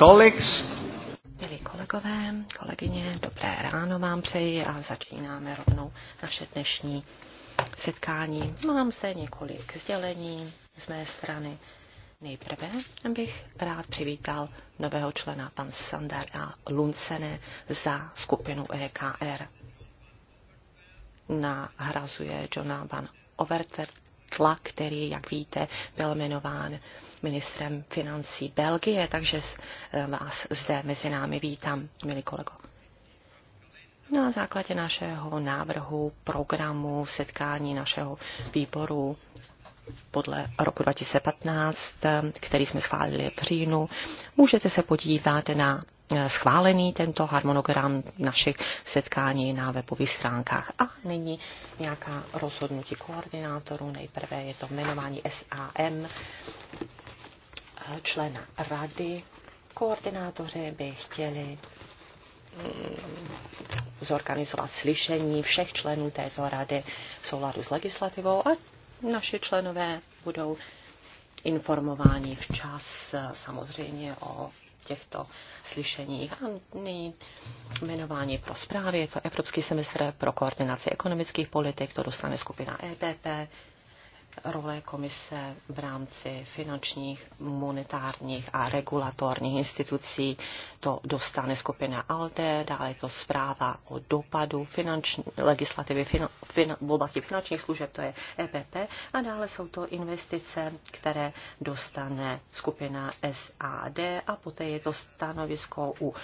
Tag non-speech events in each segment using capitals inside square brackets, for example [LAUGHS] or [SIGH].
colleagues. Milí kolegové, kolegyně, dobré ráno vám přeji a začínáme rovnou naše dnešní setkání. Mám zde několik sdělení z mé strany. Nejprve bych rád přivítal nového člena pan Sandar a Luncene za skupinu EKR. Nahrazuje Johna van Overtvert tlak, který, jak víte, byl jmenován ministrem financí Belgie, takže eh, vás zde mezi námi vítám, milí kolego. Na základě našeho návrhu, programu, setkání našeho výboru podle roku 2015, eh, který jsme schválili v říjnu, můžete se podívat na Eh, schválený tento harmonogram našich setkání na webových stránkách. A nyní nějaká rozhodnutí koordinátorů. Nejprve je to jmenování SAM člena rady. Koordinátoři by chtěli mm, zorganizovat slyšení všech členů této rady v souladu s legislativou a naši členové budou informováni včas eh, samozřejmě o těchto slyšeních a nyní jmenování pro zprávy, Evropský semestr pro koordinaci ekonomických politik, to dostane skupina EPP role komise v rámci finančních, monetárních a regulatorních institucí. To dostane skupina ALDE, dále je to zpráva o dopadu finanční, legislativy fin, fin, v oblasti finančních služeb, to je EPP, a dále jsou to investice, které dostane skupina SAD a poté je to stanovisko u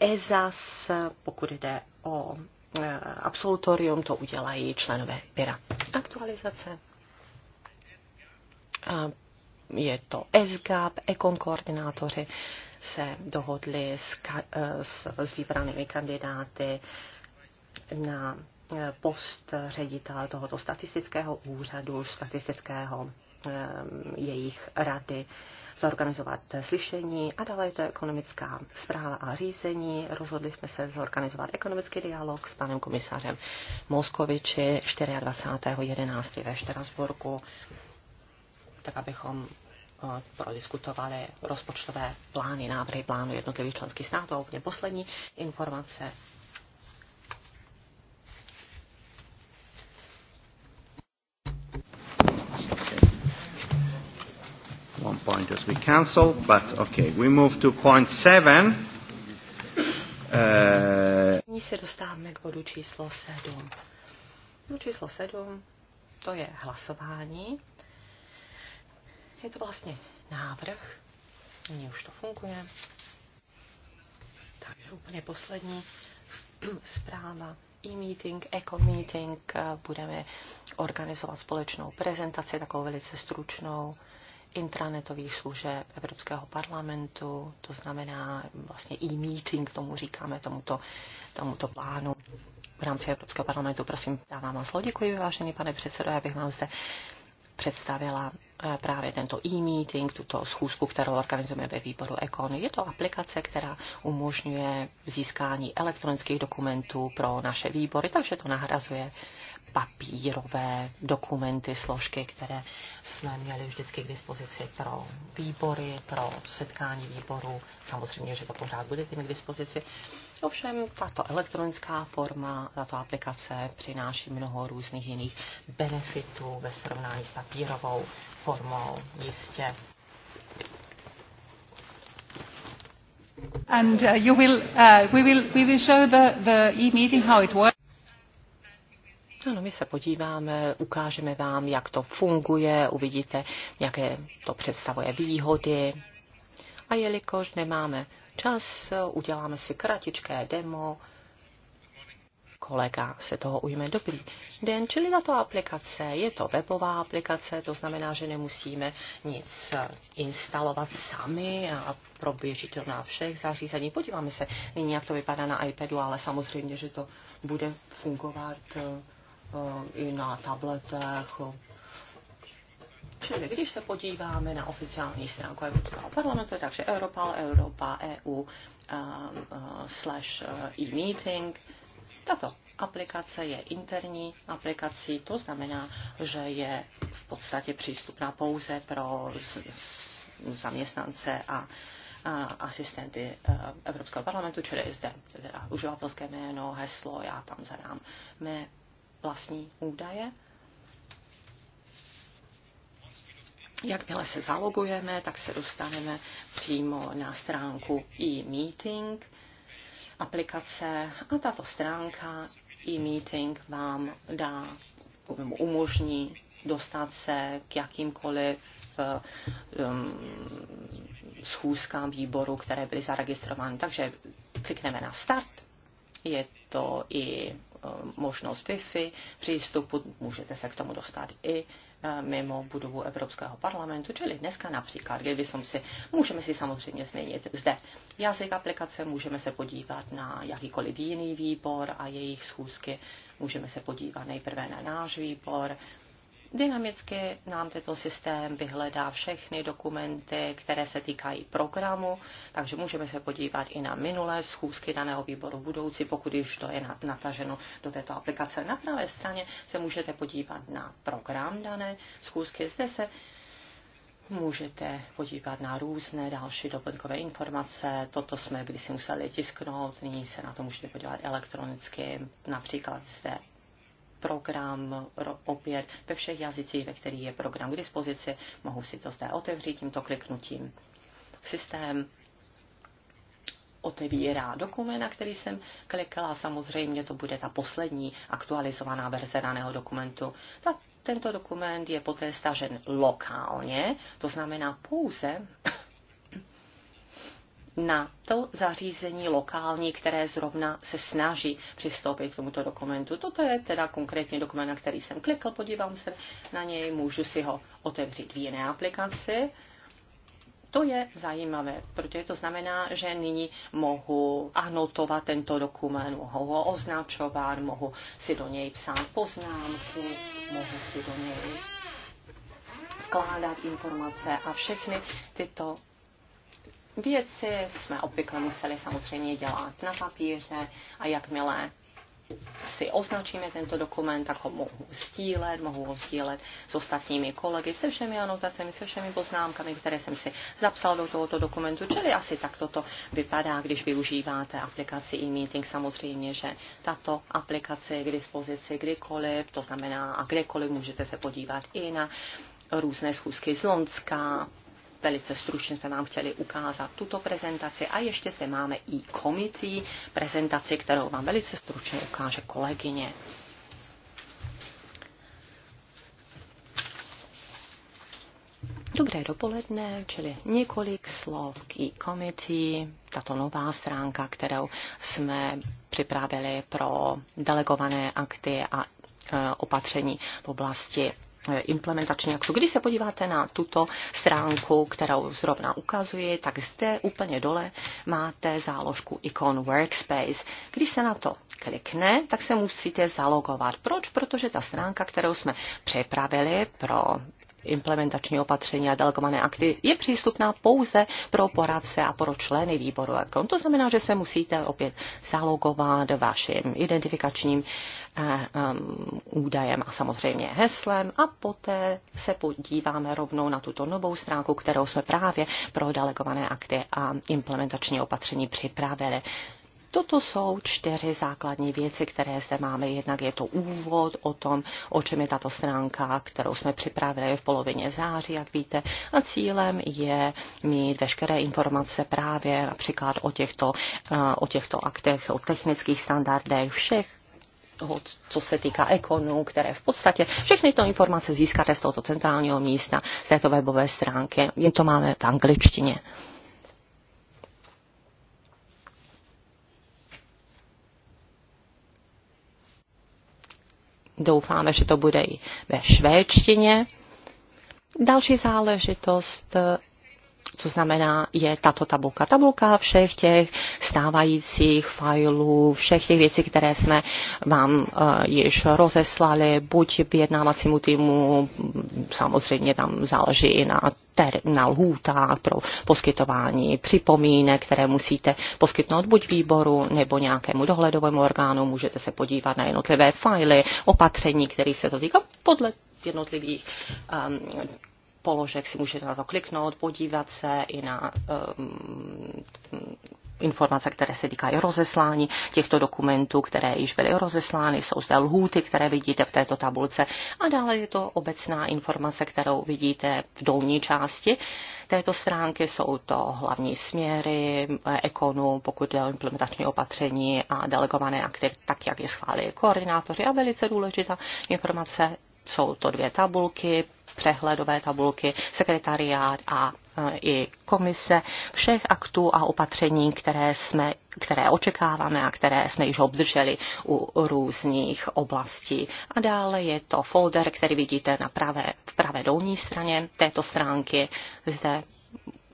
EZAS, pokud jde o e, absolutorium, to udělají členové PIRA. Aktualizace je to SGAP, Ekon koordinátoři se dohodli s, eh, s, s vybranými kandidáty na eh, post ředitel tohoto statistického úřadu, statistického eh, jejich rady zorganizovat slyšení a dále je to ekonomická zpráva a řízení. Rozhodli jsme se zorganizovat ekonomický dialog s panem komisařem Moskoviči 24.11. ve Štrasburku tak abychom eh, prodiskutovali rozpočtové plány, návrhy plánu jednotlivých členských států. A úplně poslední informace. One point has been cancelled, but okay, we move to point seven. Uh, Nyní se dostáváme k bodu číslo sedm. Bodu číslo sedm. to je hlasování je to vlastně návrh. Nyní už to funguje. Takže úplně poslední [CLEARS THROAT] zpráva e-meeting, eco-meeting. Budeme organizovat společnou prezentaci, takovou velice stručnou intranetových služeb Evropského parlamentu, to znamená vlastně e-meeting, tomu říkáme, tomuto, tomuto plánu v rámci Evropského parlamentu. Prosím, dávám vám slovo. Děkuji, vážený pane předsedo, já bych vám zde představila eh, právě tento e-meeting, tuto schůzku, kterou organizujeme ve výboru Econ. Je to aplikace, která umožňuje získání elektronických dokumentů pro naše výbory, takže to nahrazuje papírové dokumenty, složky, které jsme měli vždycky k dispozici pro výbory, pro setkání výborů. Samozřejmě, že to pořád bude tím k dispozici. Ovšem, tato elektronická forma, tato aplikace přináší mnoho různých jiných benefitů ve srovnání s papírovou formou. Jistě And uh, you will, uh, we will, we will show the, the e-meeting how it works. Ano, my se podíváme, ukážeme vám, jak to funguje, uvidíte, jaké to představuje výhody. A jelikož nemáme čas, uděláme si kratičké demo, kolega se toho ujme dobrý den, čili to aplikace je to webová aplikace, to znamená, že nemusíme nic instalovat sami a proběží to na všech zařízení. Podíváme se nyní, jak to vypadá na iPadu, ale samozřejmě, že to bude fungovat i na tabletech. Čili když se podíváme na oficiální stránku Evropského parlamentu, takže Europa, Europa, EU, um, uh, slash uh, e-meeting, tato aplikace je interní aplikací, to znamená, že je v podstatě přístupná pouze pro zaměstnance a asistenty uh, Evropského parlamentu, čili je zde teda uživatelské jméno, heslo, já tam zadám mé vlastní údaje. Jakmile se zalogujeme, tak se dostaneme přímo na stránku e-meeting aplikace a tato stránka e-meeting vám dá, umožní dostat se k jakýmkoliv um, schůzkám výboru, které byly zaregistrovány. Takže klikneme na start. Je to i Eh, možnost Wi-Fi přístupu, můžete se k tomu dostat i eh, mimo budovu Evropského parlamentu, čili dneska například, kdyby som si, můžeme si samozřejmě změnit zde jazyk aplikace, můžeme se podívat na jakýkoliv jiný výbor a jejich schůzky, můžeme se podívat nejprve na náš výbor, Dynamicky nám tento systém vyhledá všechny dokumenty, které se týkají programu, takže můžeme se podívat i na minulé schůzky daného výboru budoucí, pokud již to je nataženo do této aplikace. Na pravé straně se můžete podívat na program dané schůzky. Zde se můžete podívat na různé další doplňkové informace. Toto jsme kdysi museli tisknout, nyní se na to můžete podívat elektronicky. Například zde program opět ve všech jazycích, ve kterých je program k dispozici. Mohu si to zde otevřít tímto kliknutím. Systém otevírá dokument, na který jsem klikala. Samozřejmě to bude ta poslední aktualizovaná verze daného dokumentu. Ta, tento dokument je poté stažen lokálně, to znamená pouze na to zařízení lokální, které zrovna se snaží přistoupit k tomuto dokumentu. Toto je teda konkrétně dokument, na který jsem klikl, podívám se na něj, můžu si ho otevřít v jiné aplikaci. To je zajímavé, protože to znamená, že nyní mohu anotovat tento dokument, mohu ho označovat, mohu si do něj psát poznámky, mohu si do něj vkládat informace a všechny tyto Věci jsme obvykle museli samozřejmě dělat na papíře a jakmile si označíme tento dokument, tak ho mohu sdílet, mohu ho sdílet s ostatními kolegy, se všemi anotacemi, se všemi poznámkami, které jsem si zapsal do tohoto dokumentu. Čili asi tak toto vypadá, když využíváte aplikaci e-meeting. Samozřejmě, že tato aplikace je k dispozici kdykoliv, to znamená a kdekoliv můžete se podívat i na různé schůzky z Lonska, Velice stručně jsme vám chtěli ukázat tuto prezentaci a ještě zde máme i komití prezentaci, kterou vám velice stručně ukáže kolegyně. Dobré dopoledne, čili několik slov k e-committee, tato nová stránka, kterou jsme připravili pro delegované akty a e, opatření v oblasti implementační aktu. Když se podíváte na tuto stránku, kterou zrovna ukazuji, tak zde úplně dole máte záložku ikon Workspace. Když se na to klikne, tak se musíte zalogovat. Proč? Protože ta stránka, kterou jsme připravili pro implementační opatření a delegované akty je přístupná pouze pro poradce a pro členy výboru. To znamená, že se musíte opět zalogovat vaším identifikačním eh, eh, údajem a samozřejmě heslem a poté se podíváme rovnou na tuto novou stránku, kterou jsme právě pro delegované akty a implementační opatření připravili. Toto jsou čtyři základní věci, které zde máme. Jednak je to úvod o tom, o čem je tato stránka, kterou jsme připravili v polovině září, jak víte. A cílem je mít veškeré informace právě například o těchto, eh, o těchto aktech, o technických standardech, všech co se týká ekonů, které v podstatě všechny to informace získáte z tohoto centrálního místa, z této webové stránky. Jen to máme v angličtině. Doufáme, že to bude i ve švédštině. Další záležitost to znamená, je tato tabulka. Tabulka všech těch stávajících fajlů, všech těch věcí, které jsme vám uh, již rozeslali, buď vyjednávacímu týmu, samozřejmě tam záleží i na, ter, na lhůtách pro poskytování připomínek, které musíte poskytnout buď výboru nebo nějakému dohledovému orgánu. Můžete se podívat na jednotlivé fajly, opatření, které se to týká podle jednotlivých um, položek si můžete na to kliknout, podívat se i na um, informace, které se týkají rozeslání těchto dokumentů, které již byly rozeslány, jsou zde lhůty, které vidíte v této tabulce a dále je to obecná informace, kterou vidíte v dolní části této stránky. Jsou to hlavní směry ekonu, pokud jde o implementační opatření a delegované akty, tak jak je schválili koordinátoři a velice důležitá informace jsou to dvě tabulky, přehledové tabulky, sekretariát a eh, i komise všech aktů a opatření, které, jsme, které očekáváme a které jsme již obdrželi u různých oblastí. A dále je to folder, který vidíte na pravé, v pravé dolní straně této stránky. Zde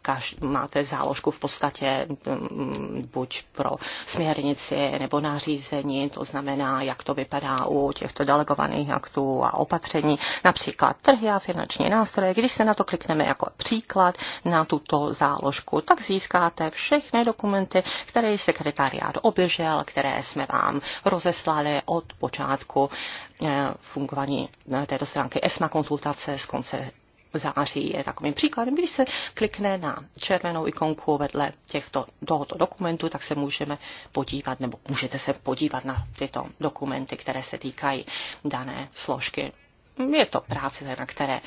kaž, máte záložku v podstatě mm, buď pro směrnici nebo nařízení, to znamená, jak to vypadá u těchto delegovaných aktů a opatření, například trhy a finanční nástroje. Když se na to klikneme jako příklad na tuto záložku, tak získáte všechny dokumenty, které sekretariát oběžel, které jsme vám rozeslali od počátku eh, fungování eh, této stránky ESMA konzultace z konce září je takovým příkladem. Když se klikne na červenou ikonku vedle těchto, tohoto dokumentu, tak se můžeme podívat, nebo můžete se podívat na tyto dokumenty, které se týkají dané složky je to práce, na které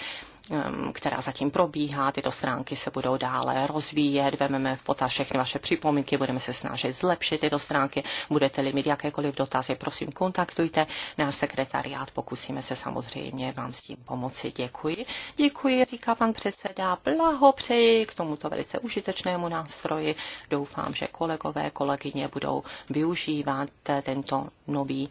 která zatím probíhá, tyto stránky se budou dále rozvíjet, vememe v potaz všechny vaše připomínky, budeme se snažit zlepšit tyto stránky, budete-li mít jakékoliv dotazy, prosím kontaktujte náš sekretariát, pokusíme se samozřejmě vám s tím pomoci. Děkuji. Děkuji, říká pan předseda, blahopřeji k tomuto velice užitečnému nástroji. Doufám, že kolegové, kolegyně budou využívat tento nový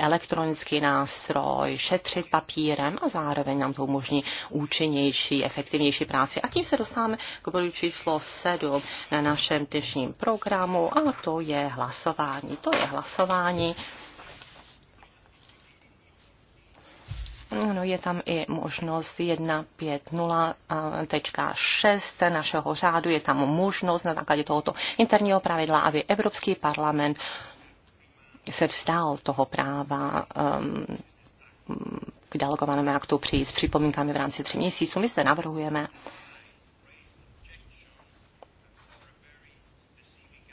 elektronický nástroj, šetřit papírem a zároveň nám to umožní účinnější, efektivnější práci. A tím se dostáváme k bodu číslo 7 na našem dnešním programu a to je hlasování. To je hlasování. No, je tam i možnost 1.5.0.6 našeho řádu. Je tam možnost na základě tohoto interního pravidla, aby Evropský parlament uh, se vstál toho práva um, k delegovanému aktu přijít s připomínkami v rámci tři měsíců. My zde navrhujeme,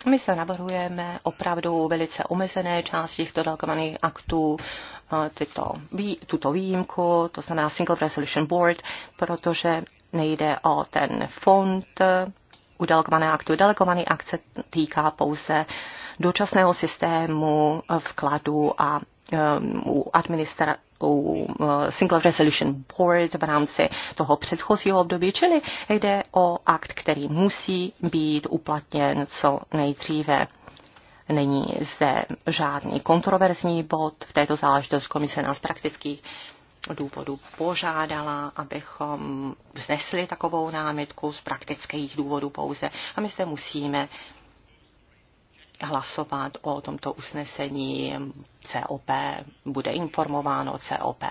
My se navrhujeme opravdu velice omezené části těchto delegovaných aktů, uh, tyto, tuto výjimku, to znamená Single Resolution Board, protože nejde o ten fond u delegované aktu. Delegovaný akt se týká pouze dočasného systému eh, vkladu a eh, u administra u eh, Single Resolution Board v rámci toho předchozího období, čili jde o akt, který musí být uplatněn co nejdříve. Není zde žádný kontroverzní bod v této záležitosti. Komise nás praktických důvodů požádala, abychom vznesli takovou námitku z praktických důvodů pouze. A my zde musíme hlasovat o tomto usnesení. COP bude informováno, COP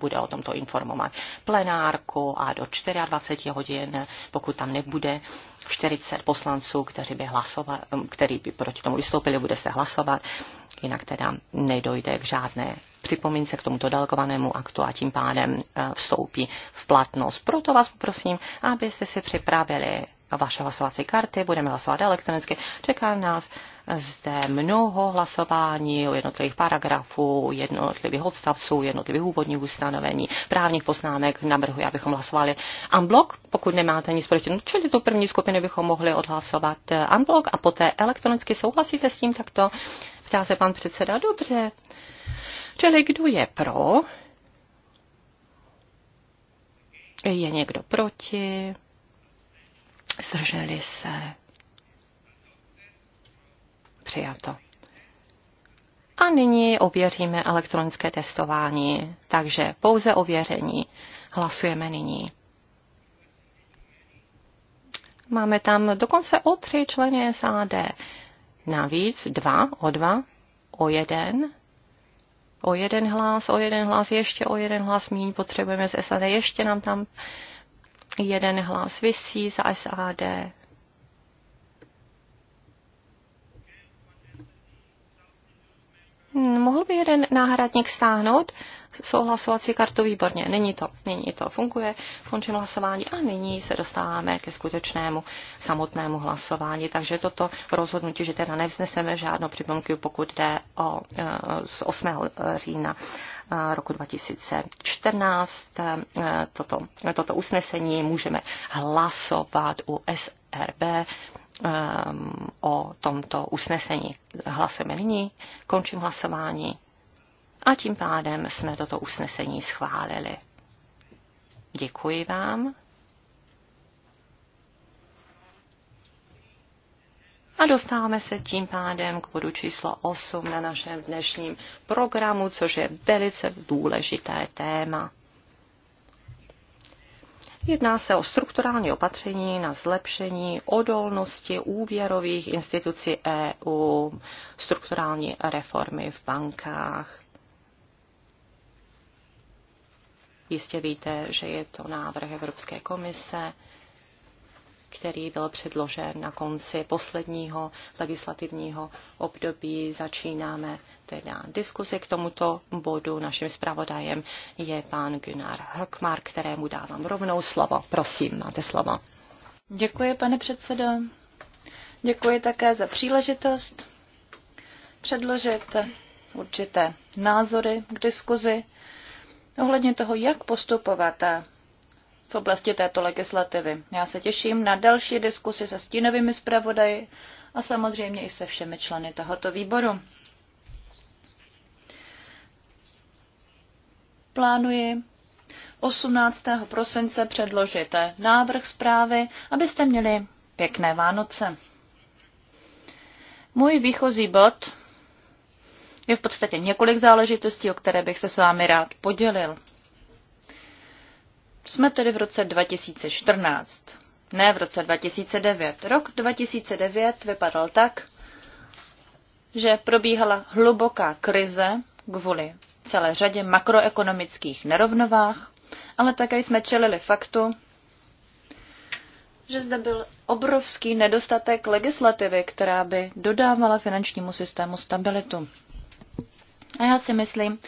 bude o tomto informovat plenárku a do 24 hodin, pokud tam nebude 40 poslanců, kteří by, hlasovat, který by proti tomu vystoupili, bude se hlasovat, jinak teda nedojde k žádné připomínce k tomuto delegovanému aktu a tím pádem eh, vstoupí v platnost. Proto vás poprosím, abyste si připravili vaše hlasovací karty, budeme hlasovat elektronicky. Čeká nás zde mnoho hlasování o jednotlivých paragrafů, jednotlivých odstavců, jednotlivých úvodních ustanovení, právních poznámek. Navrhuji, abychom hlasovali unblock, pokud nemáte nic proti. No, čili tu první skupinu bychom mohli odhlasovat unblock eh, a poté elektronicky souhlasíte s tím takto? Ptá se pan předseda, dobře. Čili kdo je pro? Je někdo proti? Zdrželi se. Přijato. A nyní ověříme elektronické testování, takže pouze ověření. Hlasujeme nyní. Máme tam dokonce o tři členy SAD. Navíc dva, o dva, o jeden, o jeden hlas, o jeden hlas, ještě o jeden hlas míň potřebujeme z SAD, ještě nám tam jeden hlas vysí z SAD, Mohl by jeden náhradník stáhnout souhlasovací kartu? Výborně, není to, není to, funguje, končím hlasování a nyní se dostáváme ke skutečnému samotnému hlasování. Takže toto rozhodnutí, že teda nevzneseme žádnou připomínku, pokud jde o e, z 8. října e, roku 2014, e, toto, toto usnesení můžeme hlasovat u SRB um, o tomto usnesení. Hlasujeme nyní, končím hlasování a tím pádem jsme toto usnesení schválili. Děkuji vám. A dostáváme se tím pádem k bodu číslo 8 na našem dnešním programu, což je velice důležité téma. Jedná se o strukturální opatření na zlepšení odolnosti úvěrových institucí EU, strukturální reformy v bankách. Jistě víte, že je to návrh Evropské komise, který byl předložen na konci posledního legislativního období. Začínáme teda diskuzi k tomuto bodu. Naším zpravodajem je pán Gunnar Hökmar, kterému dávám rovnou slovo. Prosím, máte slovo. Děkuji, pane předsedo. Děkuji také za příležitost předložit určité názory k diskuzi ohledně toho, jak postupovat v oblasti této legislativy. Já se těším na další diskusi se stínovými zpravodaji a samozřejmě i se všemi členy tohoto výboru. plánuji 18. prosince předložit návrh zprávy, abyste měli pěkné Vánoce. Můj výchozí bod je v podstatě několik záležitostí, o které bych se s vámi rád podělil. Jsme tedy v roce 2014, ne v roce 2009. Rok 2009 vypadal tak, že probíhala hluboká krize kvůli celé řadě makroekonomických nerovnovách, ale také jsme čelili faktu, že zde byl obrovský nedostatek legislativy, která by dodávala finančnímu systému stabilitu. A já si myslím,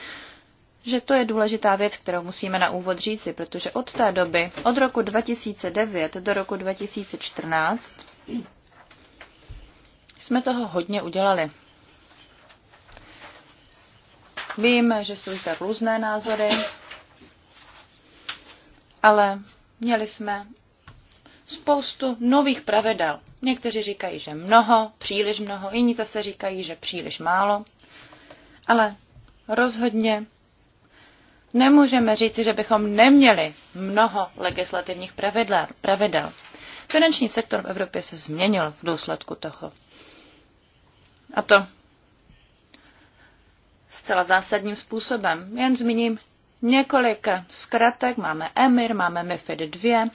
že to je důležitá věc, kterou musíme na úvod říci, protože od té doby, od roku 2009 do roku 2014, jsme toho hodně udělali. Vím, že jsou zde různé názory, ale měli jsme spoustu nových pravidel. Někteří říkají, že mnoho, příliš mnoho, jiní zase říkají, že příliš málo. Ale rozhodně nemůžeme říci, že bychom neměli mnoho legislativních pravidel. Finanční sektor v Evropě se změnil v důsledku toho. A to zcela zásadním způsobem. Jen zmíním několik zkratek. Máme EMIR, máme MIFID 2,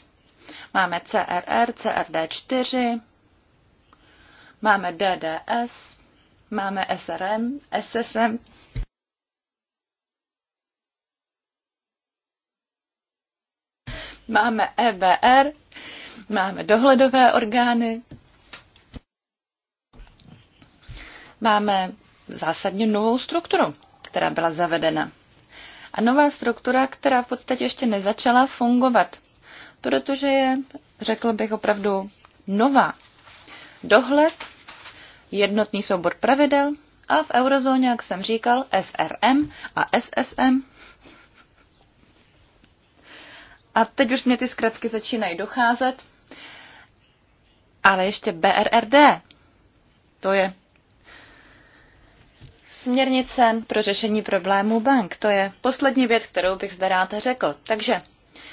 máme CRR, CRD 4, máme DDS, máme SRM, SSM. Máme EBR, máme dohledové orgány, máme zásadně novou strukturu, která byla zavedena. A nová struktura, která v podstatě ještě nezačala fungovat, protože je, řekl bych, opravdu nová. Dohled, jednotný soubor pravidel a v eurozóně, jak jsem říkal, SRM a SSM. A teď už mě ty zkratky začínají docházet. Ale ještě BRRD. To je Směrnice pro řešení problémů bank, to je poslední věc, kterou bych zde rád řekl. Takže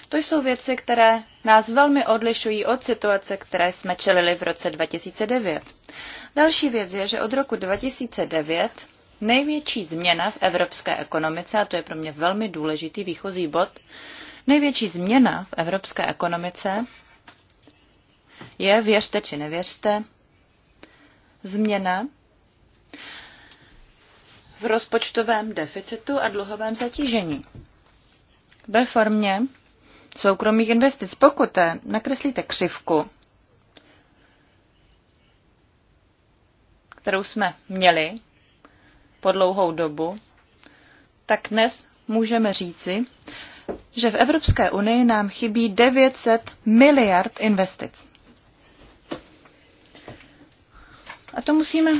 to jsou věci, které nás velmi odlišují od situace, které jsme čelili v roce 2009. Další věc je, že od roku 2009 největší změna v evropské ekonomice, a to je pro mě velmi důležitý výchozí bod, největší změna v evropské ekonomice je, věřte či nevěřte, změna v rozpočtovém deficitu a dluhovém zatížení. Ve formě soukromých investic, pokud eh, nakreslíte křivku, kterou jsme měli po dlouhou dobu, tak dnes můžeme říci, že v Evropské unii nám chybí 900 miliard investic. A to musíme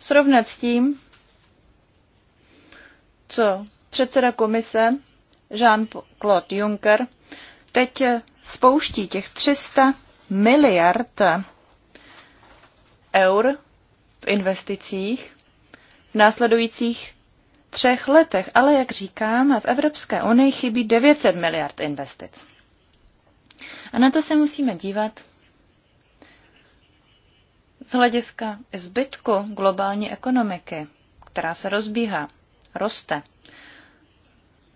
srovnat s tím, co předseda komise Jean-Claude Juncker teď spouští těch 300 miliard eur v investicích v následujících třech letech. Ale jak říkám, v Evropské unii chybí 900 miliard investic. A na to se musíme dívat z hlediska zbytku globální ekonomiky, která se rozbíhá roste.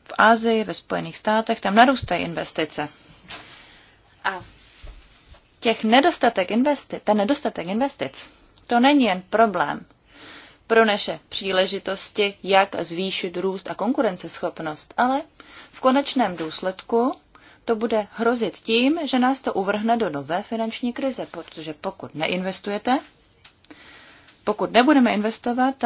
V Ázii, ve Spojených státech, tam narůstají investice. A těch nedostatek investic, ten nedostatek investic, to není jen problém pro naše příležitosti, jak zvýšit růst a konkurenceschopnost, ale v konečném důsledku to bude hrozit tím, že nás to uvrhne do nové finanční krize, protože pokud neinvestujete, pokud nebudeme investovat,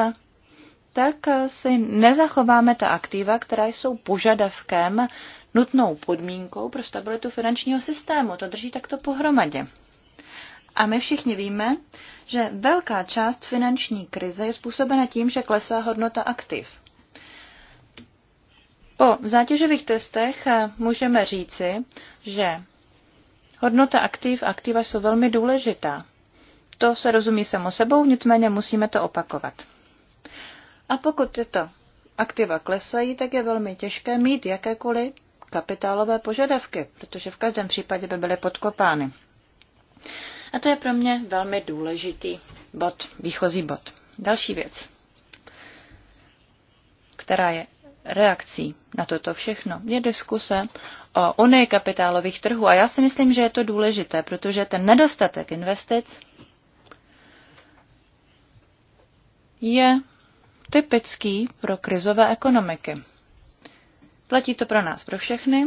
tak si nezachováme ta aktiva, která jsou požadavkem, nutnou podmínkou pro stabilitu finančního systému. To drží takto pohromadě. A my všichni víme, že velká část finanční krize je způsobena tím, že klesá hodnota aktiv. Po zátěžových testech můžeme říci, že hodnota aktiv a aktiva jsou velmi důležitá. To se rozumí samo sebou, nicméně musíme to opakovat. A pokud tyto aktiva klesají, tak je velmi těžké mít jakékoliv kapitálové požadavky, protože v každém případě by byly podkopány. A to je pro mě velmi důležitý bod, výchozí bod. Další věc, která je reakcí na toto všechno, je diskuse o unii kapitálových trhů. A já si myslím, že je to důležité, protože ten nedostatek investic je typický pro krizové ekonomiky. Platí to pro nás, pro všechny,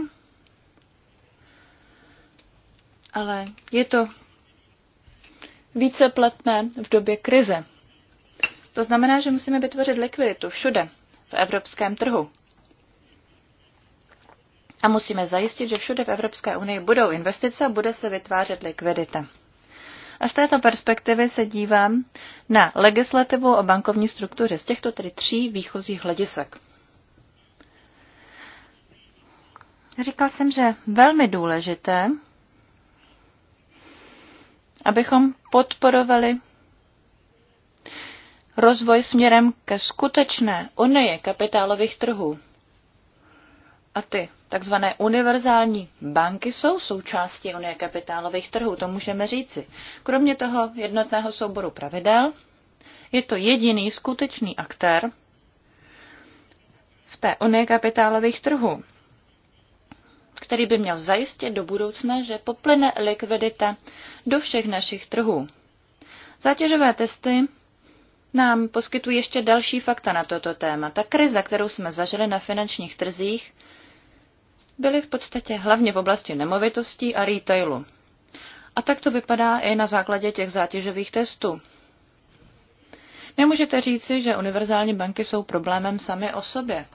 ale je to více platné v době krize. To znamená, že musíme vytvořit likviditu všude v evropském trhu. A musíme zajistit, že všude v Evropské unii budou investice a bude se vytvářet likvidita. A z této perspektivy se dívám na legislativu o bankovní struktuře z těchto tedy tří výchozích hledisek. Říkal jsem, že velmi důležité, abychom podporovali rozvoj směrem ke skutečné unii kapitálových trhů. A ty Takzvané univerzální banky jsou součástí unie kapitálových trhů, to můžeme říci. Kromě toho jednotného souboru pravidel je to jediný skutečný aktér v té unie kapitálových trhů, který by měl zajistit do budoucna, že poplyne likvidita do všech našich trhů. Zátěžové testy nám poskytují ještě další fakta na toto téma. Ta krize, kterou jsme zažili na finančních trzích, byly v podstatě hlavně v oblasti nemovitostí a retailu. A tak to vypadá i na základě těch zátěžových testů. Nemůžete říci, že univerzální banky jsou problémem sami o sobě.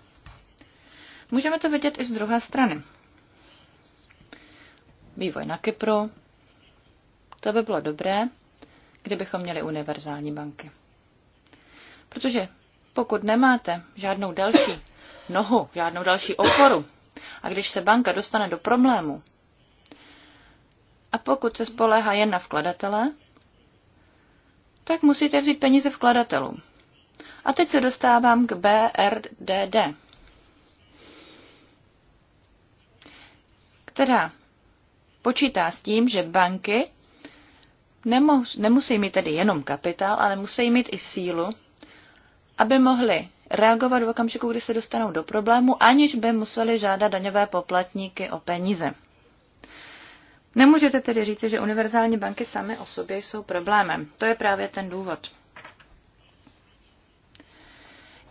Můžeme to vidět i z druhé strany. Vývoj na Kypru. To by bylo dobré, kdybychom měli univerzální banky. Protože pokud nemáte žádnou další nohu, žádnou další oporu, a když se banka dostane do problému, a pokud se spoléhá jen na vkladatele, tak musíte vzít peníze vkladatelů. A teď se dostávám k BRDD, která počítá s tím, že banky nemusí mít tedy jenom kapitál, ale musí mít i sílu, aby mohly reagovat v okamžiku, kdy se dostanou do problému, aniž by museli žádat daňové poplatníky o peníze. Nemůžete tedy říct, že univerzální banky samy o sobě jsou problémem. To je právě ten důvod.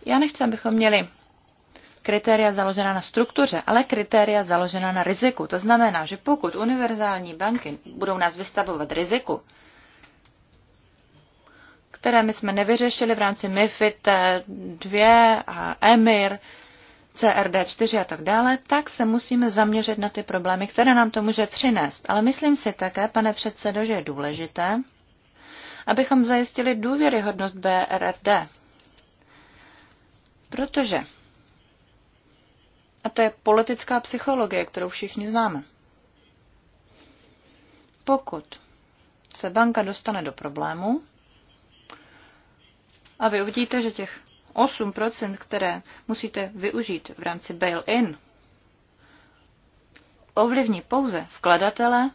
Já nechci, abychom měli kritéria založená na struktuře, ale kritéria založená na riziku. To znamená, že pokud univerzální banky budou nás vystavovat riziku, které my jsme nevyřešili v rámci MIFID 2 a EMIR, CRD4 a tak dále, tak se musíme zaměřit na ty problémy, které nám to může přinést. Ale myslím si také, pane předsedo, že je důležité, abychom zajistili důvěryhodnost BRRD. Protože, a to je politická psychologie, kterou všichni známe, pokud se banka dostane do problému, a vy uvidíte, že těch 8%, které musíte využít v rámci bail-in, ovlivní pouze vkladatele,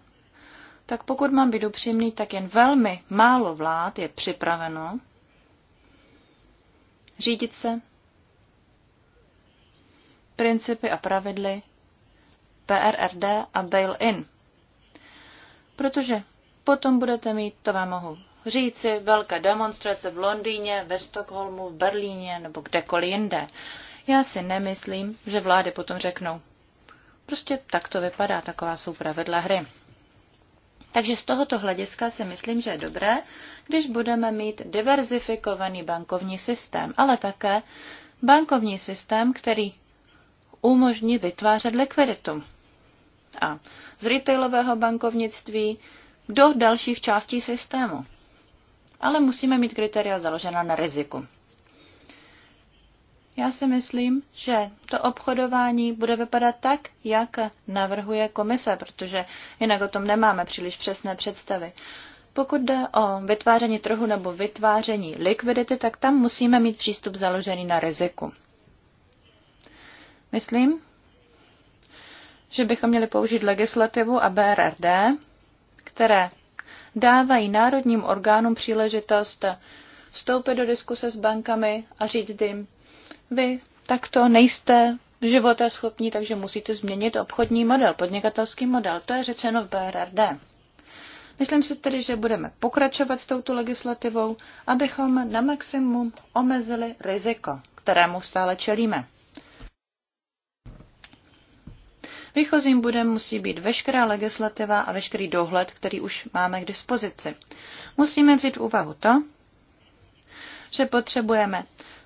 tak pokud mám být upřímný, tak jen velmi málo vlád je připraveno řídit se principy a pravidly PRRD a bail-in. Protože potom budete mít, to vám mohu říci velké demonstrace v Londýně, ve Stockholmu, v Berlíně nebo kdekoliv jinde. Já si nemyslím, že vlády potom řeknou. Prostě tak to vypadá, taková jsou pravidla hry. Takže z tohoto hlediska si myslím, že je dobré, když budeme mít diverzifikovaný bankovní systém, ale také bankovní systém, který umožní vytvářet likviditu. A z retailového bankovnictví do dalších částí systému ale musíme mít kritéria založena na riziku. Já si myslím, že to obchodování bude vypadat tak, jak navrhuje komise, protože jinak o tom nemáme příliš přesné představy. Pokud jde o vytváření trhu nebo vytváření likvidity, tak tam musíme mít přístup založený na riziku. Myslím, že bychom měli použít legislativu a BRRD, které dávají národním orgánům příležitost vstoupit do diskuse s bankami a říct jim, vy takto nejste života schopní, takže musíte změnit obchodní model, podnikatelský model. To je řečeno v BRRD. Myslím si tedy, že budeme pokračovat s touto legislativou, abychom na maximum omezili riziko, kterému stále čelíme. Výchozím budem musí být veškerá legislativa a veškerý dohled, který už máme k dispozici. Musíme vzít v úvahu to, že potřebujeme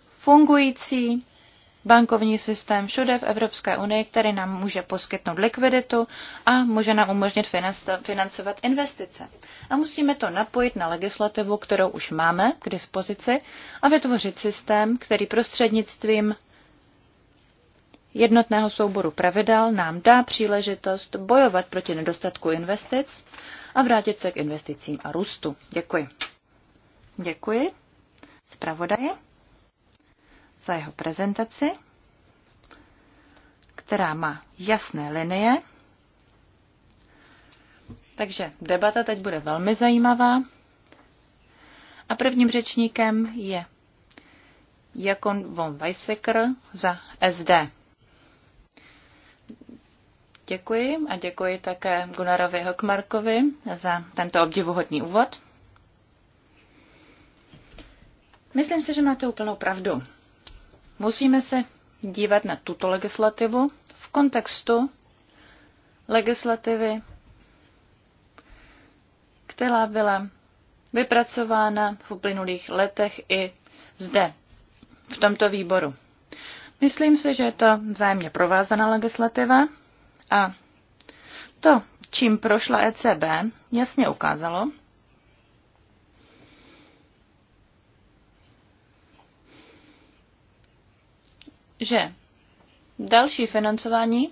fungující bankovní systém všude v Evropské unii, který nám může poskytnout likviditu a může nám umožnit financovat investice. A musíme to napojit na legislativu, kterou už máme k dispozici a vytvořit systém, který prostřednictvím jednotného souboru pravidel nám dá příležitost bojovat proti nedostatku investic a vrátit se k investicím a růstu. Děkuji. Děkuji zpravodaji za jeho prezentaci, která má jasné linie. Takže debata teď bude velmi zajímavá. A prvním řečníkem je Jakon von Weissecker za SD. Děkuji a děkuji také Gunarovi Hokmarkovi za tento obdivuhodný úvod. Myslím si, že máte úplnou pravdu. Musíme se dívat na tuto legislativu v kontextu legislativy, která byla vypracována v uplynulých letech i zde, v tomto výboru. Myslím si, že je to vzájemně provázaná legislativa, a to, čím prošla ECB, jasně ukázalo, že další financování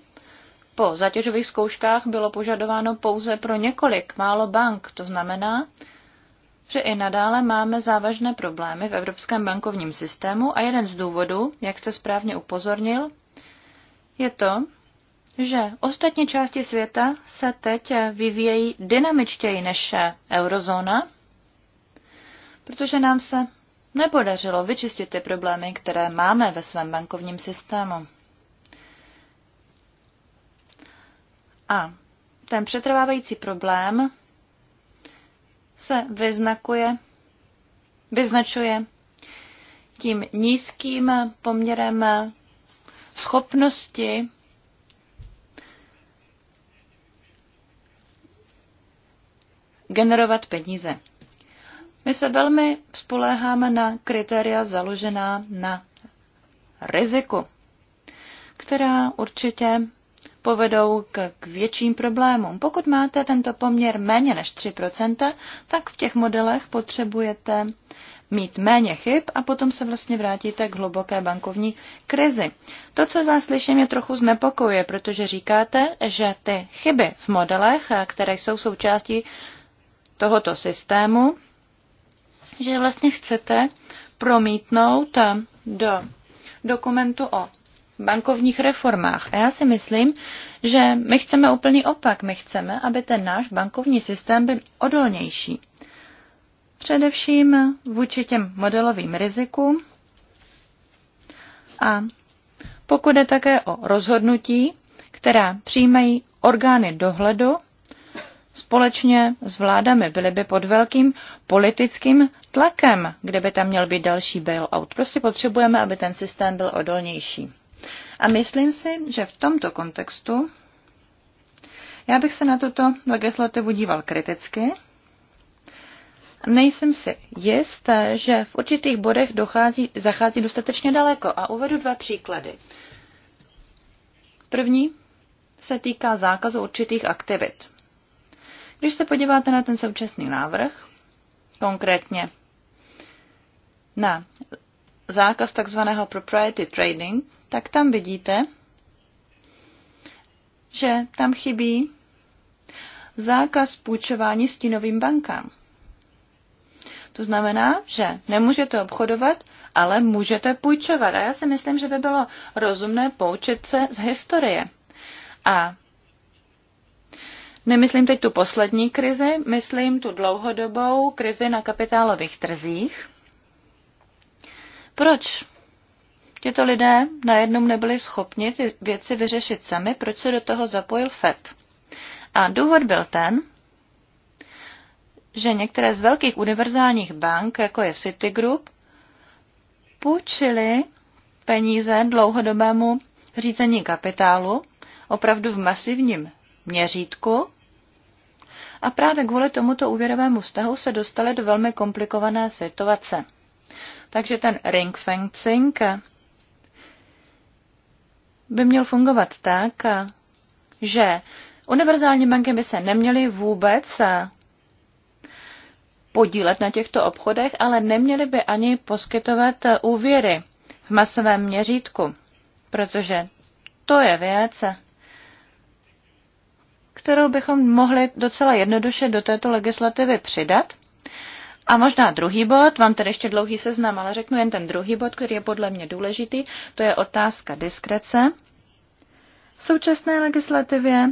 po zatěžových zkouškách bylo požadováno pouze pro několik málo bank. To znamená, že i nadále máme závažné problémy v evropském bankovním systému a jeden z důvodů, jak jste správně upozornil, je to, že ostatní části světa se teď vyvíjejí dynamičtěji než eurozóna, protože nám se nepodařilo vyčistit ty problémy, které máme ve svém bankovním systému. A ten přetrvávající problém se vyznakuje, vyznačuje tím nízkým poměrem schopnosti generovat peníze. My se velmi spoléháme na kritéria založená na riziku, která určitě povedou k, větším problémům. Pokud máte tento poměr méně než 3%, tak v těch modelech potřebujete mít méně chyb a potom se vlastně vrátíte k hluboké bankovní krizi. To, co vás slyším, je trochu znepokojuje, protože říkáte, že ty chyby v modelech, které jsou součástí tohoto systému, že vlastně chcete promítnout eh, do dokumentu o bankovních reformách. A já si myslím, že my chceme úplný opak. My chceme, aby ten náš bankovní systém byl odolnější. Především vůči těm modelovým rizikům. A pokud je také o rozhodnutí, která přijímají orgány dohledu společně s vládami. Byly by pod velkým politickým tlakem, kde by tam měl být další bailout. Prostě potřebujeme, aby ten systém byl odolnější. A myslím si, že v tomto kontextu já bych se na tuto legislativu díval kriticky. Nejsem si jist, že v určitých bodech dochází, zachází dostatečně daleko a uvedu dva příklady. První se týká zákazu určitých aktivit. Když se podíváte na ten současný návrh, konkrétně na zákaz takzvaného propriety trading, tak tam vidíte, že tam chybí zákaz půjčování stínovým bankám. To znamená, že nemůžete obchodovat, ale můžete půjčovat. A já si myslím, že by bylo rozumné poučit se z historie. A Nemyslím teď tu poslední krizi, myslím tu dlouhodobou krizi na kapitálových trzích. Proč tito lidé najednou nebyli schopni ty věci vyřešit sami, proč se do toho zapojil FED? A důvod byl ten, že některé z velkých univerzálních bank, jako je Citigroup, půjčili peníze dlouhodobému řízení kapitálu opravdu v masivním měřítku a právě kvůli tomuto úvěrovému vztahu se dostali do velmi komplikované situace. Takže ten ring fencing by měl fungovat tak, že univerzální banky by se neměly vůbec podílet na těchto obchodech, ale neměly by ani poskytovat úvěry v masovém měřítku, protože to je věc, kterou bychom mohli docela jednoduše do této legislativy přidat. A možná druhý bod, mám tady ještě dlouhý seznam, ale řeknu jen ten druhý bod, který je podle mě důležitý, to je otázka diskrece. V současné legislativě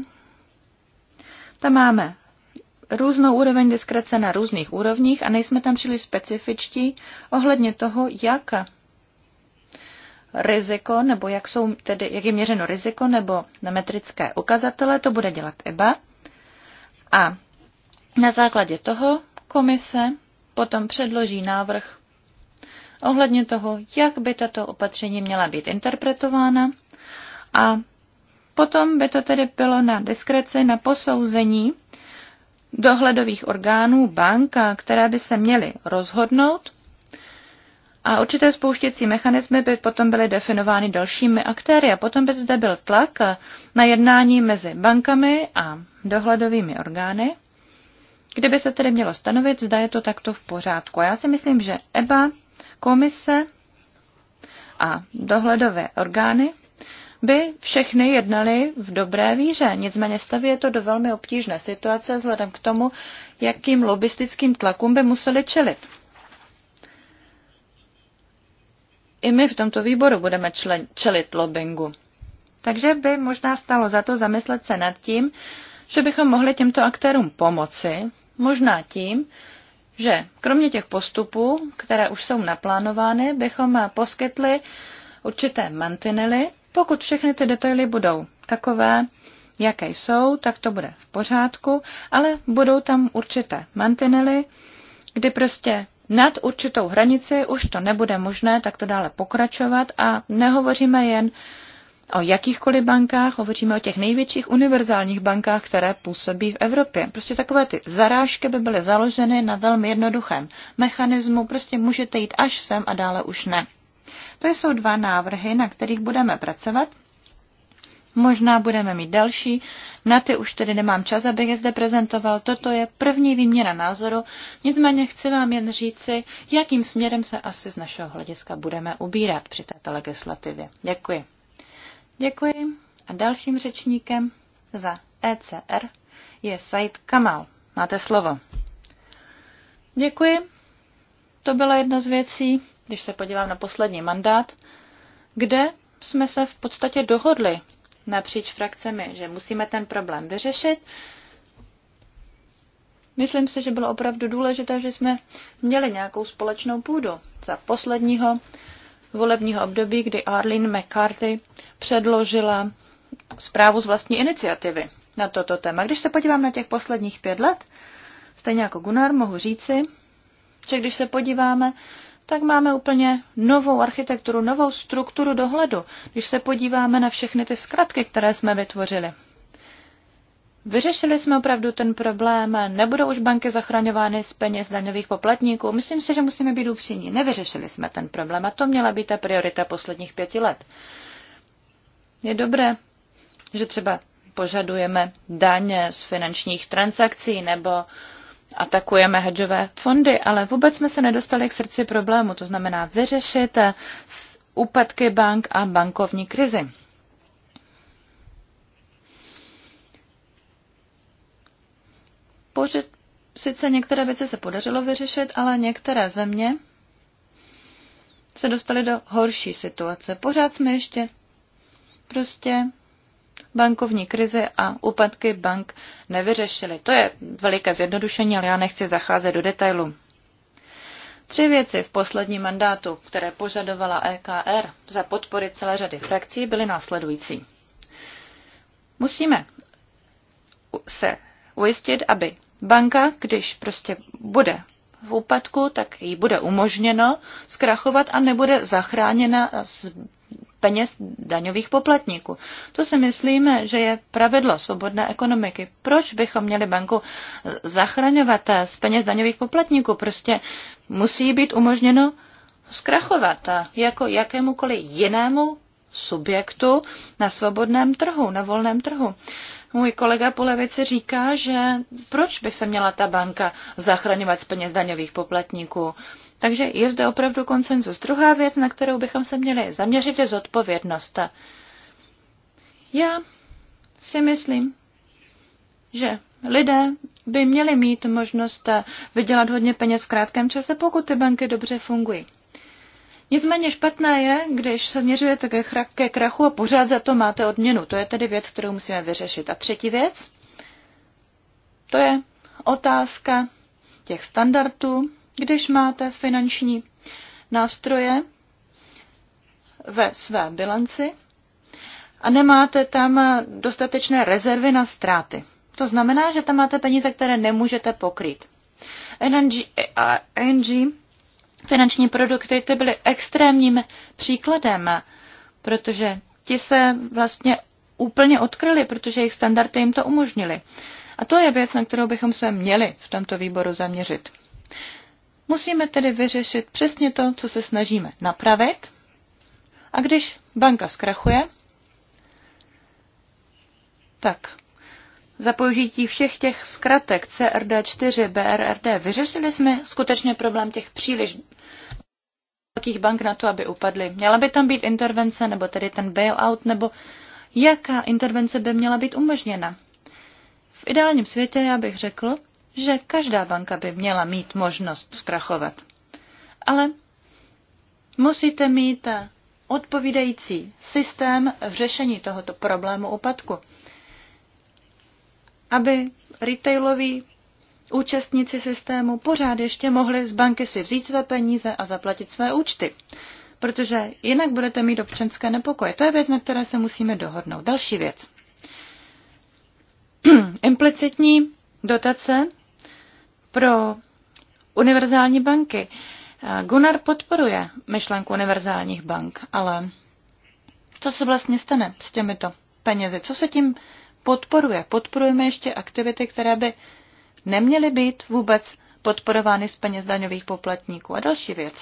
tam máme různou úroveň diskrece na různých úrovních a nejsme tam příliš specifičtí ohledně toho, jak riziko, nebo jak, jsou, tedy, jak je měřeno riziko nebo na metrické ukazatele, to bude dělat EBA. A na základě toho komise potom předloží návrh ohledně toho, jak by tato opatření měla být interpretována a potom by to tedy bylo na diskreci, na posouzení dohledových orgánů banka které by se měly rozhodnout, a určité spouštěcí mechanismy by potom byly definovány dalšími aktéry a potom by zde byl tlak na jednání mezi bankami a dohledovými orgány, kde by se tedy mělo stanovit, zda je to takto v pořádku. A já si myslím, že EBA, komise a dohledové orgány by všechny jednali v dobré víře. Nicméně staví je to do velmi obtížné situace vzhledem k tomu, jakým lobistickým tlakům by museli čelit. i my v tomto výboru budeme člen, čelit lobbingu. Takže by možná stalo za to zamyslet se nad tím, že bychom mohli těmto aktérům pomoci, možná tím, že kromě těch postupů, které už jsou naplánovány, bychom poskytli určité mantinely. Pokud všechny ty detaily budou takové, jaké jsou, tak to bude v pořádku, ale budou tam určité mantinely, kdy prostě nad určitou hranici už to nebude možné takto dále pokračovat a nehovoříme jen o jakýchkoliv bankách, hovoříme o těch největších univerzálních bankách, které působí v Evropě. Prostě takové ty zarážky by byly založeny na velmi jednoduchém mechanismu, prostě můžete jít až sem a dále už ne. To jsou dva návrhy, na kterých budeme pracovat Možná budeme mít další. Na ty už tedy nemám čas, abych je zde prezentoval. Toto je první výměna názoru. Nicméně chci vám jen říci, jakým směrem se asi z našeho hlediska budeme ubírat při této legislativě. Děkuji. Děkuji. A dalším řečníkem za ECR je Said Kamal. Máte slovo. Děkuji. To byla jedna z věcí, když se podívám na poslední mandát, kde jsme se v podstatě dohodli napříč frakcemi, že musíme ten problém vyřešit. Myslím si, že bylo opravdu důležité, že jsme měli nějakou společnou půdu za posledního volebního období, kdy Arlene McCarthy předložila zprávu z vlastní iniciativy na toto téma. Když se podívám na těch posledních pět let, stejně jako Gunnar, mohu říci, že když se podíváme tak máme úplně novou architekturu, novou strukturu dohledu, když se podíváme na všechny ty zkratky, které jsme vytvořili. Vyřešili jsme opravdu ten problém, nebudou už banky zachraňovány z peněz daňových poplatníků. Myslím si, že musíme být upřímní. Nevyřešili jsme ten problém a to měla být ta priorita posledních pěti let. Je dobré, že třeba požadujeme daně z finančních transakcí nebo uh, atakujeme hedžové fondy, ale vůbec jsme se nedostali k srdci problému, to znamená vyřešit eh, úpadky bank a bankovní krizi. Poři, sice některé věci se podařilo vyřešit, ale některé země se dostaly do horší situace. Pořád jsme ještě prostě bankovní krize a úpadky bank nevyřešily. To je veliké zjednodušení, ale já nechci zacházet do detailu. Tři věci v posledním mandátu, které požadovala EKR za podpory celé řady frakcí, byly následující. Musíme se ujistit, aby banka, když prostě bude v úpadku, tak jí bude umožněno zkrachovat a nebude zachráněna z peněz daňových poplatníků. To si myslíme, že je pravidlo svobodné ekonomiky. Proč bychom měli banku zachraňovat z peněz daňových poplatníků? Prostě musí být umožněno zkrachovat jako jakémukoliv jinému subjektu na svobodném trhu, na volném trhu. Můj kolega po levici říká, že proč by se měla ta banka zachraňovat z peněz daňových poplatníků. Takže je zde opravdu konsenzus. Druhá věc, na kterou bychom se měli zaměřit, je zodpovědnost. Já si myslím, že lidé by měli mít možnost vydělat hodně peněz v krátkém čase, pokud ty banky dobře fungují. Nicméně špatné je, když se měřujete ke krachu a pořád za to máte odměnu. To je tedy věc, kterou musíme vyřešit. A třetí věc, to je otázka těch standardů, když máte finanční nástroje ve své bilanci a nemáte tam dostatečné rezervy na ztráty. To znamená, že tam máte peníze, které nemůžete pokrýt. ING finanční produkty, ty byly extrémním příkladem, protože ti se vlastně úplně odkryli, protože jejich standardy jim to umožnili. A to je věc, na kterou bychom se měli v tomto výboru zaměřit. Musíme tedy vyřešit přesně to, co se snažíme napravit. A když banka zkrachuje, tak za použití všech těch zkratek CRD4, BRRD. Vyřešili jsme skutečně problém těch příliš velkých bank na to, aby upadly. Měla by tam být intervence, nebo tedy ten bailout, nebo jaká intervence by měla být umožněna? V ideálním světě já bych řekl, že každá banka by měla mít možnost zkrachovat. Ale musíte mít eh, odpovídající systém v řešení tohoto problému upadku aby retailoví účastníci systému pořád ještě mohli z banky si vzít své peníze a zaplatit své účty. Protože jinak budete mít občanské nepokoje. To je věc, na které se musíme dohodnout. Další věc. [CLEARS THROAT] Implicitní dotace pro univerzální banky. Gunnar podporuje myšlenku univerzálních bank, ale co se vlastně stane s těmito penězi? Co se tím podporuje. Podporujeme ještě aktivity, které by neměly být vůbec podporovány z peněz daňových poplatníků. A další věc.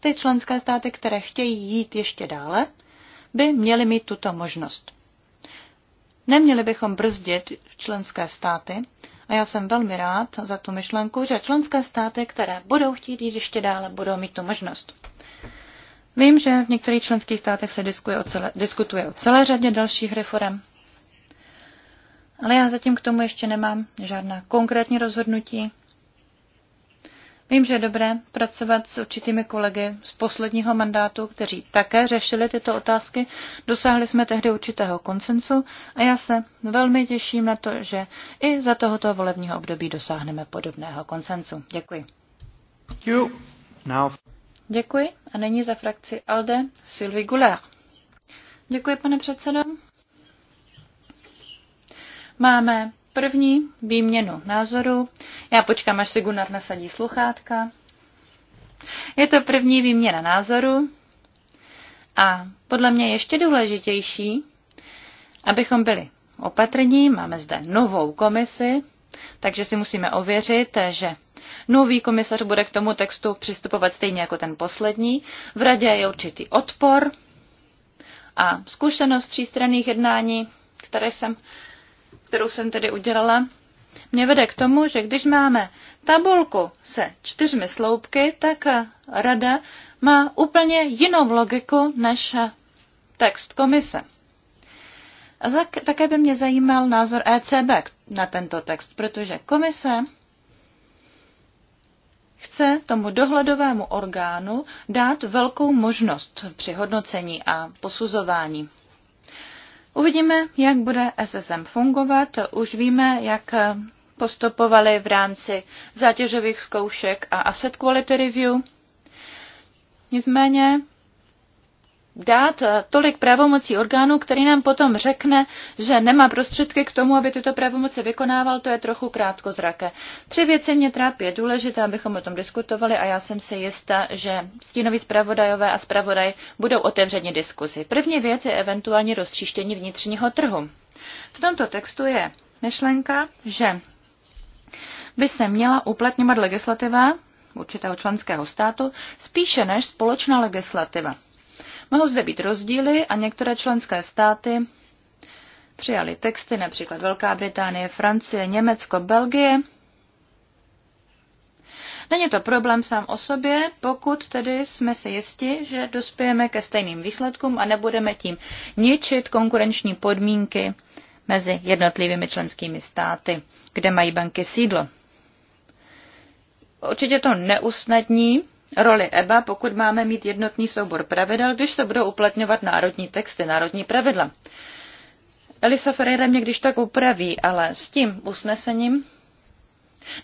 Ty členské státy, které chtějí jít ještě dále, by měly mít tuto možnost. Neměli bychom brzdit členské státy a já jsem velmi rád za tu myšlenku, že členské státy, které budou chtít jít ještě dále, budou mít tu možnost. Vím, že v některých členských státech se diskutuje o celé, diskutuje o celé řadě dalších reform. Ale já zatím k tomu ještě nemám žádná konkrétní rozhodnutí. Vím, že je dobré pracovat s určitými kolegy z posledního mandátu, kteří také řešili tyto otázky. Dosáhli jsme tehdy určitého konsensu a já se velmi těším na to, že i za tohoto volebního období dosáhneme podobného konsensu. Děkuji. Děkuji. a nyní za frakci ALDE Sylvie Goulart. Děkuji, pane předsedo. Máme první výměnu názoru. Já počkám, až si Gunnar nasadí sluchátka. Je to první výměna názoru a podle mě ještě důležitější, abychom byli opatrní. Máme zde novou komisi, takže si musíme ověřit, že nový komisař bude k tomu textu přistupovat stejně jako ten poslední. V radě je určitý odpor a zkušenost třístranných jednání, které jsem kterou jsem tedy udělala, mě vede k tomu, že když máme tabulku se čtyřmi sloupky, tak rada má úplně jinou logiku než text komise. A také by mě zajímal názor ECB na tento text, protože komise chce tomu dohledovému orgánu dát velkou možnost při hodnocení a posuzování. Uvidíme, jak bude SSM fungovat. Už víme, jak postupovali v rámci zátěžových zkoušek a asset quality review. Nicméně dát eh, tolik pravomocí orgánu, který nám potom řekne, že nemá prostředky k tomu, aby tyto pravomoci vykonával, to je trochu krátkozraké. Tři věci mě trápí, je důležité, abychom o tom diskutovali a já jsem si jista, že stínoví zpravodajové a zpravodaj budou otevřeni diskuzi. První věc je eventuální rozčištění vnitřního trhu. V tomto textu je myšlenka, že by se měla uplatňovat legislativa určitého členského státu spíše než společná legislativa. Mohou zde být rozdíly a některé členské státy přijali texty, například Velká Británie, Francie, Německo, Belgie. Není to problém sám o sobě, pokud tedy jsme si jisti, že dospějeme ke stejným výsledkům a nebudeme tím ničit konkurenční podmínky mezi jednotlivými členskými státy, kde mají banky sídlo. Určitě to neusnadní roli EBA, pokud máme mít jednotný soubor pravidel, když se budou uplatňovat národní texty, národní pravidla. Elisa Ferreira mě když tak upraví, ale s tím usnesením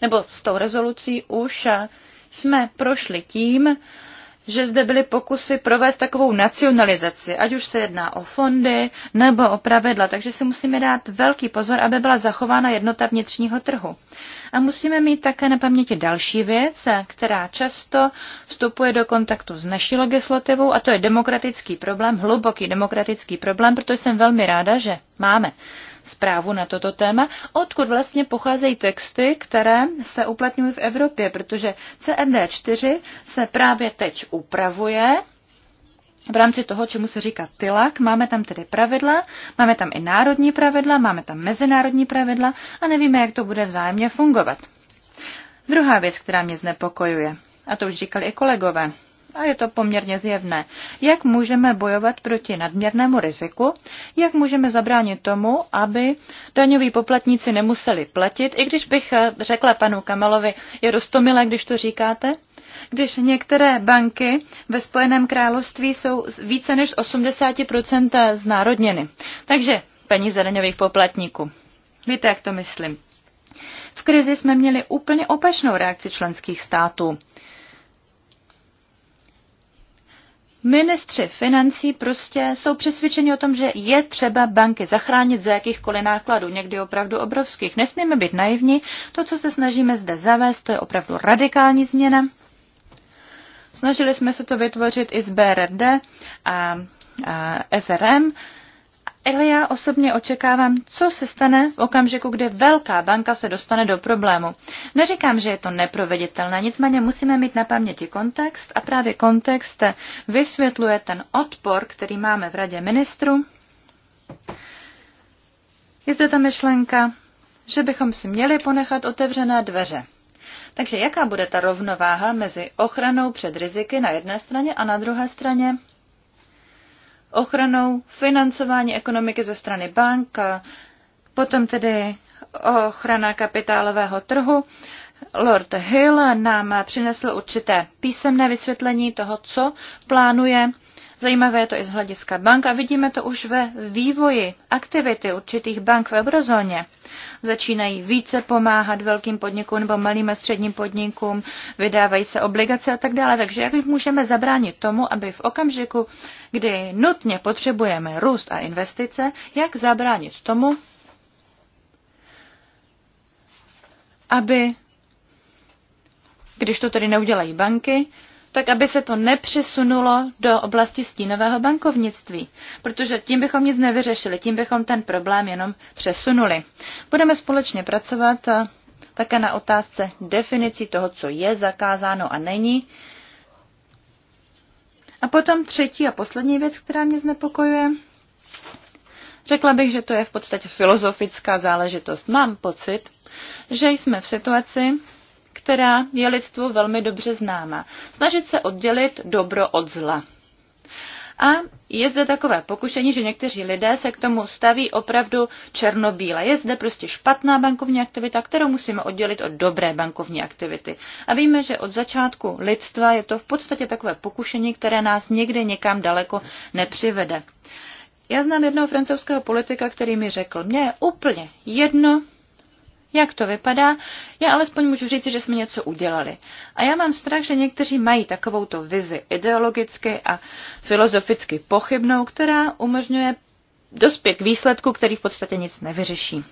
nebo s tou rezolucí už eh, jsme prošli tím, že zde byly pokusy provést takovou nacionalizaci, ať už se jedná o fondy nebo o pravidla, takže si musíme dát velký pozor, aby byla zachována jednota vnitřního trhu. A musíme mít také na paměti další věc, která často vstupuje do kontaktu s naší legislativou, a to je demokratický problém, hluboký demokratický problém, protože jsem velmi ráda, že máme zprávu na toto téma, odkud vlastně pocházejí texty, které se uplatňují v Evropě, protože cmd 4 se právě teď upravuje v rámci toho, čemu se říká Tilak, máme tam tedy pravidla, máme tam i národní pravidla, máme tam mezinárodní pravidla a nevíme, jak to bude vzájemně fungovat. Druhá věc, která mě znepokojuje, a to už říkali i kolegové, a je to poměrně zjevné. Jak můžeme bojovat proti nadměrnému riziku? Jak můžeme zabránit tomu, aby daňoví poplatníci nemuseli platit, i když bych eh, řekla panu Kamalovi, je rostomilé, když to říkáte? Když některé banky ve Spojeném království jsou více než 80% znárodněny. Takže peníze daňových poplatníků. Víte, jak to myslím. V krizi jsme měli úplně opačnou reakci členských států. ministři financí prostě jsou přesvědčeni o tom, že je třeba banky zachránit za jakýchkoliv nákladů, někdy opravdu obrovských. Nesmíme být naivní, to, co se snažíme zde zavést, to je opravdu radikální změna. Snažili jsme se to vytvořit i z BRD a, a SRM, ale já osobně očekávám, co se stane v okamžiku, kdy velká banka se dostane do problému. Neříkám, že je to neproveditelné, nicméně musíme mít na paměti kontext a právě kontext vysvětluje ten odpor, který máme v Radě ministru. Je zde ta myšlenka, že bychom si měli ponechat otevřené dveře. Takže jaká bude ta rovnováha mezi ochranou před riziky na jedné straně a na druhé straně ochranou financování ekonomiky ze strany bank, potom tedy ochrana kapitálového trhu. Lord Hill nám přinesl určité písemné vysvětlení toho, co plánuje Zajímavé je to i z hlediska bank a vidíme to už ve vývoji aktivity určitých bank v eurozóně. Začínají více pomáhat velkým podnikům nebo malým a středním podnikům, vydávají se obligace a tak dále. Takže jak můžeme zabránit tomu, aby v okamžiku, kdy nutně potřebujeme růst a investice, jak zabránit tomu, aby když to tedy neudělají banky, tak aby se to nepřesunulo do oblasti stínového bankovnictví, protože tím bychom nic nevyřešili, tím bychom ten problém jenom přesunuli. Budeme společně pracovat eh, také na otázce definicí toho, co je zakázáno a není. A potom třetí a poslední věc, která mě znepokojuje. Řekla bych, že to je v podstatě filozofická záležitost. Mám pocit, že jsme v situaci, která je lidstvu velmi dobře známa. Snažit se oddělit dobro od zla. A je zde takové pokušení, že někteří lidé se k tomu staví opravdu černobíle. Je zde prostě špatná bankovní aktivita, kterou musíme oddělit od dobré bankovní aktivity. A víme, že od začátku lidstva je to v podstatě takové pokušení, které nás někde někam daleko nepřivede. Já znám jednoho francouzského politika, který mi řekl, mně je úplně jedno, jak to vypadá. Já alespoň můžu říct, že jsme něco udělali. A já mám strach, že někteří mají takovouto vizi ideologicky a filozoficky pochybnou, která umožňuje dospět k výsledku, který v podstatě nic nevyřeší.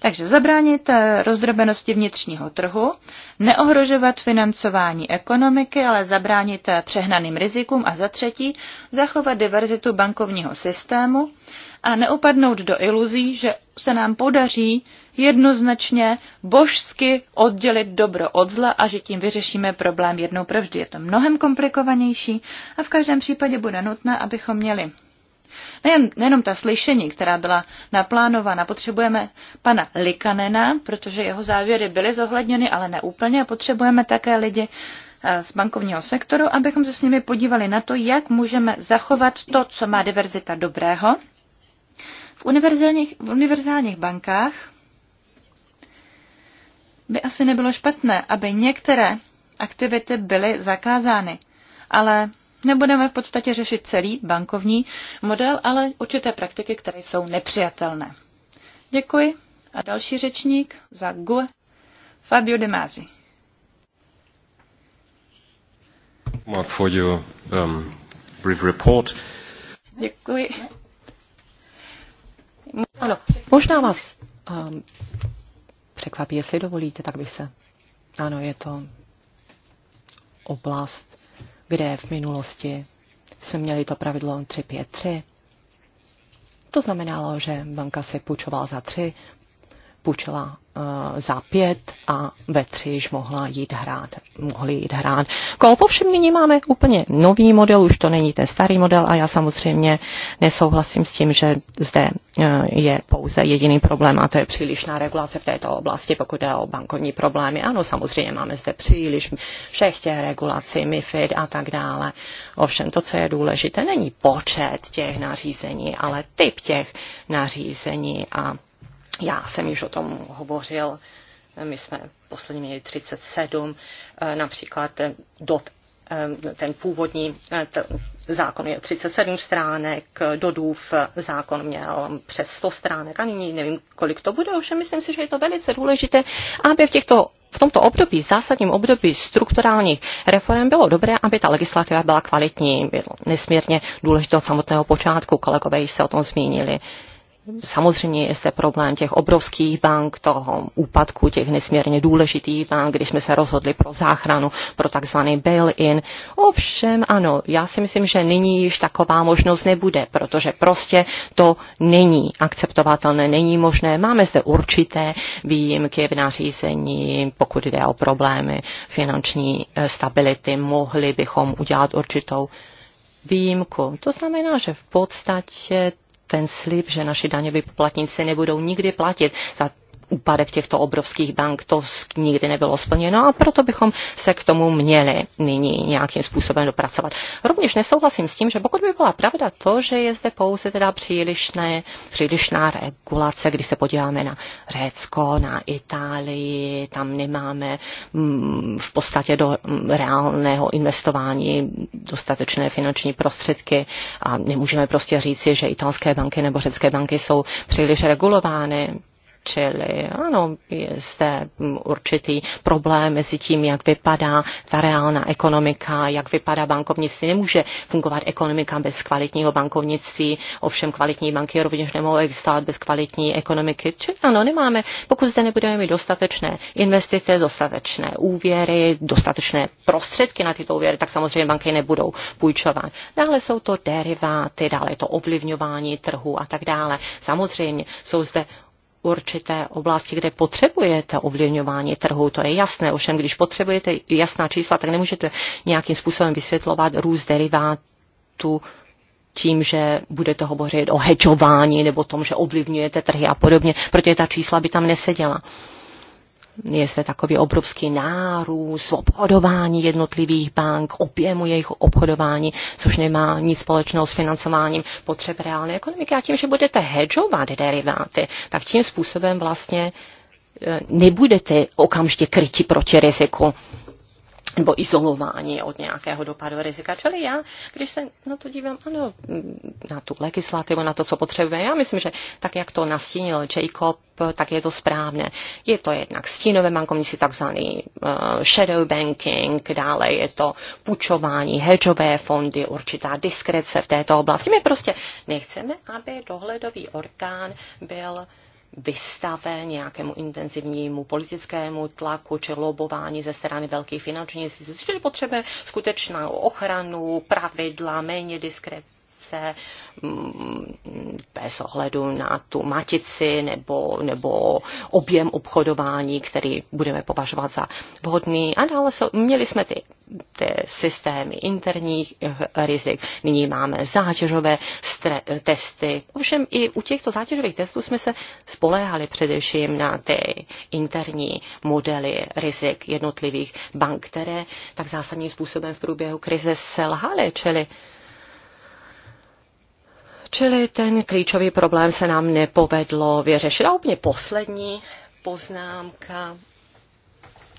Takže zabránit eh, rozdrobenosti vnitřního trhu, neohrožovat financování ekonomiky, ale zabránit eh, přehnaným rizikům a za třetí zachovat diverzitu bankovního systému a neupadnout do iluzí, že se nám podaří jednoznačně božsky oddělit dobro od zla a že tím vyřešíme problém jednou provždy. Je to mnohem komplikovanější a v každém případě bude nutné, abychom měli nejen, nejenom ta slyšení, která byla naplánována. Potřebujeme pana Likanena, protože jeho závěry byly zohledněny, ale neúplně a potřebujeme také lidi, eh, z bankovního sektoru, abychom se s nimi podívali na to, jak můžeme zachovat to, co má diverzita dobrého v univerzálních, v univerzálních bankách by asi nebylo špatné, aby některé aktivity byly zakázány, ale nebudeme v podstatě řešit celý bankovní model, ale určité praktiky, které jsou nepřijatelné. Děkuji. A další řečník za GU Fabio De Masi. Mark, for your um, brief report. Děkuji. Ano, možná vás um, překvapí, jestli dovolíte, tak bych se. Ano, je to oblast, kde v minulosti jsme měli to pravidlo 3-5-3. To znamenalo, že banka se půjčovala za 3, půjčila Eh, za pět a ve tři již mohla jít hrát, mohli jít hrát. Golf ovšem nyní máme úplně nový model, už to není ten starý model a já samozřejmě nesouhlasím s tím, že zde eh, je pouze jediný problém a to je přílišná regulace v této oblasti, pokud jde o bankovní problémy. Ano, samozřejmě máme zde příliš všech těch regulací, MIFID a tak dále. Ovšem to, co je důležité, není počet těch nařízení, ale typ těch nařízení a já jsem již o tom hovořil. My jsme poslední měli 37, eh, například dot eh, ten původní eh, zákon je 37 stránek, Dodův zákon měl přes 100 stránek a nyní nevím, kolik to bude, ovšem myslím si, že je to velice důležité, aby v těchto v tomto období, zásadním období strukturálních reform bylo dobré, aby ta legislativa byla kvalitní. Bylo nesmírně důležité od samotného počátku, kolegové již se o tom zmínili. Samozřejmě je zde problém těch obrovských bank, toho úpadku těch nesmírně důležitých bank, když jsme se rozhodli pro záchranu, pro takzvaný bail-in. Ovšem, ano, já si myslím, že nyní již taková možnost nebude, protože prostě to není akceptovatelné, není možné. Máme zde určité výjimky v nařízení, pokud jde o problémy finanční eh, stability, mohli bychom udělat určitou výjimku. To znamená, že v podstatě ten slib, že naši daňoví poplatníci nebudou nikdy platit za úpadek těchto obrovských bank, to nikdy nebylo splněno a proto bychom se k tomu měli nyní nějakým způsobem dopracovat. Rovněž nesouhlasím s tím, že pokud by byla pravda to, že je zde pouze teda přílišné, přílišná regulace, když se podíváme na Řecko, na Itálii, tam nemáme mm, v podstatě do mm, reálného investování dostatečné finanční prostředky a nemůžeme prostě říci, že italské banky nebo řecké banky jsou příliš regulovány čili ano, je zde určitý problém mezi tím, jak vypadá ta reálná ekonomika, jak vypadá bankovnictví. Nemůže fungovat ekonomika bez kvalitního bankovnictví, ovšem kvalitní banky rovněž nemohou existovat bez kvalitní ekonomiky. Čili ano, nemáme, pokud zde nebudeme mít dostatečné investice, dostatečné úvěry, dostatečné prostředky na tyto úvěry, tak samozřejmě banky nebudou půjčovat. Dále jsou to deriváty, dále je to ovlivňování trhu a tak dále. Samozřejmě jsou zde určité oblasti, kde potřebujete ovlivňování trhu, to je jasné. Ovšem, když potřebujete jasná čísla, tak nemůžete nějakým způsobem vysvětlovat růst derivátu tím, že budete hovořit o hedžování nebo tom, že ovlivňujete trhy a podobně, protože ta čísla by tam neseděla. Uh, je zde takový obrovský nárůst obchodování jednotlivých bank, objemu jejich obchodování, což nemá nic společného s financováním potřeb reálné ekonomiky. A tím, že budete hedžovat deriváty, tak tím způsobem vlastně eh, nebudete okamžitě kryti proti riziku nebo izolování od nějakého dopadu rizika. Čili já, když se na to dívám, ano, na tu legislativu, na to, co potřebujeme, já myslím, že tak, jak to nastínil Jacob, tak je to správné. Je to jednak stínové si takzvaný uh, shadow banking, dále je to půjčování, hedžové fondy, určitá diskrece v této oblasti. My prostě nechceme, aby dohledový orgán byl uh, vystaven nějakému intenzivnímu politickému tlaku či lobování ze strany velkých finančních institucí. Čili potřebujeme skutečnou ochranu, pravidla, méně diskret, se mm, bez ohledu na tu matici nebo, nebo objem obchodování, který budeme považovat za vhodný. A dále jsou, měli jsme ty, ty systémy interních eh, rizik, nyní máme zátěžové stre- eh, testy. Ovšem i u těchto zátěžových testů jsme se spoléhali především na ty interní modely rizik jednotlivých bank, které tak zásadním způsobem v průběhu krize selhaly, čili Čili ten klíčový problém se nám nepovedlo vyřešit. A úplně poslední poznámka.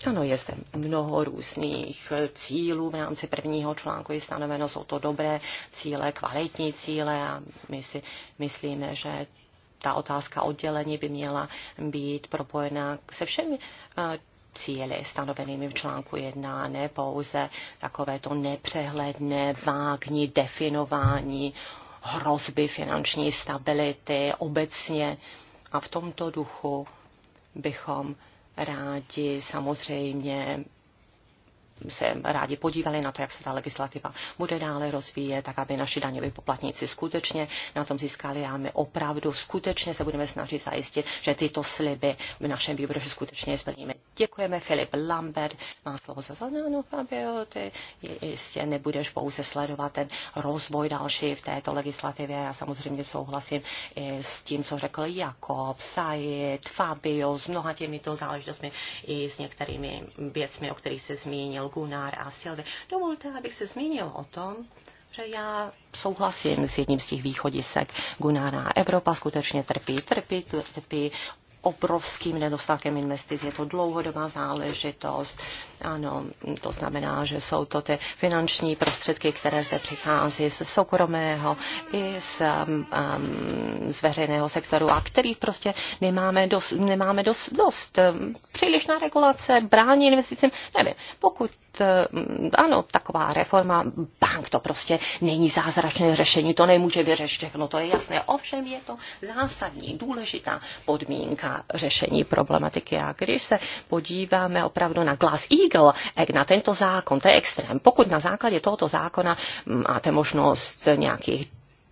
Ano, je zde mnoho různých cílů v rámci prvního článku je stanoveno, jsou to dobré cíle, kvalitní cíle a my si myslíme, že ta otázka oddělení by měla být propojená se všemi eh, cíly stanovenými v článku 1, ne pouze takové to nepřehledné, vágní definování hrozby finanční stability obecně. A v tomto duchu bychom rádi samozřejmě se rádi podívali na to, jak se ta legislativa bude dále rozvíjet, tak aby naši daňoví poplatníci skutečně na tom získali a my opravdu skutečně se budeme snažit zajistit, že tyto sliby v našem výboru skutečně splníme. Děkujeme, Filip Lambert má slovo za zadáno, Fabio, ty jistě nebudeš pouze sledovat ten rozvoj další v této legislativě. Já samozřejmě souhlasím i s tím, co řekl Jakob, Said, Fabio, s mnoha těmito záležitostmi i s některými věcmi, o kterých se zmínil Gunnar a Silvi. Dovolte, abych se zmínil o tom, že já souhlasím s jedním z těch východisek Gunára. Evropa skutečně trpí, trpí, trpí obrovským nedostatkem investic. Je to dlouhodobá záležitost. Ano, to znamená, že jsou to ty finanční prostředky, které zde přichází z soukromého i z, um, um z veřejného sektoru a kterých prostě nemáme dost. Nemáme dost, dost. Um, přílišná regulace brání investicím. Nevím, pokud um, ano, taková reforma bank to prostě není zázračné řešení, to nemůže vyřešit všechno, to je jasné. Ovšem je to zásadní, důležitá podmínka na řešení problematiky. A když se podíváme opravdu na Glass Eagle, eh, na tento zákon, to je extrém. Pokud na základě tohoto zákona máte možnost nějakých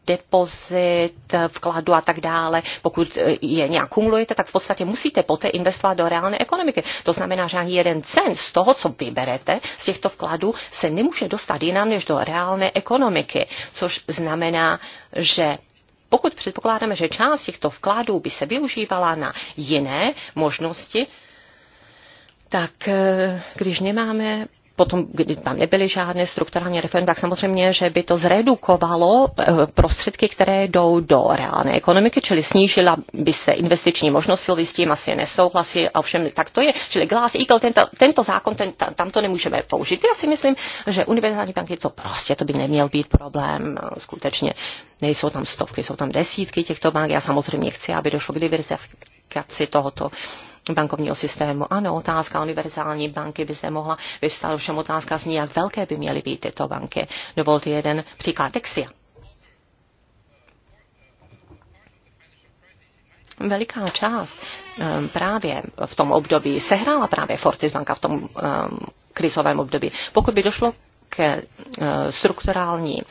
depozit, vkladu a tak dále, pokud eh, je nějak kumulujete, tak v podstatě musíte poté investovat do reálné ekonomiky. To znamená, že ani jeden cen z toho, co vyberete z těchto vkladů, se nemůže dostat jinam než do reálné ekonomiky, což znamená, že pokud předpokládáme, že část těchto vkladů by se využívala na jiné možnosti, tak eh, když nemáme potom, kdy tam nebyly žádné strukturální reformy, tak samozřejmě, že by to zredukovalo eh, prostředky, které jdou do reálné ekonomiky, čili snížila by se investiční možnost, s tím asi nesouhlasí, a všem tak to je. Čili Glass Eagle, tento, tento zákon, ten, tam, tam to nemůžeme použít. Já si myslím, že univerzální banky to prostě, to by neměl být problém, eh, skutečně nejsou tam stovky, jsou tam desítky těchto bank. Já samozřejmě chci, aby došlo k diverzifikaci tohoto bankovního systému. Ano, otázka univerzální banky by se mohla vyvstat, ovšem otázka zní, jak velké by měly být tyto banky. Dovolte jeden příklad Texia. Veliká část ehm, právě v tom období sehrála právě Fortis banka v tom ehm, krizovém období. Pokud by došlo ke ehm, strukturální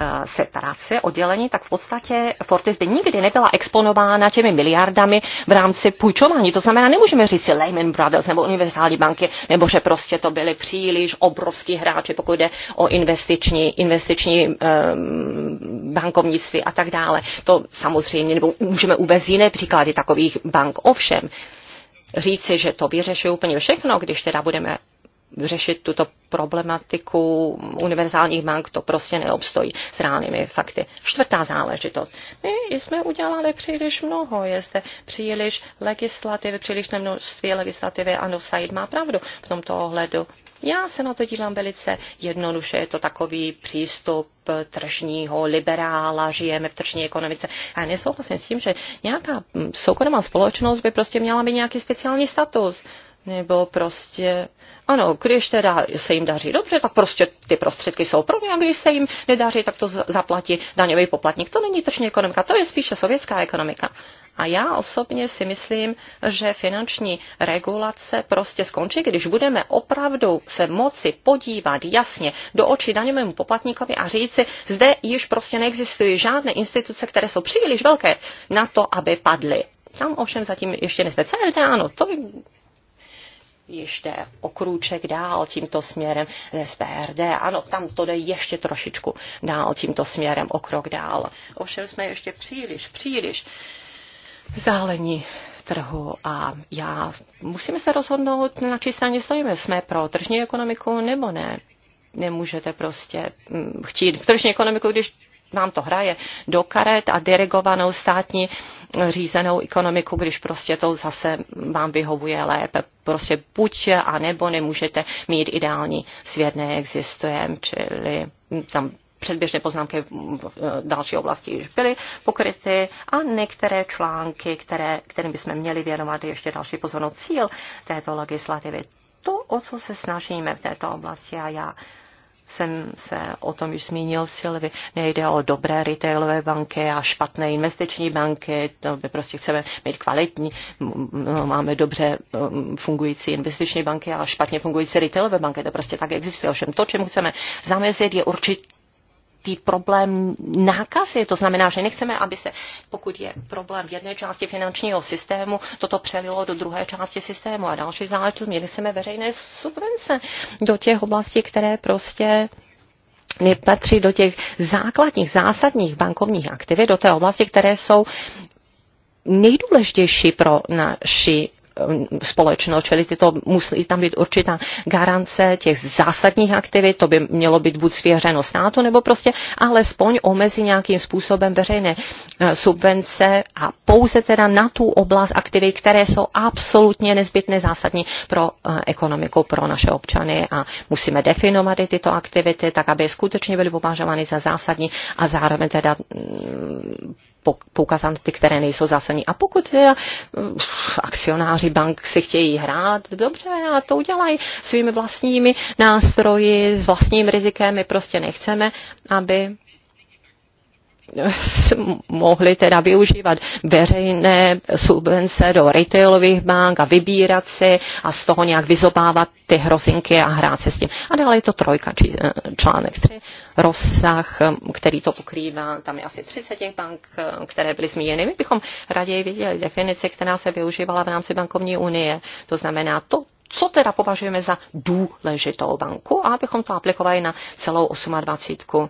Eh, separace, oddělení, tak v podstatě Fortis by nikdy nebyla exponována těmi miliardami v rámci půjčování. To znamená, nemůžeme říct si Lehman Brothers nebo univerzální banky, nebo že prostě to byly příliš obrovský hráči, pokud jde o investiční, investiční um, bankovnictví a tak dále. To samozřejmě, nebo můžeme uvést jiné příklady takových bank. Ovšem, říci, že to vyřeší úplně všechno, když teda budeme řešit tuto problematiku univerzálních bank, to prostě neobstojí s reálnými fakty. Čtvrtá záležitost. My jsme udělali příliš mnoho, je zde příliš legislativy, příliš množství legislativy, ano, Said má pravdu v tomto ohledu. Já se na to dívám velice jednoduše. Je to takový přístup tržního liberála, žijeme v tržní ekonomice. A já nesouhlasím s tím, že nějaká soukromá společnost by prostě měla mít nějaký speciální status. Nebo prostě, ano, když teda se jim daří dobře, tak prostě ty prostředky jsou pro mě a když se jim nedaří, tak to zaplatí daňový poplatník. To není tržní ekonomika, to je spíše sovětská ekonomika. A já osobně si myslím, že finanční regulace prostě skončí, když budeme opravdu se moci podívat jasně do očí daňovému poplatníkovi a říci, zde již prostě neexistují žádné instituce, které jsou příliš velké na to, aby padly. Tam ovšem zatím ještě nejsme. CLD, ano, to ještě jde o krůček dál tímto směrem ze SPRD. Ano, tam to jde ještě trošičku dál tímto směrem, o krok dál. Ovšem jsme ještě příliš, příliš vzdálení trhu a já musíme se rozhodnout, na čí straně stojíme. Jsme pro tržní ekonomiku nebo ne? Nemůžete prostě mm, chtít tržní ekonomiku, když nám to hraje do karet a dirigovanou státní řízenou ekonomiku, když prostě to zase vám vyhovuje lépe. Prostě buď a nebo nemůžete mít ideální svět, neexistuje, čili tam předběžné poznámky v další oblasti již byly pokryty a některé články, které, kterým bychom měli věnovat ještě další pozornost cíl této legislativy. To, o co se snažíme v této oblasti a já jsem se o tom již zmínil Silvi, nejde o dobré retailové banky a špatné investiční banky, to by prostě chceme mít kvalitní, máme dobře fungující investiční banky a špatně fungující retailové banky, to prostě tak existuje. Ovšem to, čemu chceme zamezit, je určitě určitý problém nákazy. To znamená, že nechceme, aby se, pokud je problém v jedné části finančního systému, toto přelilo do druhé části systému. A další záležitost, měli jsme veřejné subvence do těch oblastí, které prostě nepatří do těch základních, zásadních bankovních aktivit, do té oblasti, které jsou nejdůležitější pro naši společnost, čili tyto musí tam být určitá garance těch zásadních aktivit, to by mělo být buď svěřeno státu, nebo prostě alespoň omezí nějakým způsobem veřejné eh, subvence a pouze teda na tu oblast aktivit, které jsou absolutně nezbytné zásadní pro eh, ekonomiku, pro naše občany a musíme definovat i tyto aktivity, tak aby skutečně byly považovány za zásadní a zároveň teda mm, poukázat ty, které nejsou zásadní. A pokud teda akcionáři bank si chtějí hrát, dobře, a to udělají svými vlastními nástroji, s vlastním rizikem, my prostě nechceme, aby mohli teda využívat veřejné subvence do retailových bank a vybírat si a z toho nějak vyzobávat ty hrozinky a hrát se s tím. A dále je to trojka, či, eh, článek 3, rozsah, který to pokrývá, tam je asi 30 těch bank, eh, které byly zmíněny. My bychom raději viděli definici, která se využívala v rámci bankovní unie. To znamená to, co teda považujeme za důležitou banku a abychom to aplikovali na celou 28.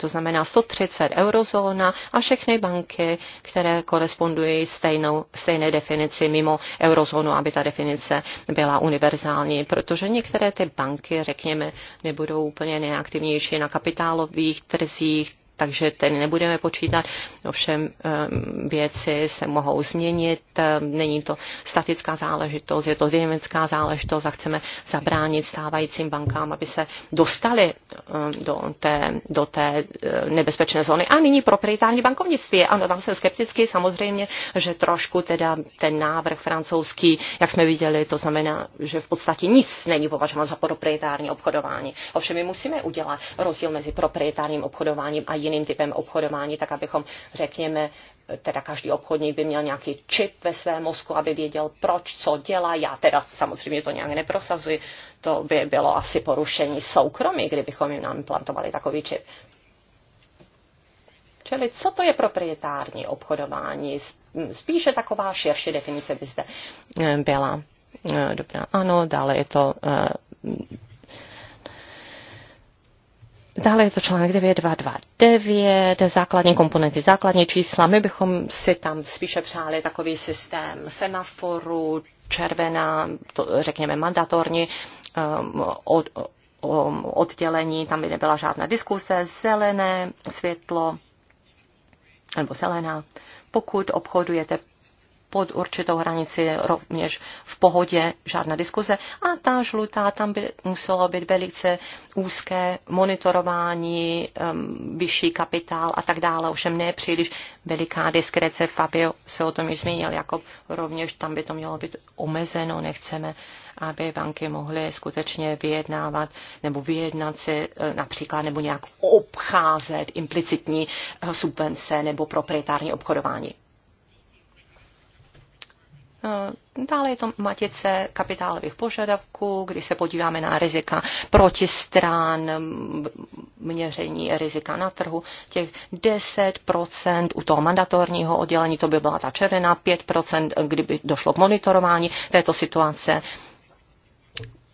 to znamená 130 eurozóna a všechny banky, které korespondují stejnou, stejné definici mimo eurozónu, aby ta definice byla univerzální, protože některé ty banky, řekněme, nebudou úplně neaktivnější na kapitálových trzích, takže ten nebudeme počítat. Ovšem eh, věci se mohou změnit, eh, není to statická záležitost, je to dynamická záležitost a chceme zabránit stávajícím bankám, aby se dostali eh, do té, do té nebezpečné zóny. A nyní proprietární bankovnictví. Ano, tam jsem skeptický, samozřejmě, že trošku teda ten návrh francouzský, jak jsme viděli, to znamená, že v podstatě nic není považováno za proprietární obchodování. Ovšem my musíme udělat rozdíl mezi proprietárním obchodováním a jiným jiným typem obchodování, tak abychom, řekněme, teda každý obchodník by měl nějaký čip ve svém mozku, aby věděl, proč, co dělá. Já teda samozřejmě to nějak neprosazuji. To by bylo asi porušení soukromí, kdybychom jim nám implantovali takový čip. Čili co to je proprietární obchodování? Spíše taková širší definice by zde eh, byla. Eh, dobrá, ano, dále je to eh, Dále je to článek 9229, základní komponenty, základní čísla. My bychom si tam spíše přáli takový systém semaforu, červená, to, řekněme mandatorní, um, od, um, oddělení, tam by nebyla žádná diskuse, zelené světlo, nebo zelená. Pokud obchodujete pod určitou hranici rovněž v pohodě, žádná diskuze. A ta žlutá, tam by muselo být velice úzké monitorování, um, vyšší kapitál a tak dále. Ovšem ne příliš veliká diskrece. Fabio se o tom již zmínil, jako rovněž tam by to mělo být omezeno, nechceme aby banky mohly skutečně vyjednávat nebo vyjednat si e, například nebo nějak obcházet implicitní e, subvence nebo proprietární obchodování. Eh, dále je to matice kapitálových požadavků, kdy se podíváme na rizika protistrán, měření rizika na trhu. Těch 10% u toho mandatorního oddělení, to by byla ta červená, 5%, kdyby došlo k monitorování této situace,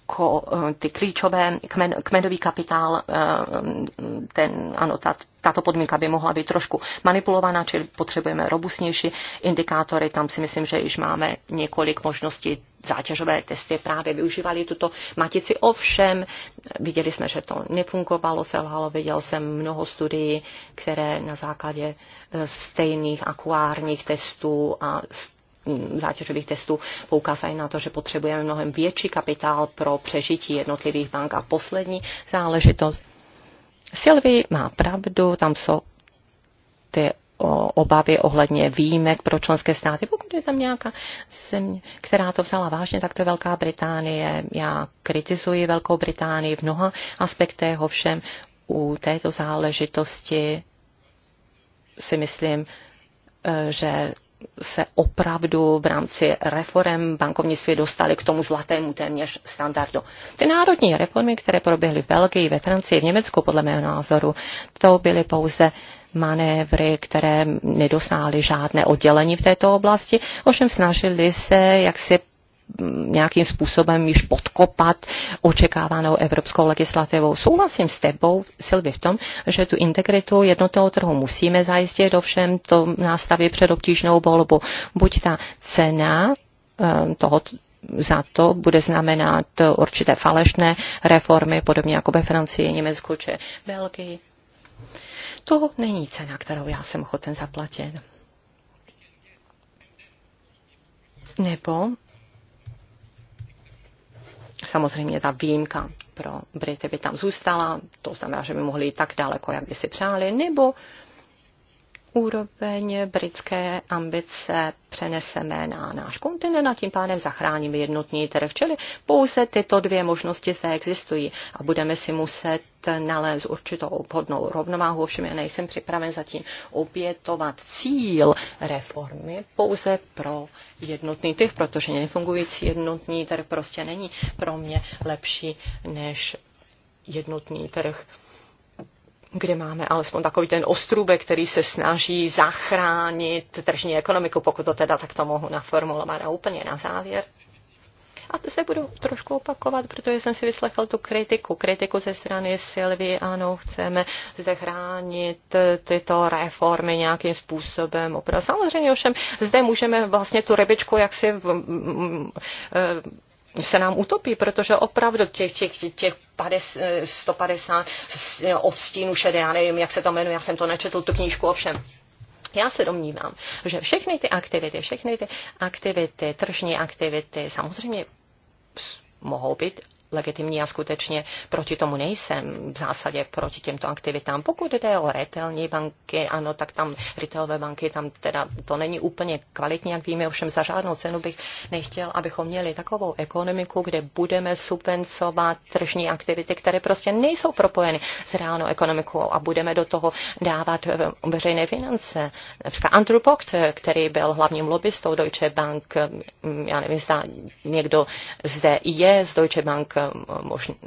ko, eh, ty klíčové, kmen, kmenový kapitál, eh, ten, ano, ta, tato podmínka by mohla být trošku manipulovaná, čili potřebujeme robustnější indikátory. Tam si myslím, že již máme několik možností. Zátěžové testy právě využívali tuto matici. Ovšem, viděli jsme, že to nefungovalo, selhalo. Viděl jsem mnoho studií, které na základě eh, stejných akuárních testů a Mm, zátěžových testů poukázají na to, že potřebujeme mnohem větší kapitál pro přežití jednotlivých bank. A poslední záležitost. Silvi má pravdu, tam jsou ty obavy ohledně výjimek pro členské státy. Pokud je tam nějaká země, která to vzala vážně, tak to je Velká Británie. Já kritizuji Velkou Británii v mnoha aspektech, ovšem u této záležitosti si myslím, e, že se opravdu v rámci reform bankovnictví dostali k tomu zlatému téměř standardu. Ty národní reformy, které proběhly v Belgii, ve Francii, v Německu, podle mého názoru, to byly pouze manévry, které nedosáhly žádné oddělení v této oblasti, ovšem snažili se jak nějakým způsobem již podkopat očekávanou evropskou legislativou. Souhlasím s tebou, Silvi, v tom, že tu integritu jednotného trhu musíme zajistit, ovšem to nástaví před obtížnou volbu. Buď ta cena eh, toho za to bude znamenat určité falešné reformy, podobně jako ve Francii, Německu či Belgii. To není cena, kterou já jsem ochoten zaplatit. Nebo Samozřejmě ta výjimka pro Brity by tam zůstala, to znamená, že by mohli jít tak daleko, jak by si přáli, nebo úroveň britské ambice přeneseme na náš kontinent a tím pádem zachráníme jednotný trh. Čili pouze tyto dvě možnosti zde existují a budeme si muset nalézt určitou obhodnou rovnováhu. Ovšem já nejsem připraven zatím obětovat cíl reformy pouze pro jednotný trh, protože nefungující jednotný trh prostě není pro mě lepší než jednotný trh kde máme alespoň takový ten ostrůbek, který se snaží zachránit tržní ekonomiku, pokud to teda takto mohu naformulovat. A úplně na závěr. A se budu trošku opakovat, protože jsem si vyslechl tu kritiku. Kritiku ze strany Silvy, ano, chceme zde chránit tyto reformy nějakým způsobem. Opravdu. Samozřejmě ovšem zde můžeme vlastně tu rybičku jaksi se nám utopí, protože opravdu těch, těch, těch, 50, 150 odstínů šedé, já nevím, jak se to jmenuje, já jsem to nečetl, tu knížku ovšem. Já se domnívám, že všechny ty aktivity, všechny ty aktivity, tržní aktivity, samozřejmě mohou být legitimní. a skutečně proti tomu nejsem v zásadě proti těmto aktivitám. Pokud jde o retailní banky, ano, tak tam retailové banky, tam teda to není úplně kvalitní, jak víme, ovšem za žádnou cenu bych nechtěl, abychom měli takovou ekonomiku, kde budeme subvencovat tržní aktivity, které prostě nejsou propojeny s reálnou ekonomikou a budeme do toho dávat eh, veřejné finance. Například Andrew Pocht, eh, který byl hlavním lobbystou Deutsche Bank, eh, já nevím, zda někdo zde je z Deutsche Bank,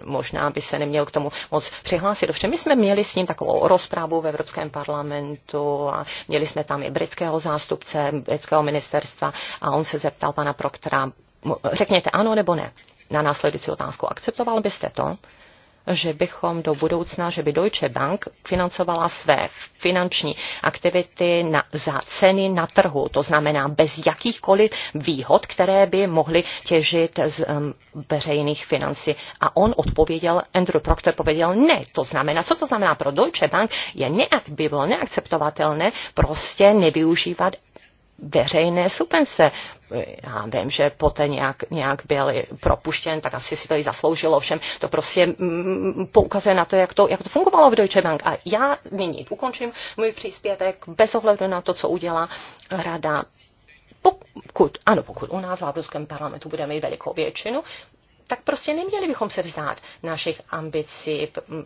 možná by se neměl k tomu moc přihlásit. Ovšem my jsme měli s ním takovou rozprávu v Evropském parlamentu a měli jsme tam i britského zástupce, britského ministerstva a on se zeptal pana Proktora, řekněte ano nebo ne na následující otázku. Akceptoval byste to, že bychom do budoucna, že by Deutsche Bank financovala své finanční aktivity na, za ceny na trhu, to znamená bez jakýchkoliv výhod, které by mohly těžit z um, veřejných financí. A on odpověděl, Andrew Proctor odpověděl, ne, to znamená, co to znamená pro Deutsche Bank, je nějak, by bylo neakceptovatelné prostě nevyužívat veřejné subvence já vím, že poté nějak, nějak byl propuštěn, tak asi si to i zasloužilo, ovšem to prostě mm, mm, poukazuje na to jak, to, jak to fungovalo v Deutsche Bank. A já nyní ukončím můj příspěvek bez ohledu na to, co udělá rada. Pokud, ano, pokud u nás v Ruském parlamentu budeme mít velikou většinu, tak prostě neměli bychom se vzdát našich ambicí mm,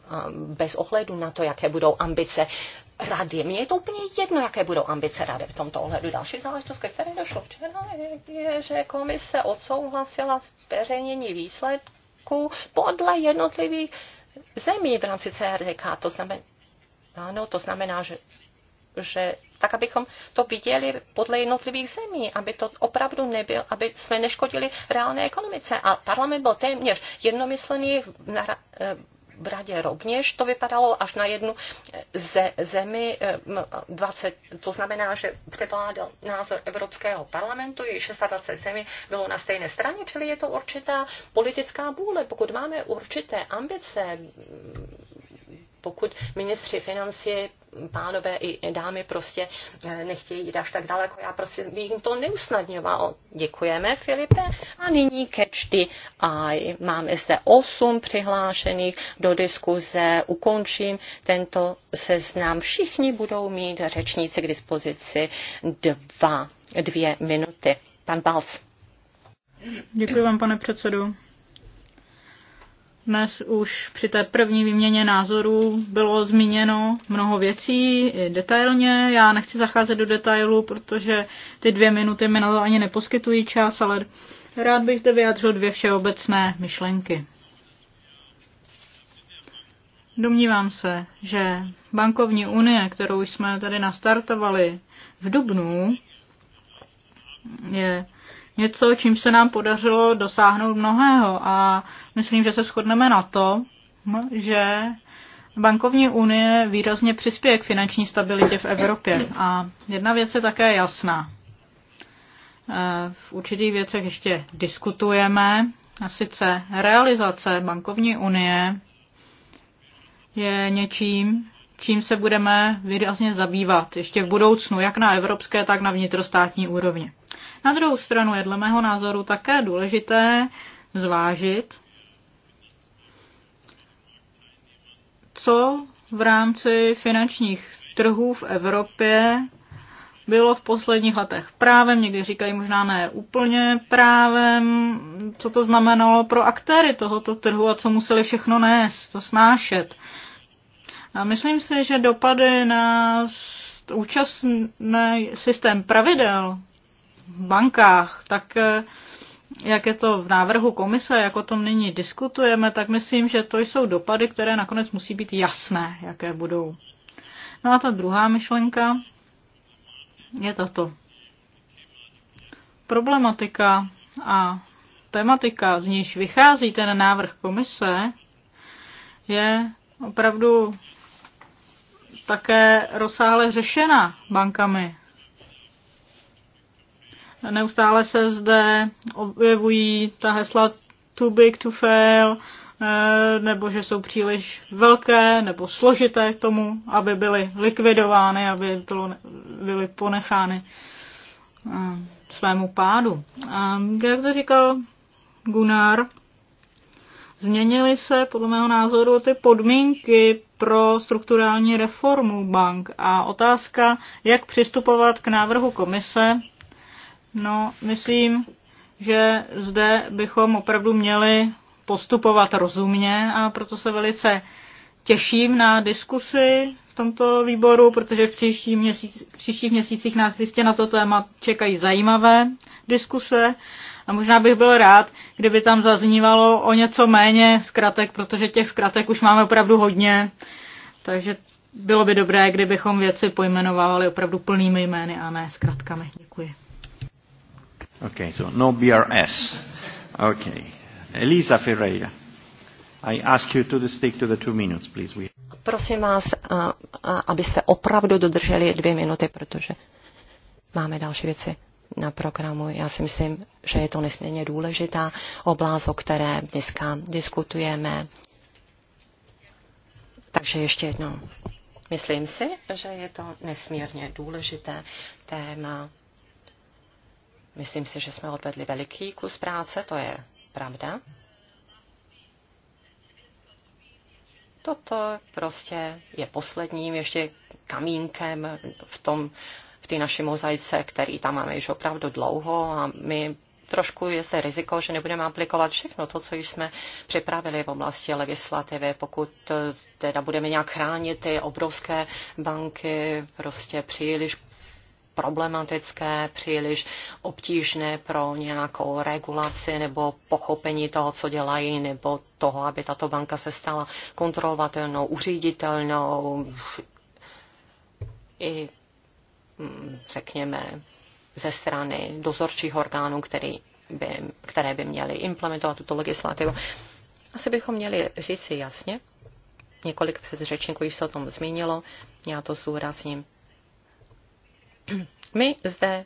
bez ohledu na to, jaké budou ambice rady. Mně je to úplně jedno, jaké budou ambice rady v tomto ohledu. Další záležitost, ke které došlo včera, je, je že komise odsouhlasila zveřejnění výsledků podle jednotlivých zemí v rámci CRDK. To znamená, ano, to znamená, že že tak, abychom to viděli podle jednotlivých zemí, aby to opravdu nebyl, aby jsme neškodili reálné ekonomice. A parlament byl téměř jednomyslený v, eh, v radě rovněž to vypadalo až na jednu ze, zemi 20, to znamená, že převládal názor Evropského parlamentu, je 26 zemí bylo na stejné straně, čili je to určitá politická bůle. Pokud máme určité ambice, pokud ministři financí, pánové i dámy prostě eh, nechtějí jít až tak daleko, já prostě bych jim to neusnadňoval. Děkujeme, Filipe. A nyní ke čty a Máme zde osm přihlášených do diskuze. Ukončím tento seznam. Všichni budou mít řečníci k dispozici dva, dvě minuty. Pan Bals. Děkuji vám, pane předsedu. Dnes už při té první výměně názorů bylo zmíněno mnoho věcí i detailně. Já nechci zacházet do detailů, protože ty dvě minuty mi na to ani neposkytují čas, ale rád bych zde vyjádřil dvě všeobecné myšlenky. Domnívám se, že bankovní unie, kterou jsme tady nastartovali v Dubnu, je něco, čím se nám podařilo dosáhnout mnohého a myslím, že se shodneme na to, že bankovní unie výrazně přispěje k finanční stabilitě v Evropě. A jedna věc je také jasná. E, v určitých věcech ještě diskutujeme, a sice realizace bankovní unie je něčím, čím se budeme výrazně zabývat ještě v budoucnu, jak na evropské, tak na vnitrostátní úrovni. Na druhou stranu je dle mého názoru také důležité zvážit, co v rámci finančních trhů v Evropě bylo v posledních letech právem, někdy říkají možná ne úplně právem, co to znamenalo pro aktéry tohoto trhu a co museli všechno nést, to snášet. A myslím si, že dopady na účastný systém pravidel bankách, tak eh, jak je to v návrhu komise, jak o tom nyní diskutujeme, tak myslím, že to jsou dopady, které nakonec musí být jasné, jaké budou. No a ta druhá myšlenka je tato. Problematika a tematika, z níž vychází ten návrh komise, je opravdu také rozsáhle řešena bankami Neustále se zde objevují ta hesla too big to fail, eh, nebo že jsou příliš velké nebo složité k tomu, aby byly likvidovány, aby byly ponechány eh, svému pádu. A jak to říkal Gunnar, změnily se podle mého názoru ty podmínky pro strukturální reformu bank a otázka, jak přistupovat k návrhu komise, No, myslím, že zde bychom opravdu měli postupovat rozumně a proto se velice těším na diskusi v tomto výboru, protože v, příští měsíc, v příštích měsících nás jistě na to téma čekají zajímavé diskuse a možná bych byl rád, kdyby tam zaznívalo o něco méně zkratek, protože těch zkratek už máme opravdu hodně, takže bylo by dobré, kdybychom věci pojmenovali opravdu plnými jmény a ne zkratkami. Děkuji. Okay, so no BRS. Okay. Elisa Ferreira, I ask you to stick to the two minutes, please. We... Prosím vás, a, a, abyste opravdu dodrželi dvě minuty, protože máme další věci na programu. Já si myslím, že je to nesmírně důležitá oblast, o které dneska diskutujeme. Takže ještě jednou. Myslím si, že je to nesmírně důležité téma Myslím si, že jsme odvedli veliký kus práce, to je pravda. Toto prostě je posledním ještě kamínkem v tom, v té naší mozaice, který tam máme již opravdu dlouho a my trošku je zde riziko, že nebudeme aplikovat všechno to, co již jsme připravili v oblasti legislativy. Pokud eh, teda budeme nějak chránit ty obrovské banky, prostě příliš problematické, příliš obtížné pro nějakou regulaci nebo pochopení toho, co dělají, nebo toho, aby tato banka se stala kontrolovatelnou, uříditelnou i, mm, řekněme, ze strany dozorčích orgánů, který by, které by měly implementovat tuto legislativu. Asi bychom měli říct si jasně, několik předřečníků již se o tom zmínilo, já to zúrazním, [CLEARS THROAT] My zde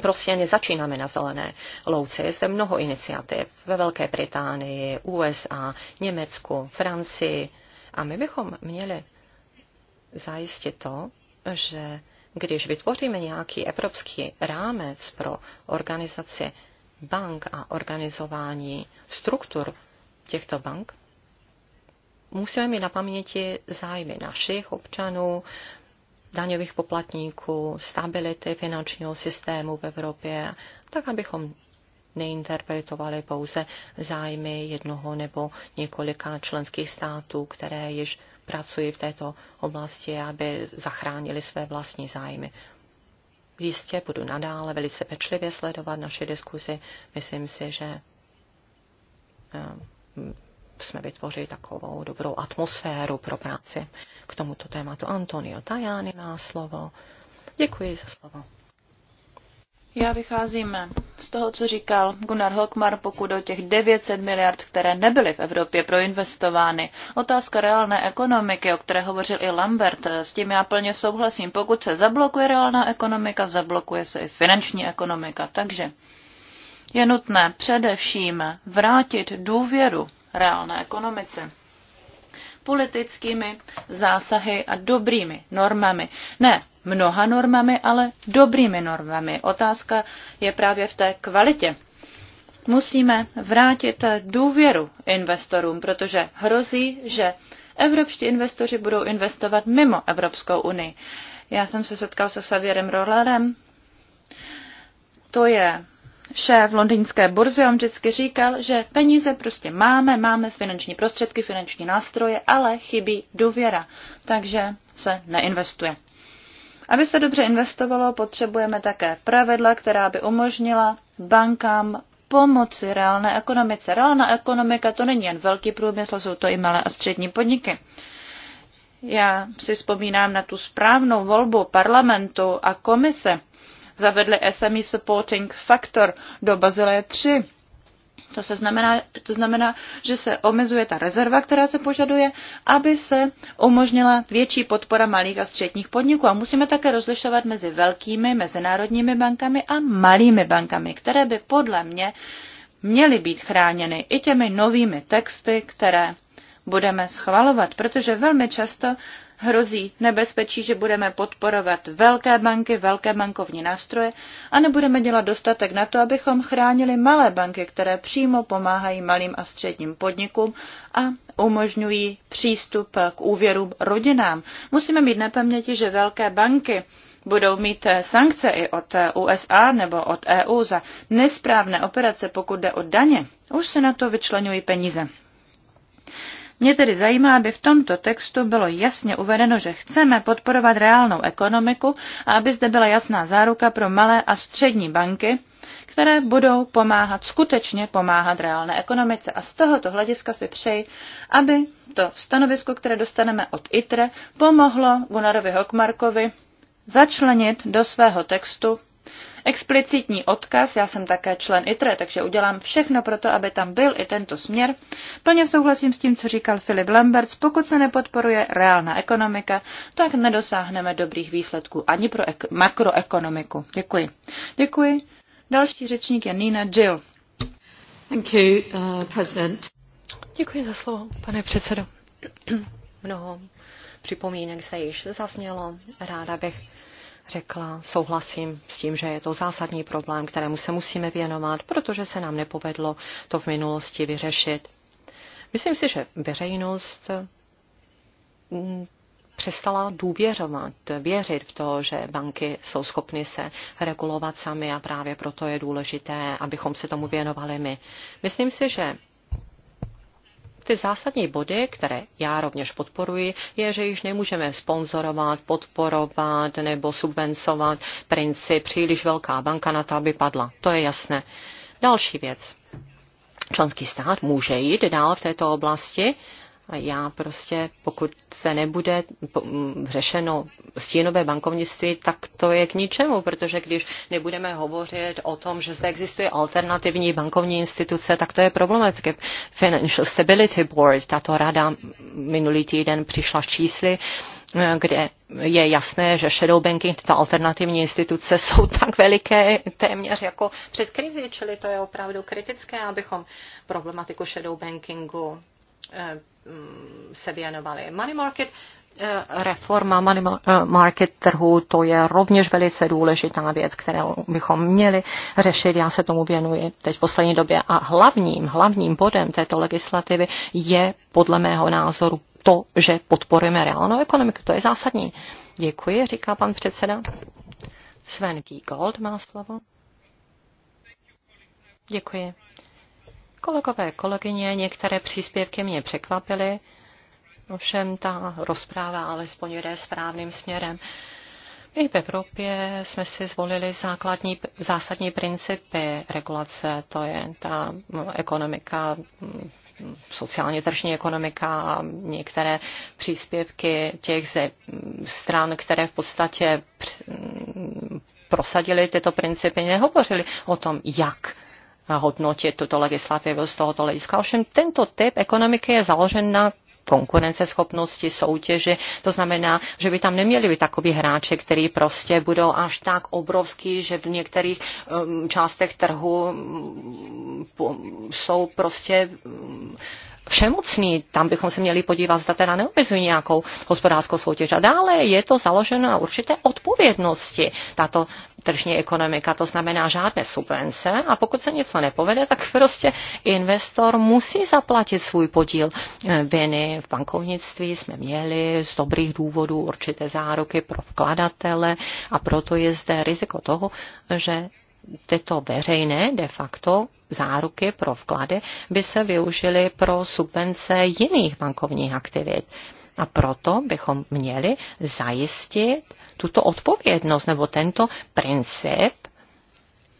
prostě nezačínáme na zelené louce. Je zde mnoho iniciativ ve Velké Británii, USA, Německu, Francii. A my bychom měli zajistit to, že když vytvoříme nějaký evropský rámec pro organizaci bank a organizování struktur těchto bank, musíme mít na paměti zájmy našich občanů, daňových poplatníků, stability finančního systému v Evropě, tak abychom neinterpretovali pouze zájmy jednoho nebo několika členských států, které již pracují v této oblasti, aby zachránili své vlastní zájmy. Jistě budu nadále velice pečlivě sledovat naše diskuzi. Myslím si, že eh, jsme vytvořili takovou dobrou atmosféru pro práci k tomuto tématu. Antonio Tajani má slovo. Děkuji za slovo. Já vycházím z toho, co říkal Gunnar Holkmar, pokud o těch 900 miliard, které nebyly v Evropě proinvestovány. Otázka reálné ekonomiky, o které hovořil i Lambert, s tím já plně souhlasím. Pokud se zablokuje reálná ekonomika, zablokuje se i finanční ekonomika. Takže je nutné především vrátit důvěru reálné ekonomice. Politickými zásahy a dobrými normami. Ne mnoha normami, ale dobrými normami. Otázka je právě v té kvalitě. Musíme vrátit důvěru investorům, protože hrozí, že evropští investoři budou investovat mimo Evropskou unii. Já jsem se setkal se Savěrem Rollerem. To je šéf londýnské burzy, on vždycky říkal, že peníze prostě máme, máme finanční prostředky, finanční nástroje, ale chybí důvěra, takže se neinvestuje. Aby se dobře investovalo, potřebujeme také pravidla, která by umožnila bankám pomoci reálné ekonomice. Reálná ekonomika to není jen velký průmysl, jsou to i malé a střední podniky. Já si vzpomínám na tu správnou volbu parlamentu a komise, zavedli SME Supporting Factor do Bazileje 3. To, se znamená, to znamená, že se omezuje ta rezerva, která se požaduje, aby se umožnila větší podpora malých a středních podniků. A musíme také rozlišovat mezi velkými mezinárodními bankami a malými bankami, které by podle mě měly být chráněny i těmi novými texty, které budeme schvalovat, protože velmi často hrozí nebezpečí, že budeme podporovat velké banky, velké bankovní nástroje a nebudeme dělat dostatek na to, abychom chránili malé banky, které přímo pomáhají malým a středním podnikům a umožňují přístup k úvěrům rodinám. Musíme mít na paměti, že velké banky budou mít sankce i od USA nebo od EU za nesprávné operace, pokud jde o daně. Už se na to vyčlenují peníze. Mě tedy zajímá, aby v tomto textu bylo jasně uvedeno, že chceme podporovat reálnou ekonomiku a aby zde byla jasná záruka pro malé a střední banky, které budou pomáhat, skutečně pomáhat reálné ekonomice. A z tohoto hlediska si přeji, aby to stanovisko, které dostaneme od ITRE, pomohlo Gunarovi Hokmarkovi začlenit do svého textu explicitní odkaz, já jsem také člen ITRE, takže udělám všechno pro to, aby tam byl i tento směr. Plně souhlasím s tím, co říkal Filip Lamberts, pokud se nepodporuje reálná ekonomika, tak nedosáhneme dobrých výsledků ani pro ek- makroekonomiku. Děkuji. Děkuji. Další řečník je Nina Jill. Thank you, uh, president. Děkuji za slovo, pane předsedo. [CLEARS THROAT] Mnoho připomínek se již zasnělo. Ráda bych řekla, souhlasím s tím, že je to zásadní problém, kterému se musíme věnovat, protože se nám nepovedlo to v minulosti vyřešit. Myslím si, že veřejnost mm, přestala důvěřovat, věřit v to, že banky jsou schopny se regulovat sami a právě proto je důležité, abychom se tomu věnovali my. Myslím si, že ty zásadní body, které já rovněž podporuji, je, že již nemůžeme sponzorovat, podporovat nebo subvencovat princip příliš velká banka na to, aby padla. To je jasné. Další věc. Členský stát může jít dál v této oblasti, já prostě, pokud se nebude řešeno stínové bankovnictví, tak to je k ničemu, protože když nebudeme hovořit o tom, že zde existuje alternativní bankovní instituce, tak to je problematické. Financial Stability Board, tato rada minulý týden přišla s čísly, eh, kde je jasné, že shadow banking, tyto alternativní instituce [LAUGHS] jsou tak veliké téměř jako před krizi, čili to je opravdu kritické, abychom problematiku shadow bankingu Eh, mm, se věnovali. Money market eh, Reforma money eh, market trhu, to je rovněž velice důležitá věc, kterou bychom měli řešit. Já se tomu věnuji teď v poslední době. A hlavním, hlavním bodem této legislativy je podle mého názoru to, že podporujeme reálnou ekonomiku. To je zásadní. Děkuji, říká pan předseda. Sven Gold má slovo. Děkuji. Kolegové, kolegyně, některé příspěvky mě překvapily, ovšem ta rozpráva alespoň jde správným směrem. My v Evropě jsme si zvolili základní, zásadní principy regulace, to je ta ekonomika, sociálně tržní ekonomika a některé příspěvky těch ze stran, které v podstatě prosadili tyto principy, nehovořili o tom, jak hodnotit tuto legislativu z tohoto hlediska. Ovšem tento typ ekonomiky je založen na konkurenceschopnosti, soutěži. To znamená, že by tam neměli být takový hráči, který prostě budou až tak obrovský, že v některých um, částech trhu um, jsou prostě um, všemocný, tam bychom se měli podívat, zda teda neomezují nějakou hospodářskou soutěž. A dále je to založeno na určité odpovědnosti, tato tržní ekonomika, to znamená žádné subvence a pokud se něco nepovede, tak prostě investor musí zaplatit svůj podíl eh, viny. V bankovnictví jsme měli z dobrých důvodů určité záruky pro vkladatele a proto je zde riziko toho, že tyto veřejné de facto záruky pro vklady by se využily pro subvence jiných bankovních aktivit. A proto bychom měli zajistit tuto odpovědnost nebo tento princip,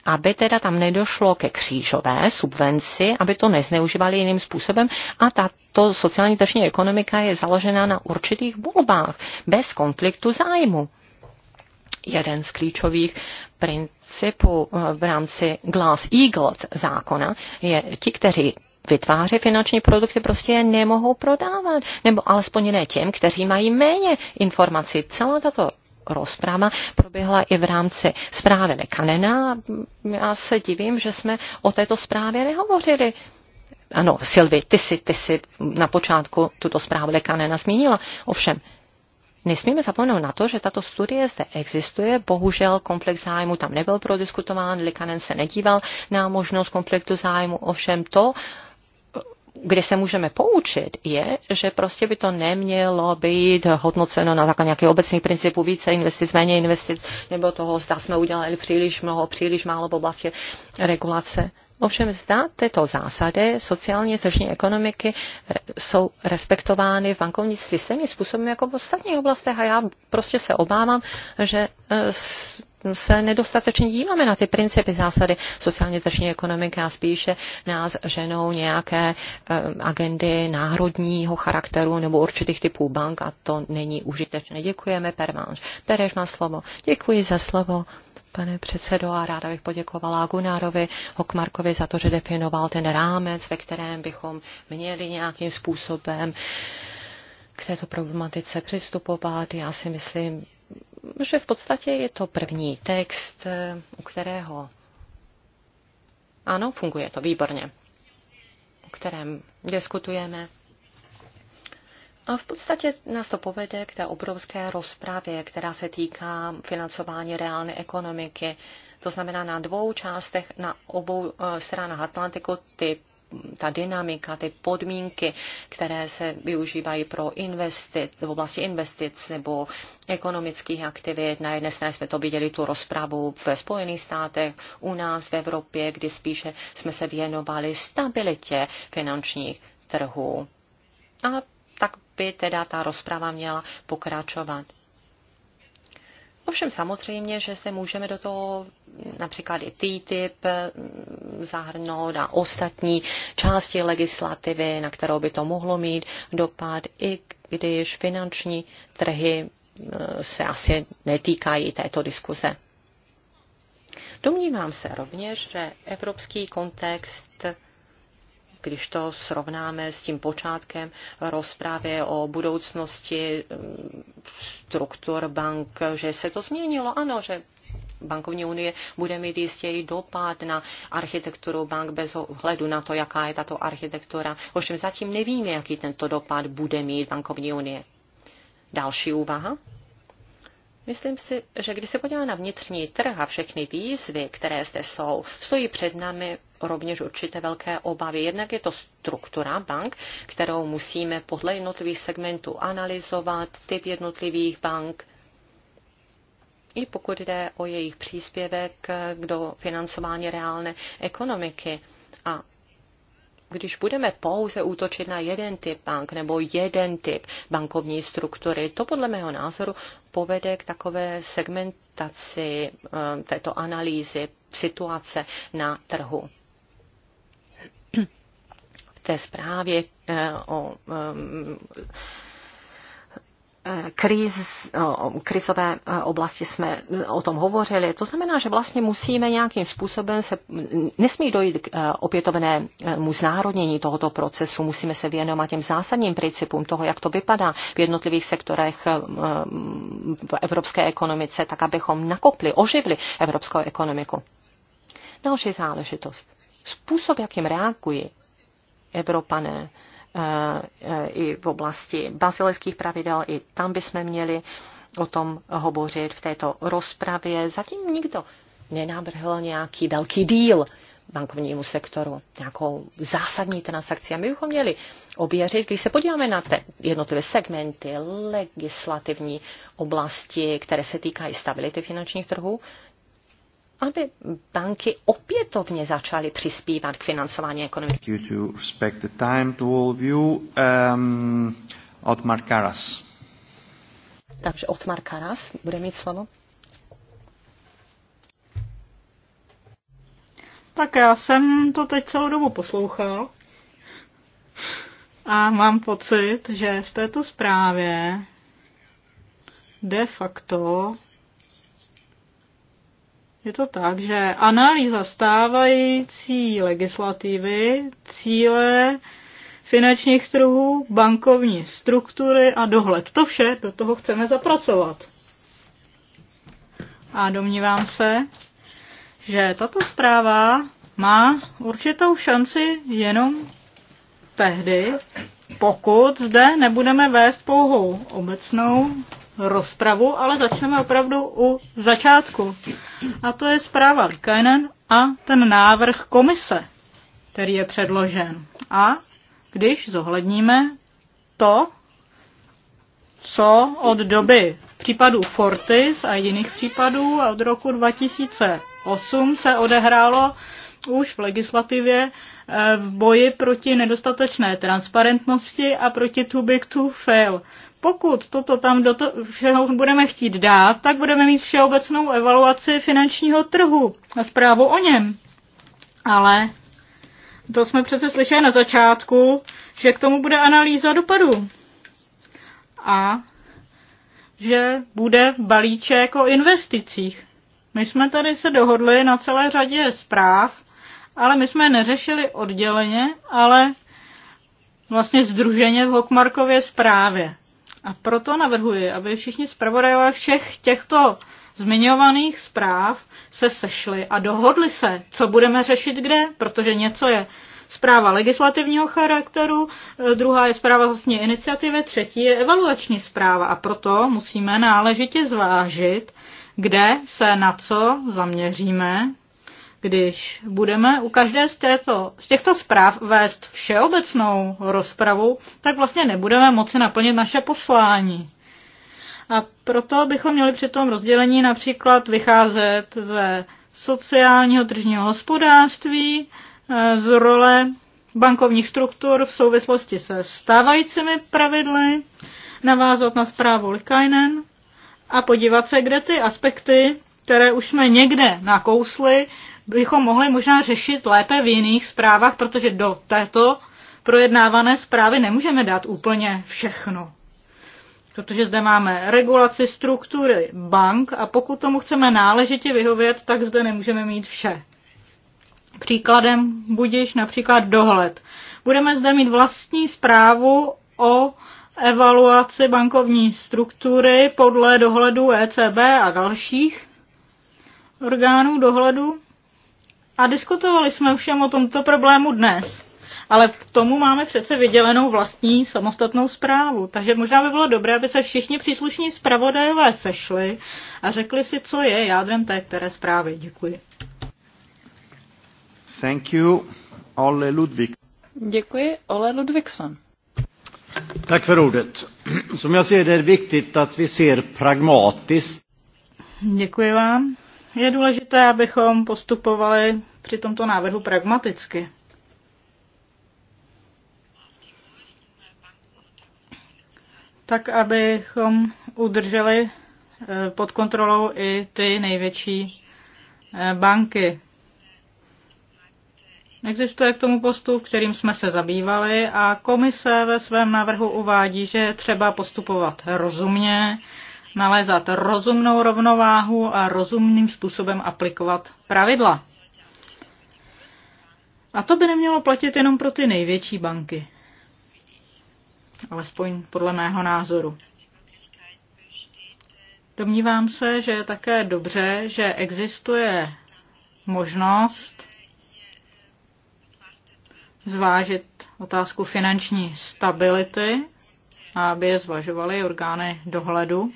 aby teda tam nedošlo ke křížové subvenci, aby to nezneužívali jiným způsobem. A tato sociální tržní ekonomika je založena na určitých volbách, bez konfliktu zájmu jeden z klíčových principů eh, v rámci Glass-Eagles zákona je ti, kteří vytváří finanční produkty, prostě je nemohou prodávat, nebo alespoň ne těm, kteří mají méně informací. Celá tato rozpráva proběhla i v rámci zprávy Lekanena. Já se divím, že jsme o této zprávě nehovořili. Ano, Silvi, ty si, ty si na počátku tuto zprávu Lekanena zmínila. Ovšem, Nesmíme zapomenout na to, že tato studie zde existuje. Bohužel komplex zájmu tam nebyl prodiskutován, Likanen se nedíval na možnost konfliktu zájmu, ovšem to, kde se můžeme poučit, je, že prostě by to nemělo být hodnoceno na základě nějakých obecných principů více investic, méně investic, nebo toho, zda jsme udělali příliš mnoho, příliš málo v oblasti regulace. Ovšem zda tyto zásady sociálně tržní ekonomiky eh, jsou respektovány v bankovnictví stejným způsobem jako v ostatních oblastech a já prostě se obávám, že eh, se nedostatečně díváme na ty principy zásady sociálně tržní ekonomiky a spíše nás ženou nějaké eh, agendy národního charakteru nebo určitých typů bank a to není užitečné. Děkujeme, Pervánž. Pereš má slovo. Děkuji za slovo pane předsedo, a ráda bych poděkovala Gunárovi Hokmarkovi za to, že definoval ten rámec, ve kterém bychom měli nějakým způsobem k této problematice přistupovat. Já si myslím, že v podstatě je to první text, u kterého ano, funguje to výborně, o kterém diskutujeme a v podstatě nás to povede k té obrovské rozpravě, která se týká financování reálné ekonomiky. To znamená na dvou částech, na obou eh, stranách Atlantiku, ty ta dynamika, ty podmínky, které se využívají pro investit, v oblasti investic nebo ekonomických aktivit. Na jedné straně jsme to viděli, tu rozpravu ve Spojených státech, u nás v Evropě, kdy spíše jsme se věnovali stabilitě finančních trhů. A by teda ta rozprava měla pokračovat. Ovšem samozřejmě, že se můžeme do toho například i TTIP mm, zahrnout a ostatní části legislativy, na kterou by to mohlo mít dopad, i když finanční trhy mm, se asi netýkají této diskuze. Domnívám se rovněž, že evropský kontext když to srovnáme s tím počátkem rozprávy o budoucnosti mm, struktur bank, že se to změnilo, ano, že bankovní unie bude mít jistě i dopad na architekturu bank bez ohledu na to, jaká je tato architektura. Ovšem zatím nevíme, jaký tento dopad bude mít bankovní unie. Další úvaha. Myslím si, že když se podíváme na vnitřní trh a všechny výzvy, které zde jsou, stojí před námi rovněž určité velké obavy. Jednak je to struktura bank, kterou musíme podle jednotlivých segmentů analyzovat, typ jednotlivých bank, i pokud jde o jejich příspěvek do financování reálné ekonomiky. A když budeme pouze útočit na jeden typ bank nebo jeden typ bankovní struktury, to podle mého názoru povede k takové segmentaci eh, této analýzy situace na trhu té zprávě eh, o eh, kriz, o krizové eh, oblasti jsme o tom hovořili. To znamená, že vlastně musíme nějakým způsobem se, nesmí dojít k opětovnému znárodnění tohoto procesu, musíme se věnovat těm zásadním principům toho, jak to vypadá v jednotlivých sektorech v evropské ekonomice, tak abychom nakopli, oživli evropskou ekonomiku. Další záležitost. Způsob, jakým reagují Evropané eh, eh, i v oblasti bazilejských pravidel, i tam bychom měli o tom hovořit v této rozpravě. Zatím nikdo nenavrhl nějaký velký díl bankovnímu sektoru, nějakou zásadní transakci. A my bychom měli ověřit, když se podíváme na ty jednotlivé segmenty, legislativní oblasti, které se týkají stability finančních trhů, aby banky opětovně začaly přispívat k financování ekonomiky. Um, Otmar Karas. Takže Otmar Karas bude mít slovo. Tak já jsem to teď celou dobu poslouchal a mám pocit, že v této zprávě de facto je to tak, že analýza stávající legislativy, cíle finančních trhů, bankovní struktury a dohled. To vše do toho chceme zapracovat. A domnívám se, že tato zpráva má určitou šanci jenom tehdy, pokud zde nebudeme vést pouhou obecnou rozpravu, ale začneme opravdu u začátku. A to je zpráva Likainen a ten návrh komise, který je předložen. A když zohledníme to, co od doby případů Fortis a jiných případů a od roku 2008 se odehrálo už v legislativě eh, v boji proti nedostatečné transparentnosti a proti too big to fail. Pokud toto tam do to všeho budeme chtít dát, tak budeme mít všeobecnou evaluaci finančního trhu a zprávu o něm. Ale to jsme přece slyšeli na začátku, že k tomu bude analýza dopadu. A že bude balíček o investicích. My jsme tady se dohodli na celé řadě zpráv, ale my jsme je neřešili odděleně, ale vlastně združeně v Hokmarkově zprávě. A proto navrhuji, aby všichni zpravodajové všech těchto zmiňovaných zpráv se sešli a dohodli se, co budeme řešit kde, protože něco je zpráva legislativního charakteru, eh, druhá je zpráva vlastně iniciativy, třetí je evaluační zpráva a proto musíme náležitě zvážit, kde se na co zaměříme když budeme u každé z, této, z těchto zpráv vést všeobecnou rozpravu, tak vlastně nebudeme moci naplnit naše poslání. A proto bychom měli při tom rozdělení například vycházet ze sociálního tržního hospodářství, eh, z role bankovních struktur v souvislosti se stávajícími pravidly, navázat na zprávu Likainen a podívat se, kde ty aspekty, které už jsme někde nakousli, bychom mohli možná řešit lépe v jiných zprávách, protože do této projednávané zprávy nemůžeme dát úplně všechno. Protože zde máme regulaci struktury bank a pokud tomu chceme náležitě vyhovět, tak zde nemůžeme mít vše. Příkladem budíš například dohled. Budeme zde mít vlastní zprávu o evaluaci bankovní struktury podle dohledu ECB a dalších orgánů dohledu. A diskutovali jsme všem o tomto problému dnes. Ale k tomu máme přece vydělenou vlastní samostatnou zprávu. Takže možná by bylo dobré, aby se všichni příslušní zpravodajové sešli a řekli si, co je jádrem té které zprávy. Děkuji. Thank you, Ole Ludvík. Děkuji, Ole Ludvíkson. Tak för ordet. Som jag ser det är viktigt att vi ser pragmatiskt. Děkuji vám. Je důležité, abychom postupovali při tomto návrhu pragmaticky. Tak, abychom udrželi eh, pod kontrolou i ty největší eh, banky. Existuje k tomu postup, kterým jsme se zabývali a komise ve svém návrhu uvádí, že je třeba postupovat rozumně nalézat rozumnou rovnováhu a rozumným způsobem aplikovat pravidla. A to by nemělo platit jenom pro ty největší banky. Alespoň podle mého názoru. Domnívám se, že je také dobře, že existuje možnost zvážit otázku finanční stability, aby je zvažovaly orgány dohledu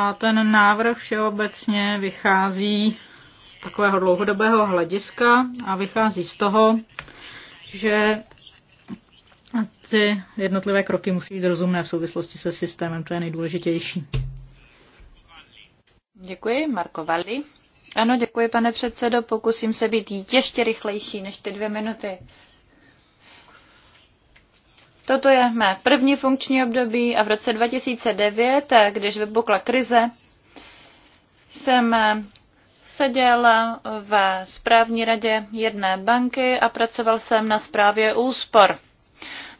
A ten návrh všeobecně vychází z takového dlouhodobého hlediska a vychází z toho, že ty jednotlivé kroky musí být rozumné v souvislosti se systémem, to je nejdůležitější. Děkuji, Marko Valli. Ano, děkuji, pane předsedo. Pokusím se být ještě rychlejší než ty dvě minuty. Toto je mé první funkční období a v roce 2009, když vypukla krize, jsem seděl ve správní radě jedné banky a pracoval jsem na správě úspor.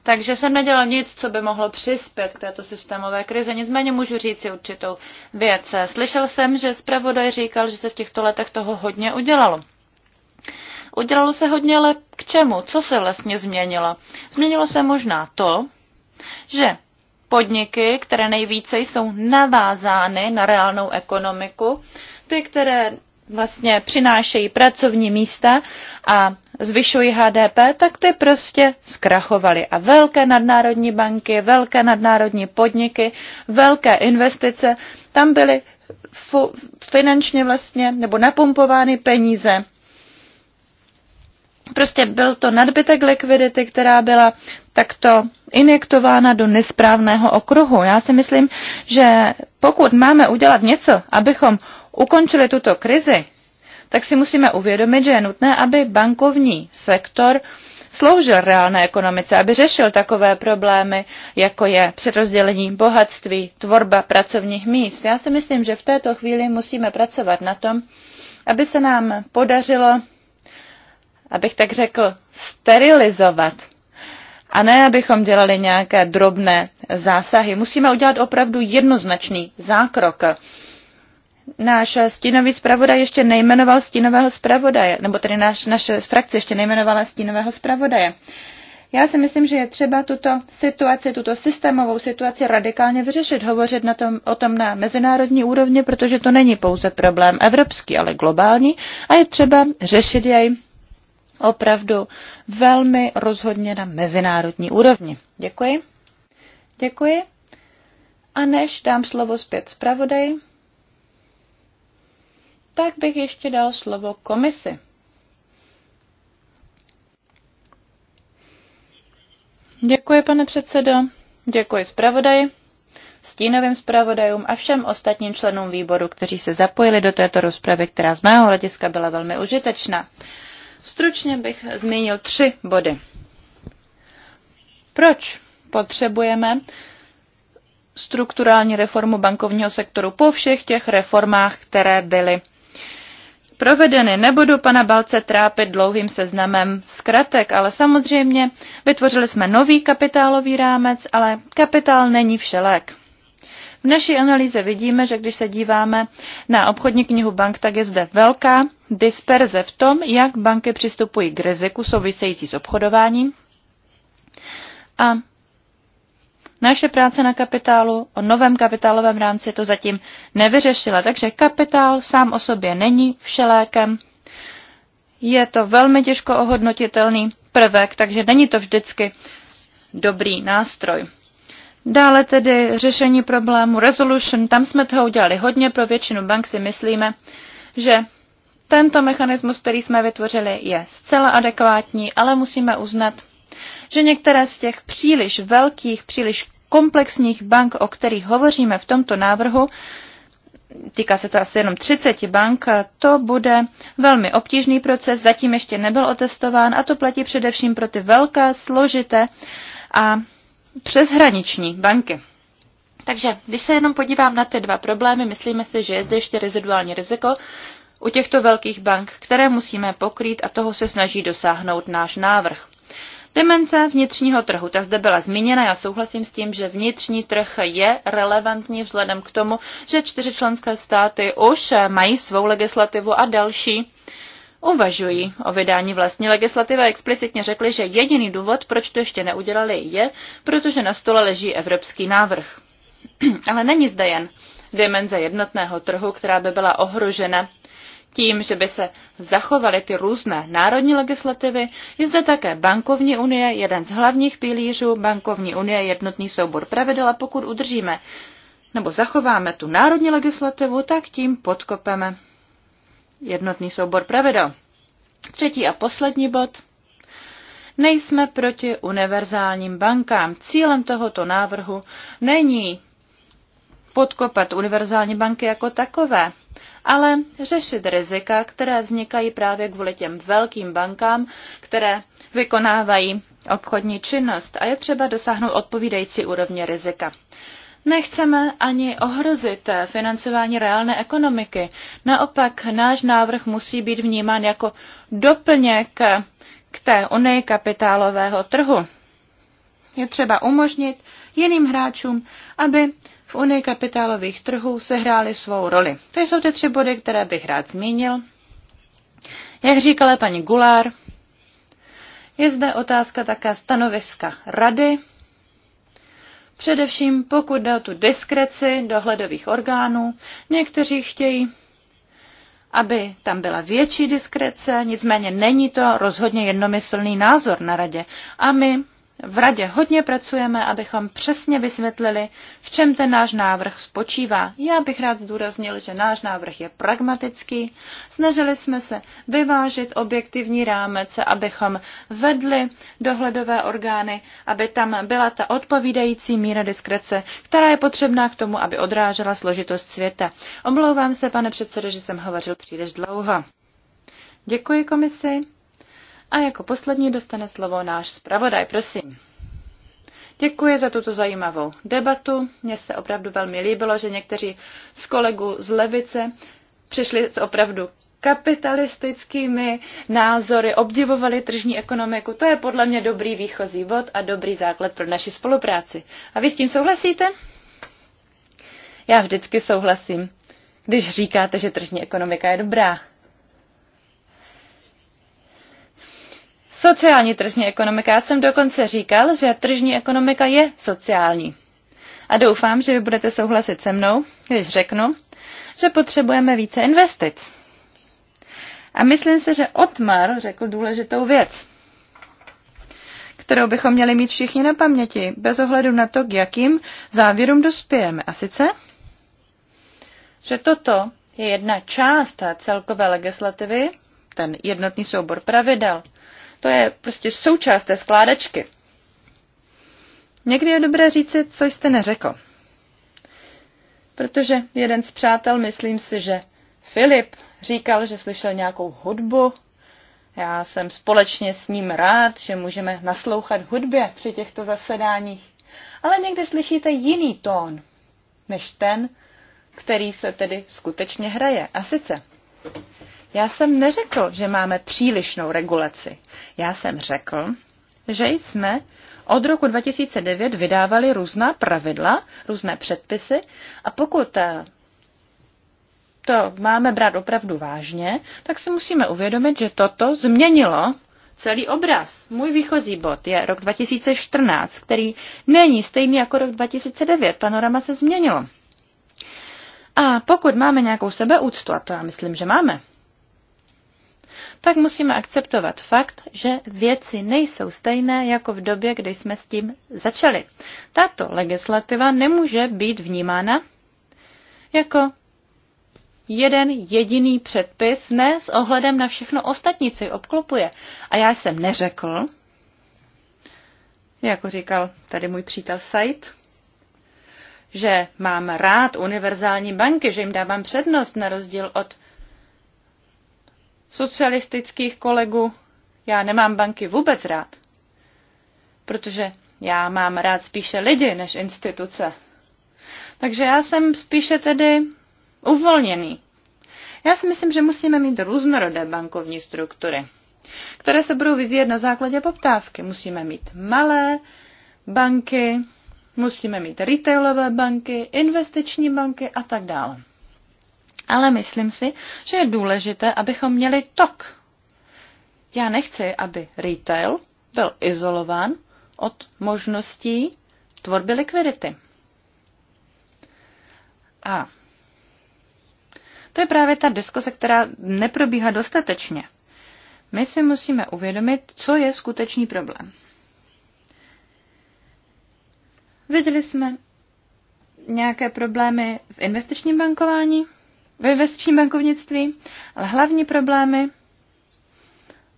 Takže jsem nedělal nic, co by mohlo přispět k této systémové krizi. Nicméně můžu říct si určitou věc. Slyšel jsem, že zpravodaj říkal, že se v těchto letech toho hodně udělalo. Udělalo se hodně, ale k čemu? Co se vlastně změnilo? Změnilo se možná to, že podniky, které nejvíce jsou navázány na reálnou ekonomiku, ty, které vlastně přinášejí pracovní místa a zvyšují HDP, tak ty prostě zkrachovaly. A velké nadnárodní banky, velké nadnárodní podniky, velké investice, tam byly finančně vlastně nebo napumpovány peníze Prostě byl to nadbytek likvidity, která byla takto injektována do nesprávného okruhu. Já si myslím, že pokud máme udělat něco, abychom ukončili tuto krizi, tak si musíme uvědomit, že je nutné, aby bankovní sektor sloužil reálné ekonomice, aby řešil takové problémy, jako je přerozdělení bohatství, tvorba pracovních míst. Já si myslím, že v této chvíli musíme pracovat na tom, aby se nám podařilo abych tak řekl, sterilizovat. A ne, abychom dělali nějaké drobné zásahy. Musíme udělat opravdu jednoznačný zákrok. Náš stínový zpravodaj ještě nejmenoval stínového zpravodaje, nebo tedy naš, naše frakce ještě nejmenovala stínového zpravodaje. Já si myslím, že je třeba tuto situaci, tuto systémovou situaci radikálně vyřešit, hovořit na tom, o tom na mezinárodní úrovni, protože to není pouze problém evropský, ale globální a je třeba řešit jej opravdu velmi rozhodně na mezinárodní úrovni. Děkuji. Děkuji. A než dám slovo zpět zpravodaji, tak bych ještě dal slovo komisi. Děkuji, pane předsedo. Děkuji zpravodaji, stínovým zpravodajům a všem ostatním členům výboru, kteří se zapojili do této rozpravy, která z mého hlediska byla velmi užitečná. Stručně bych zmínil tři body. Proč potřebujeme strukturální reformu bankovního sektoru po všech těch reformách, které byly provedeny. Nebudu pana Balce trápit dlouhým seznamem zkratek, ale samozřejmě vytvořili jsme nový kapitálový rámec, ale kapitál není všelek. V naší analýze vidíme, že když se díváme na obchodní knihu bank, tak je zde velká disperze v tom, jak banky přistupují k riziku související s obchodováním. A naše práce na kapitálu, o novém kapitálovém rámci to zatím nevyřešila, takže kapitál sám o sobě není všelékem. Je to velmi těžko ohodnotitelný prvek, takže není to vždycky dobrý nástroj. Dále tedy řešení problému resolution, tam jsme toho udělali hodně, pro většinu bank si myslíme, že tento mechanismus, který jsme vytvořili, je zcela adekvátní, ale musíme uznat, že některé z těch příliš velkých, příliš komplexních bank, o kterých hovoříme v tomto návrhu, týká se to asi jenom 30 bank, to bude velmi obtížný proces, zatím ještě nebyl otestován a to platí především pro ty velké, složité a přeshraniční banky. Takže když se jenom podívám na ty dva problémy, myslíme si, že je zde ještě reziduální riziko u těchto velkých bank, které musíme pokrýt a toho se snaží dosáhnout náš návrh. Dimenze vnitřního trhu, ta zde byla zmíněna, já souhlasím s tím, že vnitřní trh je relevantní vzhledem k tomu, že čtyři členské státy už mají svou legislativu a další uvažují o vydání vlastní legislativy a explicitně řekli, že jediný důvod, proč to ještě neudělali, je, protože na stole leží evropský návrh. [CLEARS THROAT] Ale není zde jen dimenze jednotného trhu, která by byla ohrožena tím, že by se zachovaly ty různé národní legislativy, je zde také bankovní unie, jeden z hlavních pilířů bankovní unie, jednotný soubor pravidel a pokud udržíme nebo zachováme tu národní legislativu, tak tím podkopeme jednotný soubor pravidel. Třetí a poslední bod. Nejsme proti univerzálním bankám. Cílem tohoto návrhu není podkopat univerzální banky jako takové, ale řešit rizika, které vznikají právě kvůli těm velkým bankám, které vykonávají obchodní činnost a je třeba dosáhnout odpovídající úrovně rizika. Nechceme ani ohrozit eh, financování reálné ekonomiky. Naopak náš návrh musí být vnímán jako doplněk eh, k té unii kapitálového trhu. Je třeba umožnit jiným hráčům, aby v unii kapitálových trhů sehráli svou roli. To jsou ty tři body, které bych rád zmínil. Jak říkala paní Gulár, je zde otázka také stanoviska rady Především pokud jde o tu diskreci dohledových orgánů, někteří chtějí, aby tam byla větší diskrece, nicméně není to rozhodně jednomyslný názor na radě. A my v radě hodně pracujeme, abychom přesně vysvětlili, v čem ten náš návrh spočívá. Já bych rád zdůraznil, že náš návrh je pragmatický. Snažili jsme se vyvážit objektivní rámec, abychom vedli dohledové orgány, aby tam byla ta odpovídající míra diskrece, která je potřebná k tomu, aby odrážela složitost světa. Omlouvám se, pane předsedo, že jsem hovořil příliš dlouho. Děkuji komisi. A jako poslední dostane slovo náš zpravodaj, prosím. Děkuji za tuto zajímavou debatu. Mně se opravdu velmi líbilo, že někteří z kolegů z levice přišli s opravdu kapitalistickými názory, obdivovali tržní ekonomiku. To je podle mě dobrý výchozí bod a dobrý základ pro naši spolupráci. A vy s tím souhlasíte? Já vždycky souhlasím, když říkáte, že tržní ekonomika je dobrá. Sociální tržní ekonomika. Já jsem dokonce říkal, že tržní ekonomika je sociální. A doufám, že vy budete souhlasit se mnou, když řeknu, že potřebujeme více investic. A myslím si, že Otmar řekl důležitou věc, kterou bychom měli mít všichni na paměti, bez ohledu na to, k jakým závěrům dospějeme. A sice, že toto je jedna část celkové legislativy, ten jednotný soubor pravidel, to je prostě součást té skládačky. Někdy je dobré říci, co jste neřekl. Protože jeden z přátel, myslím si, že Filip říkal, že slyšel nějakou hudbu. Já jsem společně s ním rád, že můžeme naslouchat hudbě při těchto zasedáních. Ale někdy slyšíte jiný tón, než ten, který se tedy skutečně hraje. A sice já jsem neřekl, že máme přílišnou regulaci. Já jsem řekl, že jsme od roku 2009 vydávali různá pravidla, různé předpisy a pokud eh, to máme brát opravdu vážně, tak si musíme uvědomit, že toto změnilo celý obraz. Můj výchozí bod je rok 2014, který není stejný jako rok 2009. Panorama se změnilo. A pokud máme nějakou sebeúctu, a to já myslím, že máme, tak musíme akceptovat fakt, že věci nejsou stejné jako v době, kdy jsme s tím začali. Tato legislativa nemůže být vnímána jako jeden jediný předpis, ne s ohledem na všechno ostatní, co ji obklopuje. A já jsem neřekl, jako říkal tady můj přítel Said, že mám rád univerzální banky, že jim dávám přednost na rozdíl od socialistických kolegů. Já nemám banky vůbec rád, protože já mám rád spíše lidi než instituce. Takže já jsem spíše tedy uvolněný. Já si myslím, že musíme mít různorodé bankovní struktury, které se budou vyvíjet na základě poptávky. Musíme mít malé banky, musíme mít retailové banky, investiční banky a tak dále. Ale myslím si, že je důležité, abychom měli tok. Já nechci, aby retail byl izolován od možností tvorby likvidity. A to je právě ta diskuse, která neprobíhá dostatečně. My si musíme uvědomit, co je skutečný problém. Viděli jsme nějaké problémy v investičním bankování? ve vestčním bankovnictví, ale hlavní problémy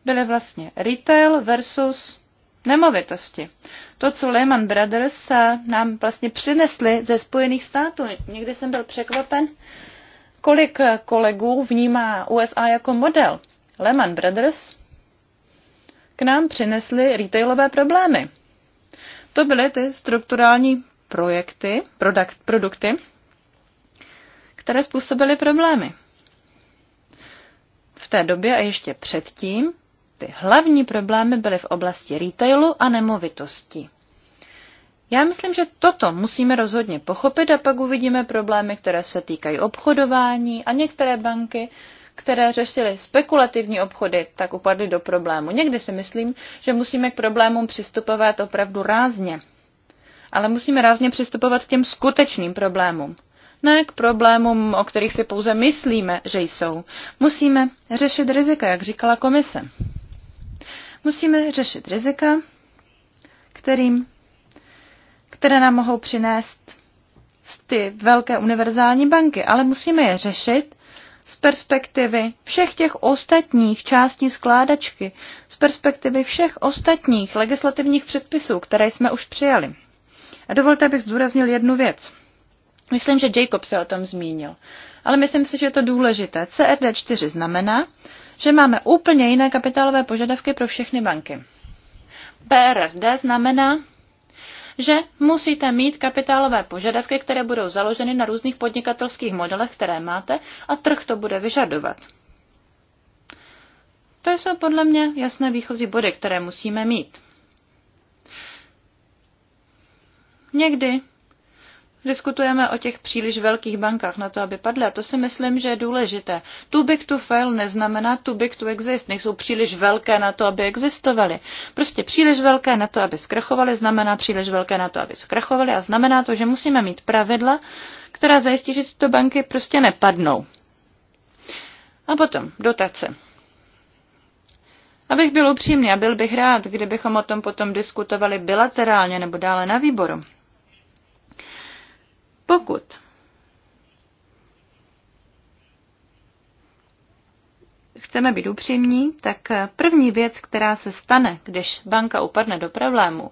byly vlastně retail versus nemovitosti. To, co Lehman Brothers eh, nám vlastně přinesli ze Spojených států. Někdy jsem byl překvapen, kolik eh, kolegů vnímá USA jako model. Lehman Brothers k nám přinesli retailové problémy. To byly ty strukturální projekty, produkt, produkty, které způsobily problémy. V té době a ještě předtím ty hlavní problémy byly v oblasti retailu a nemovitosti. Já myslím, že toto musíme rozhodně pochopit a pak uvidíme problémy, které se týkají obchodování a některé banky, které řešily spekulativní obchody, tak upadly do problému. Někdy si myslím, že musíme k problémům přistupovat opravdu rázně. Ale musíme rázně přistupovat k těm skutečným problémům ne k problémům, o kterých si pouze myslíme, že jsou. Musíme řešit rizika, jak říkala komise. Musíme řešit rizika, kterým, které nám mohou přinést ty velké univerzální banky, ale musíme je řešit z perspektivy všech těch ostatních částí skládačky, z perspektivy všech ostatních legislativních předpisů, které jsme už přijali. A dovolte, abych zdůraznil jednu věc. Myslím, že Jacob se o tom zmínil. Ale myslím si, že je to důležité. CRD4 znamená, že máme úplně jiné kapitálové požadavky pro všechny banky. PRD znamená, že musíte mít kapitálové požadavky, které budou založeny na různých podnikatelských modelech, které máte, a trh to bude vyžadovat. To jsou podle mě jasné výchozí body, které musíme mít. Někdy Diskutujeme o těch příliš velkých bankách na to, aby padly a to si myslím, že je důležité. Too big to fail neznamená too big to exist. Nejsou příliš velké na to, aby existovaly. Prostě příliš velké na to, aby zkrachovaly, znamená příliš velké na to, aby zkrachovaly a znamená to, že musíme mít pravidla, která zajistí, že tyto banky prostě nepadnou. A potom dotace. Abych byl upřímný a byl bych rád, kdybychom o tom potom diskutovali bilaterálně nebo dále na výboru. Pokud chceme být upřímní, tak první věc, která se stane, když banka upadne do problému,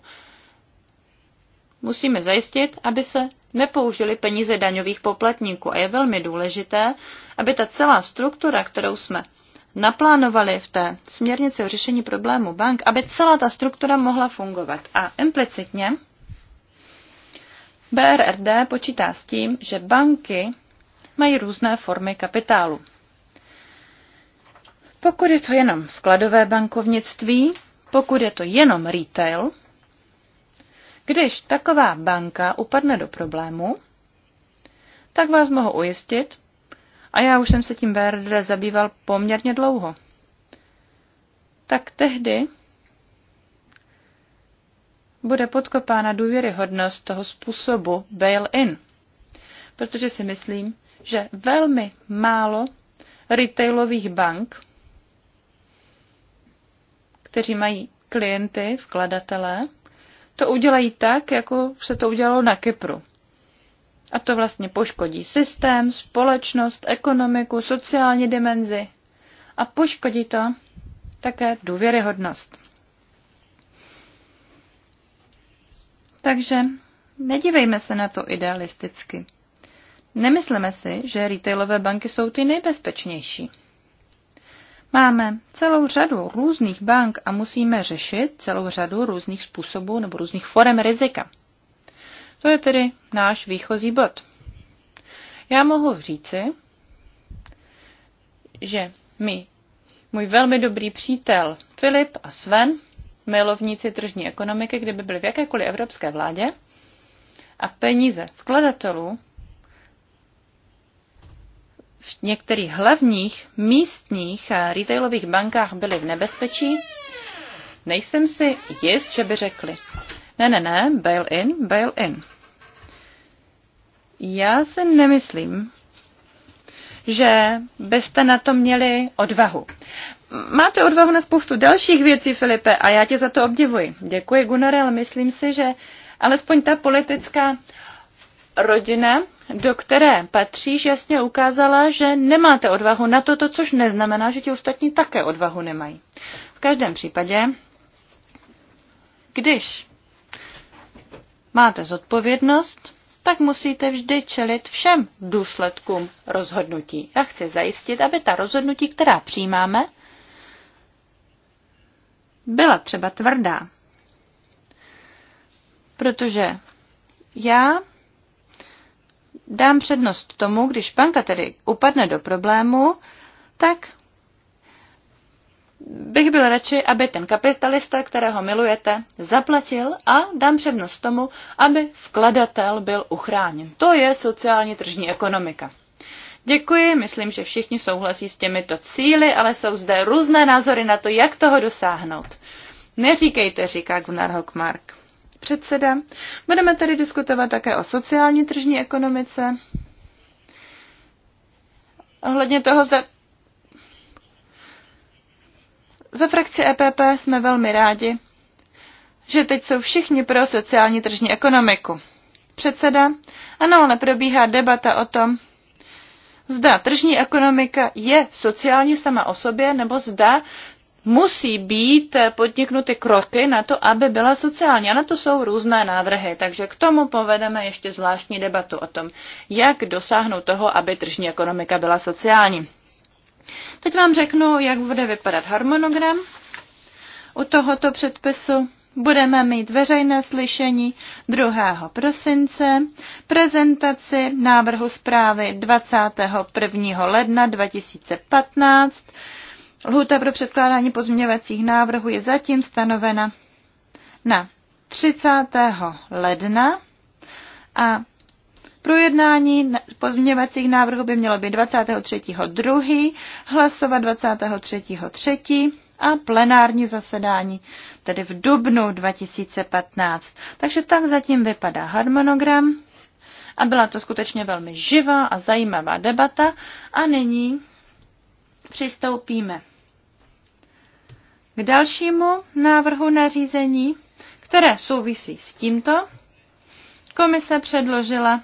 musíme zajistit, aby se nepoužili peníze daňových poplatníků. A je velmi důležité, aby ta celá struktura, kterou jsme naplánovali v té směrnici o řešení problému bank, aby celá ta struktura mohla fungovat. A implicitně BRRD počítá s tím, že banky mají různé formy kapitálu. Pokud je to jenom vkladové bankovnictví, pokud je to jenom retail, když taková banka upadne do problému, tak vás mohu ujistit, a já už jsem se tím BRD zabýval poměrně dlouho. Tak tehdy bude podkopána důvěryhodnost toho způsobu bail-in. Protože si myslím, že velmi málo retailových bank, kteří mají klienty, vkladatele, to udělají tak, jako se to udělalo na Kypru. A to vlastně poškodí systém, společnost, ekonomiku, sociální dimenzi a poškodí to také důvěryhodnost. Takže nedívejme se na to idealisticky. Nemyslíme si, že retailové banky jsou ty nejbezpečnější. Máme celou řadu různých bank a musíme řešit celou řadu různých způsobů nebo různých forem rizika. To je tedy náš výchozí bod. Já mohu říci, že my, můj velmi dobrý přítel Filip a Sven, milovníci tržní ekonomiky, kdyby byli v jakékoliv evropské vládě a peníze vkladatelů v některých hlavních místních eh, retailových bankách byly v nebezpečí, nejsem si jist, že by řekli. Ne, ne, ne, bail in, bail in. Já si nemyslím, že byste na to měli odvahu máte odvahu na spoustu dalších věcí, Filipe, a já tě za to obdivuji. Děkuji, Gunare, ale myslím si, že alespoň ta politická rodina, do které patříš, jasně ukázala, že nemáte odvahu na toto, což neznamená, že ti ostatní také odvahu nemají. V každém případě, když máte zodpovědnost, tak musíte vždy čelit všem důsledkům rozhodnutí. Já chci zajistit, aby ta rozhodnutí, která přijímáme, byla třeba tvrdá. Protože já dám přednost tomu, když banka tedy upadne do problému, tak bych byl radši, aby ten kapitalista, kterého milujete, zaplatil a dám přednost tomu, aby vkladatel byl uchráněn. To je sociální tržní ekonomika. Děkuji, myslím, že všichni souhlasí s těmito cíly, ale jsou zde různé názory na to, jak toho dosáhnout. Neříkejte, říká Gunnar Hockmark. Předseda, budeme tady diskutovat také o sociální tržní ekonomice. Ohledně toho zda... Za frakci EPP jsme velmi rádi, že teď jsou všichni pro sociální tržní ekonomiku. Předseda, ano, ale probíhá debata o tom, zda tržní ekonomika je sociální sama o sobě, nebo zda musí být podniknuty kroky na to, aby byla sociální. A na to jsou různé návrhy, takže k tomu povedeme ještě zvláštní debatu o tom, jak dosáhnout toho, aby tržní ekonomika byla sociální. Teď vám řeknu, jak bude vypadat harmonogram u tohoto předpisu budeme mít veřejné slyšení 2. prosince, prezentaci návrhu zprávy 21. ledna 2015. Lhůta pro předkládání pozměňovacích návrhů je zatím stanovena na 30. ledna a projednání pozměňovacích návrhů by mělo být 23.2., hlasovat 23.3. a plenární zasedání tedy v dubnu 2015. Takže tak zatím vypadá harmonogram. A byla to skutečně velmi živá a zajímavá debata. A nyní přistoupíme k dalšímu návrhu nařízení, které souvisí s tímto. Komise předložila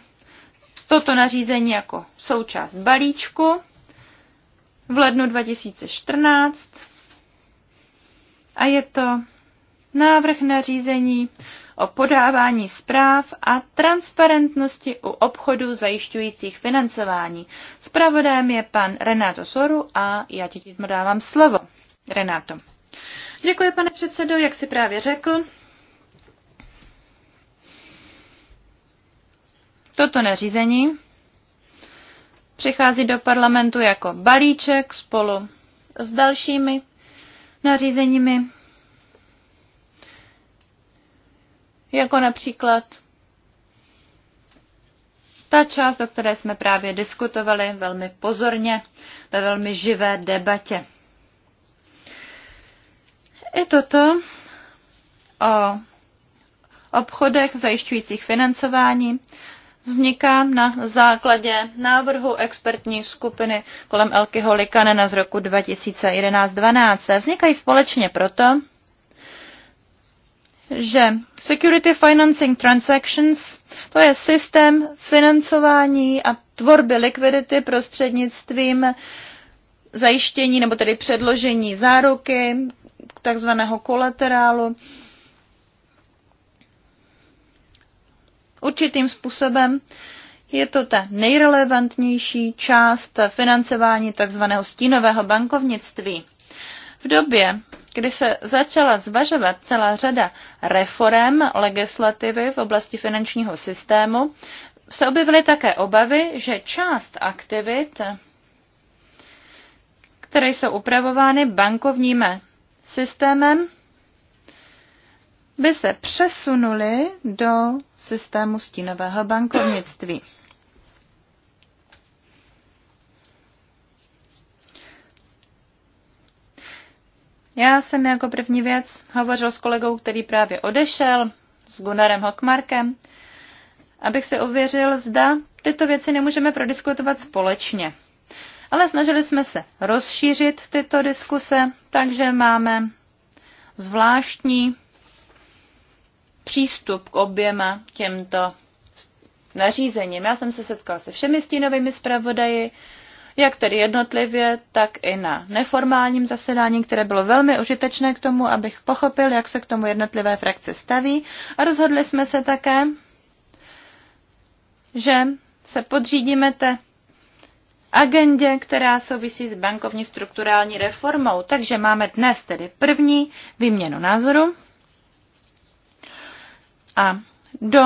toto nařízení jako součást balíčku v lednu 2014 a je to návrh nařízení o podávání zpráv a transparentnosti u obchodů zajišťujících financování. Spravodajem je pan Renato Soru a já ti dávám slovo. Renato. Děkuji, pane předsedo, jak si právě řekl. Toto nařízení přichází do parlamentu jako balíček spolu s dalšími nařízeními jako například ta část, o které jsme právě diskutovali velmi pozorně ve velmi živé debatě. I toto o obchodech zajišťujících financování vzniká na základě návrhu expertní skupiny kolem Elky Holikanena z roku 2011 2012 Vznikají společně proto, že Security Financing Transactions to je systém financování a tvorby likvidity prostřednictvím zajištění nebo tedy předložení záruky, takzvaného kolaterálu. Určitým způsobem je to ta nejrelevantnější část financování takzvaného stínového bankovnictví. V době, kdy se začala zvažovat celá řada reform legislativy v oblasti finančního systému, se objevily také obavy, že část aktivit, které jsou upravovány bankovním systémem, by se přesunuly do systému stínového bankovnictví. Já jsem jako první věc hovořil s kolegou, který právě odešel, s Gunnarem Hockmarkem, abych se ověřil, zda tyto věci nemůžeme prodiskutovat společně. Ale snažili jsme se rozšířit tyto diskuse, takže máme zvláštní přístup k oběma těmto nařízením. Já jsem se setkal se všemi stínovými zpravodaji, jak tedy jednotlivě, tak i na neformálním zasedání, které bylo velmi užitečné k tomu, abych pochopil, jak se k tomu jednotlivé frakce staví. A rozhodli jsme se také, že se podřídíme té agendě, která souvisí s bankovní strukturální reformou. Takže máme dnes tedy první výměnu názoru. A do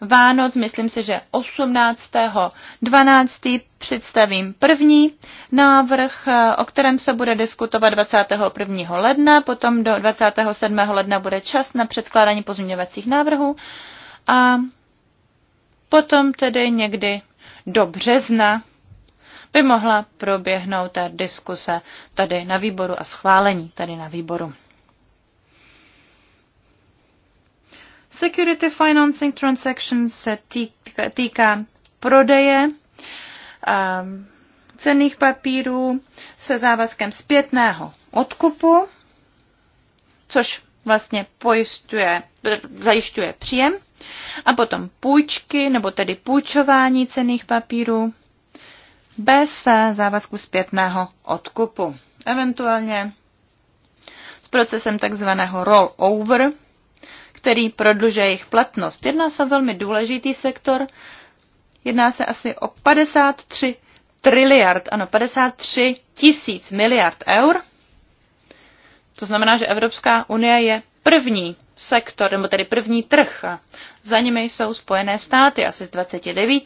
Vánoc, myslím si, že 18.12. představím první návrh, eh, o kterém se bude diskutovat 21. ledna, potom do 27. ledna bude čas na předkládání pozměňovacích návrhů a potom tedy někdy do března by mohla proběhnout ta diskuse tady na výboru a schválení tady na výboru. Security Financing Transactions se týká, týká prodeje um, ehm, cených papírů se závazkem zpětného odkupu, což vlastně pojistuje, zajišťuje příjem, a potom půjčky, nebo tedy půjčování cených papírů bez závazku zpětného odkupu. Eventuálně s procesem takzvaného rollover, který prodlužuje jejich platnost. Jedná se o velmi důležitý sektor, jedná se asi o 53 triliard, ano, 53 tisíc miliard eur. To znamená, že Evropská unie je první sektor, nebo tedy první trh. A za nimi jsou Spojené státy asi z 29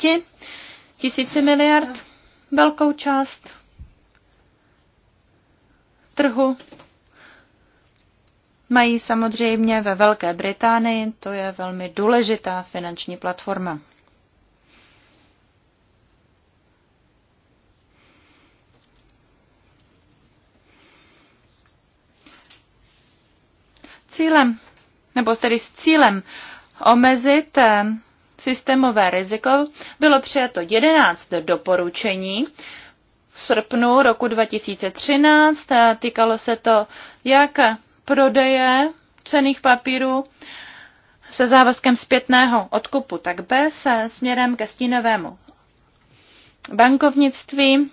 tisíci miliard. Velkou část trhu mají samozřejmě ve Velké Británii, to je velmi důležitá finanční platforma. Cílem, nebo tedy s cílem omezit eh, systémové riziko bylo přijato 11 doporučení, v srpnu roku 2013. Týkalo se to jak prodeje cených papírů se závazkem zpětného odkupu, tak B se směrem ke stínovému bankovnictví.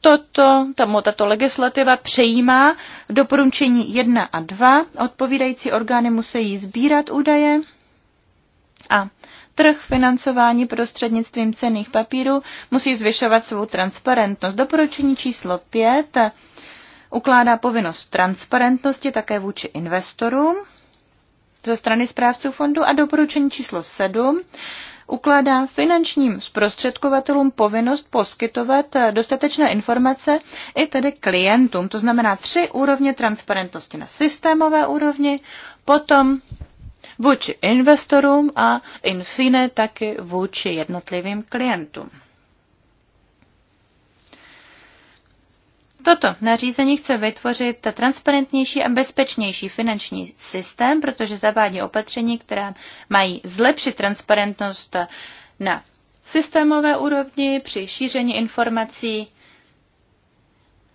Toto, tomu tato legislativa přejímá doporučení 1 a 2. Odpovídající orgány musí sbírat údaje a trh financování prostřednictvím cených papírů musí zvyšovat svou transparentnost. Doporučení číslo 5 ukládá povinnost transparentnosti také vůči investorům ze strany správců fondu a doporučení číslo 7 ukládá finančním zprostředkovatelům povinnost poskytovat eh, dostatečné informace i tedy klientům. To znamená tři úrovně transparentnosti na systémové úrovni, potom vůči investorům a infine taky vůči jednotlivým klientům. Toto nařízení chce vytvořit transparentnější a bezpečnější finanční systém, protože zavádí opatření, která mají zlepšit transparentnost na systémové úrovni při šíření informací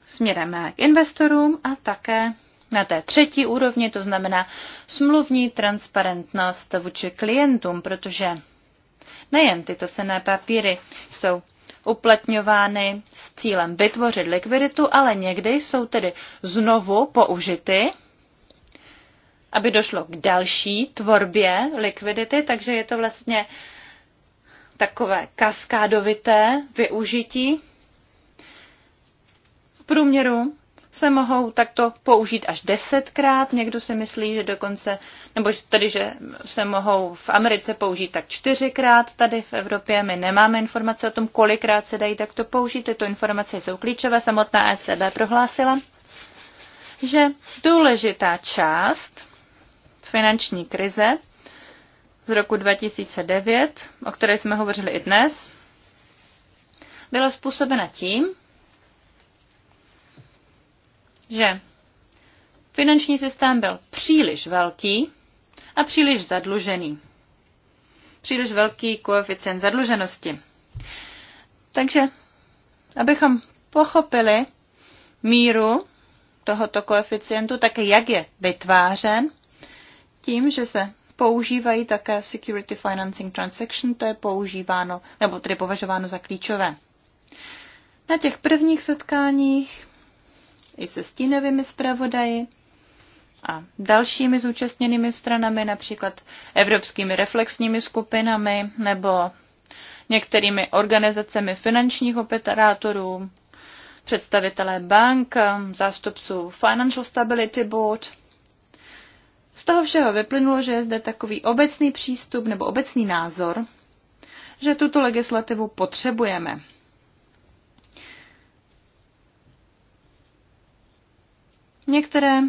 směrem k investorům a také na té třetí úrovni, to znamená smluvní transparentnost vůči klientům, protože nejen tyto cené papíry jsou uplatňovány s cílem vytvořit likviditu, ale někdy jsou tedy znovu použity, aby došlo k další tvorbě likvidity, takže je to vlastně takové kaskádovité využití. V průměru se mohou takto použít až desetkrát. Někdo si myslí, že dokonce, nebo tedy, že se mohou v Americe použít tak čtyřikrát. Tady v Evropě my nemáme informace o tom, kolikrát se dají takto použít. Tyto informace jsou klíčové. Samotná ECB prohlásila, že důležitá část finanční krize z roku 2009, o které jsme hovořili i dnes, byla způsobena tím, že finanční systém byl příliš velký a příliš zadlužený. Příliš velký koeficient zadluženosti. Takže, abychom pochopili míru tohoto koeficientu, tak jak je vytvářen, tím, že se používají také Security Financing Transaction, to je používáno, nebo tedy považováno za klíčové. Na těch prvních setkáních i se stínovými zpravodaji a dalšími zúčastněnými stranami, například evropskými reflexními skupinami nebo některými organizacemi finančních operátorů, představitelé bank, zástupců Financial Stability Board. Z toho všeho vyplynulo, že je zde takový obecný přístup nebo obecný názor, že tuto legislativu potřebujeme. Některé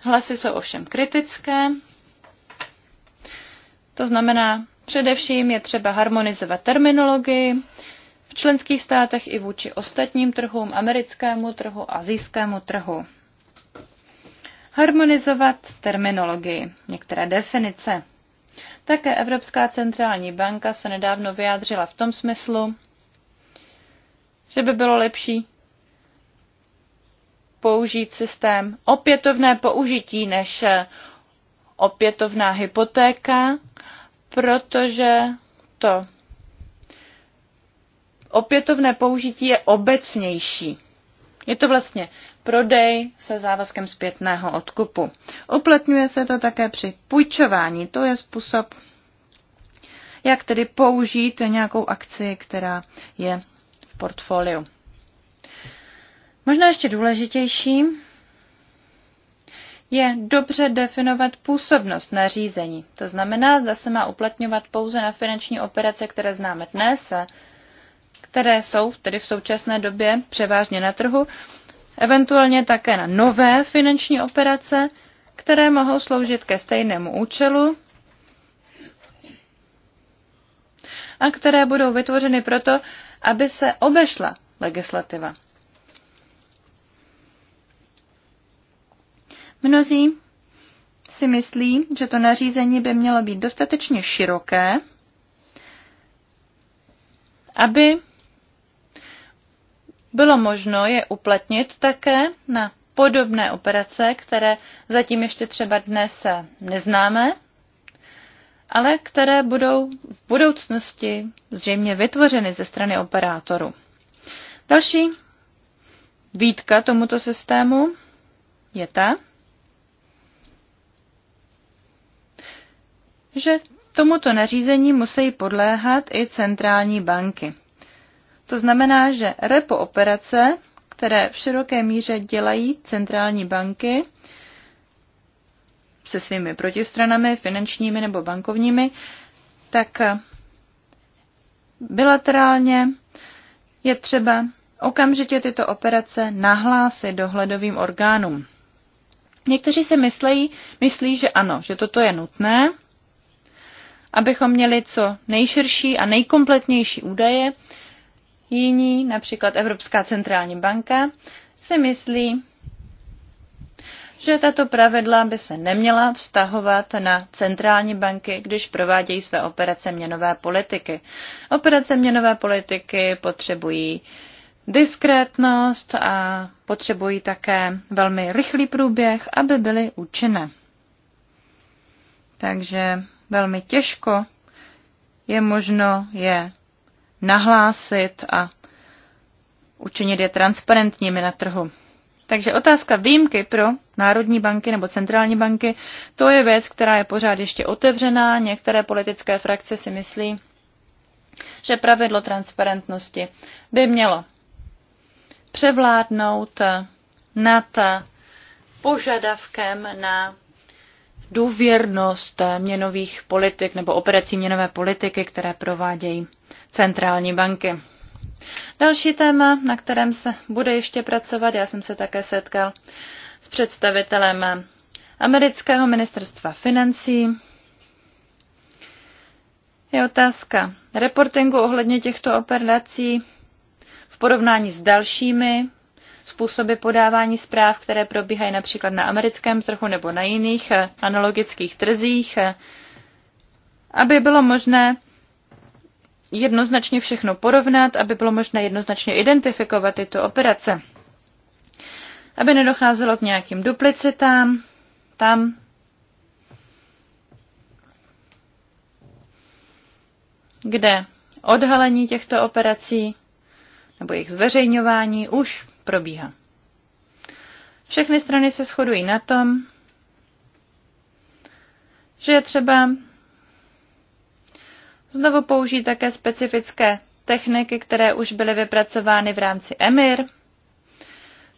hlasy jsou ovšem kritické. To znamená, především je třeba harmonizovat terminologii v členských státech i vůči ostatním trhům, americkému trhu, azijskému trhu. Harmonizovat terminologii, některé definice. Také Evropská centrální banka se nedávno vyjádřila v tom smyslu, že by bylo lepší použít systém opětovné použití než eh, opětovná hypotéka, protože to opětovné použití je obecnější. Je to vlastně prodej se závazkem zpětného odkupu. Uplatňuje se to také při půjčování. To je způsob, jak tedy použít nějakou akci, která je v portfoliu. Možná ještě důležitější je dobře definovat působnost nařízení. To znamená, zda se má uplatňovat pouze na finanční operace, které známe dnes, které jsou tedy v současné době převážně na trhu, eventuálně také na nové finanční operace, které mohou sloužit ke stejnému účelu a které budou vytvořeny proto, aby se obešla legislativa. Mnozí si myslí, že to nařízení by mělo být dostatečně široké, aby bylo možno je uplatnit také na podobné operace, které zatím ještě třeba dnes neznáme, ale které budou v budoucnosti zřejmě vytvořeny ze strany operátoru. Další výtka tomuto systému je ta, že tomuto nařízení musí podléhat i centrální banky. To znamená, že repo operace, které v široké míře dělají centrální banky se svými protistranami, finančními nebo bankovními, tak bilaterálně je třeba okamžitě tyto operace nahlásit dohledovým orgánům. Někteří si myslí, myslí, že ano, že toto je nutné, abychom měli co nejširší a nejkompletnější údaje. Jiní, například Evropská centrální banka, si myslí, že tato pravidla by se neměla vztahovat na centrální banky, když provádějí své operace měnové politiky. Operace měnové politiky potřebují diskrétnost a potřebují také velmi rychlý průběh, aby byly účinné. Takže velmi těžko je možno je nahlásit a učinit je transparentními na trhu. Takže otázka výjimky pro národní banky nebo centrální banky, to je věc, která je pořád ještě otevřená. Některé politické frakce si myslí, že pravidlo transparentnosti by mělo převládnout nad požadavkem na důvěrnost měnových politik nebo operací měnové politiky, které provádějí centrální banky. Další téma, na kterém se bude ještě pracovat, já jsem se také setkal s představitelem amerického ministerstva financí, je otázka reportingu ohledně těchto operací v porovnání s dalšími způsoby podávání zpráv, které probíhají například na americkém trhu nebo na jiných eh, analogických trzích, eh, aby bylo možné jednoznačně všechno porovnat, aby bylo možné jednoznačně identifikovat tyto operace. Aby nedocházelo k nějakým duplicitám, tam. Kde odhalení těchto operací nebo jejich zveřejňování už probíhá. Všechny strany se shodují na tom, že je třeba znovu použít také specifické techniky, které už byly vypracovány v rámci EMIR,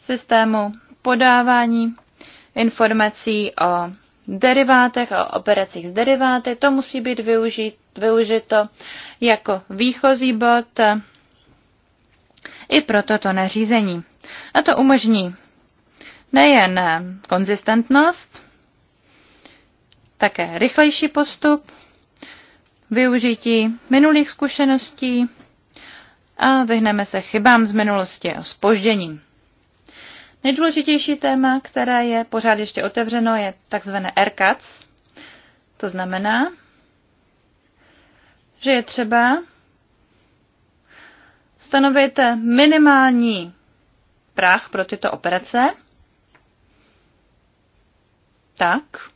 systému podávání informací o derivátech a operacích s deriváty. To musí být využít, využito jako výchozí bod i pro toto nařízení. A to umožní nejen konzistentnost, také rychlejší postup, využití minulých zkušeností a vyhneme se chybám z minulosti a spoždění. Nejdůležitější téma, které je pořád ještě otevřeno, je tzv. RCATS. To znamená, že je třeba stanovit minimální práh pro tyto operace tak,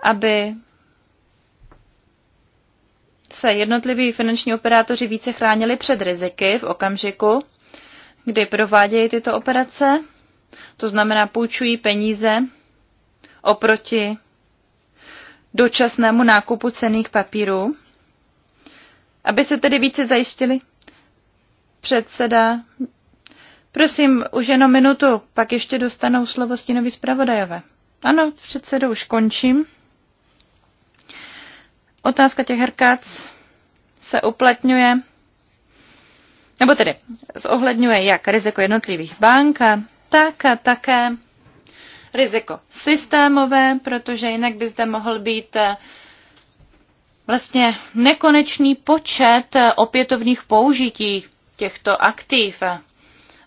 aby se jednotliví finanční operátoři více chránili před riziky v okamžiku, kdy provádějí tyto operace, to znamená půjčují peníze oproti dočasnému nákupu cených papírů, aby se tedy více zajistili. Předseda Prosím, už jenom minutu, pak ještě dostanou slovo stínoví zpravodajové. Ano, předsedou už končím. Otázka těch herkác se uplatňuje, nebo tedy zohledňuje jak riziko jednotlivých bank, tak a také riziko systémové, protože jinak by zde mohl být eh, vlastně nekonečný počet eh, opětovných použití těchto aktiv.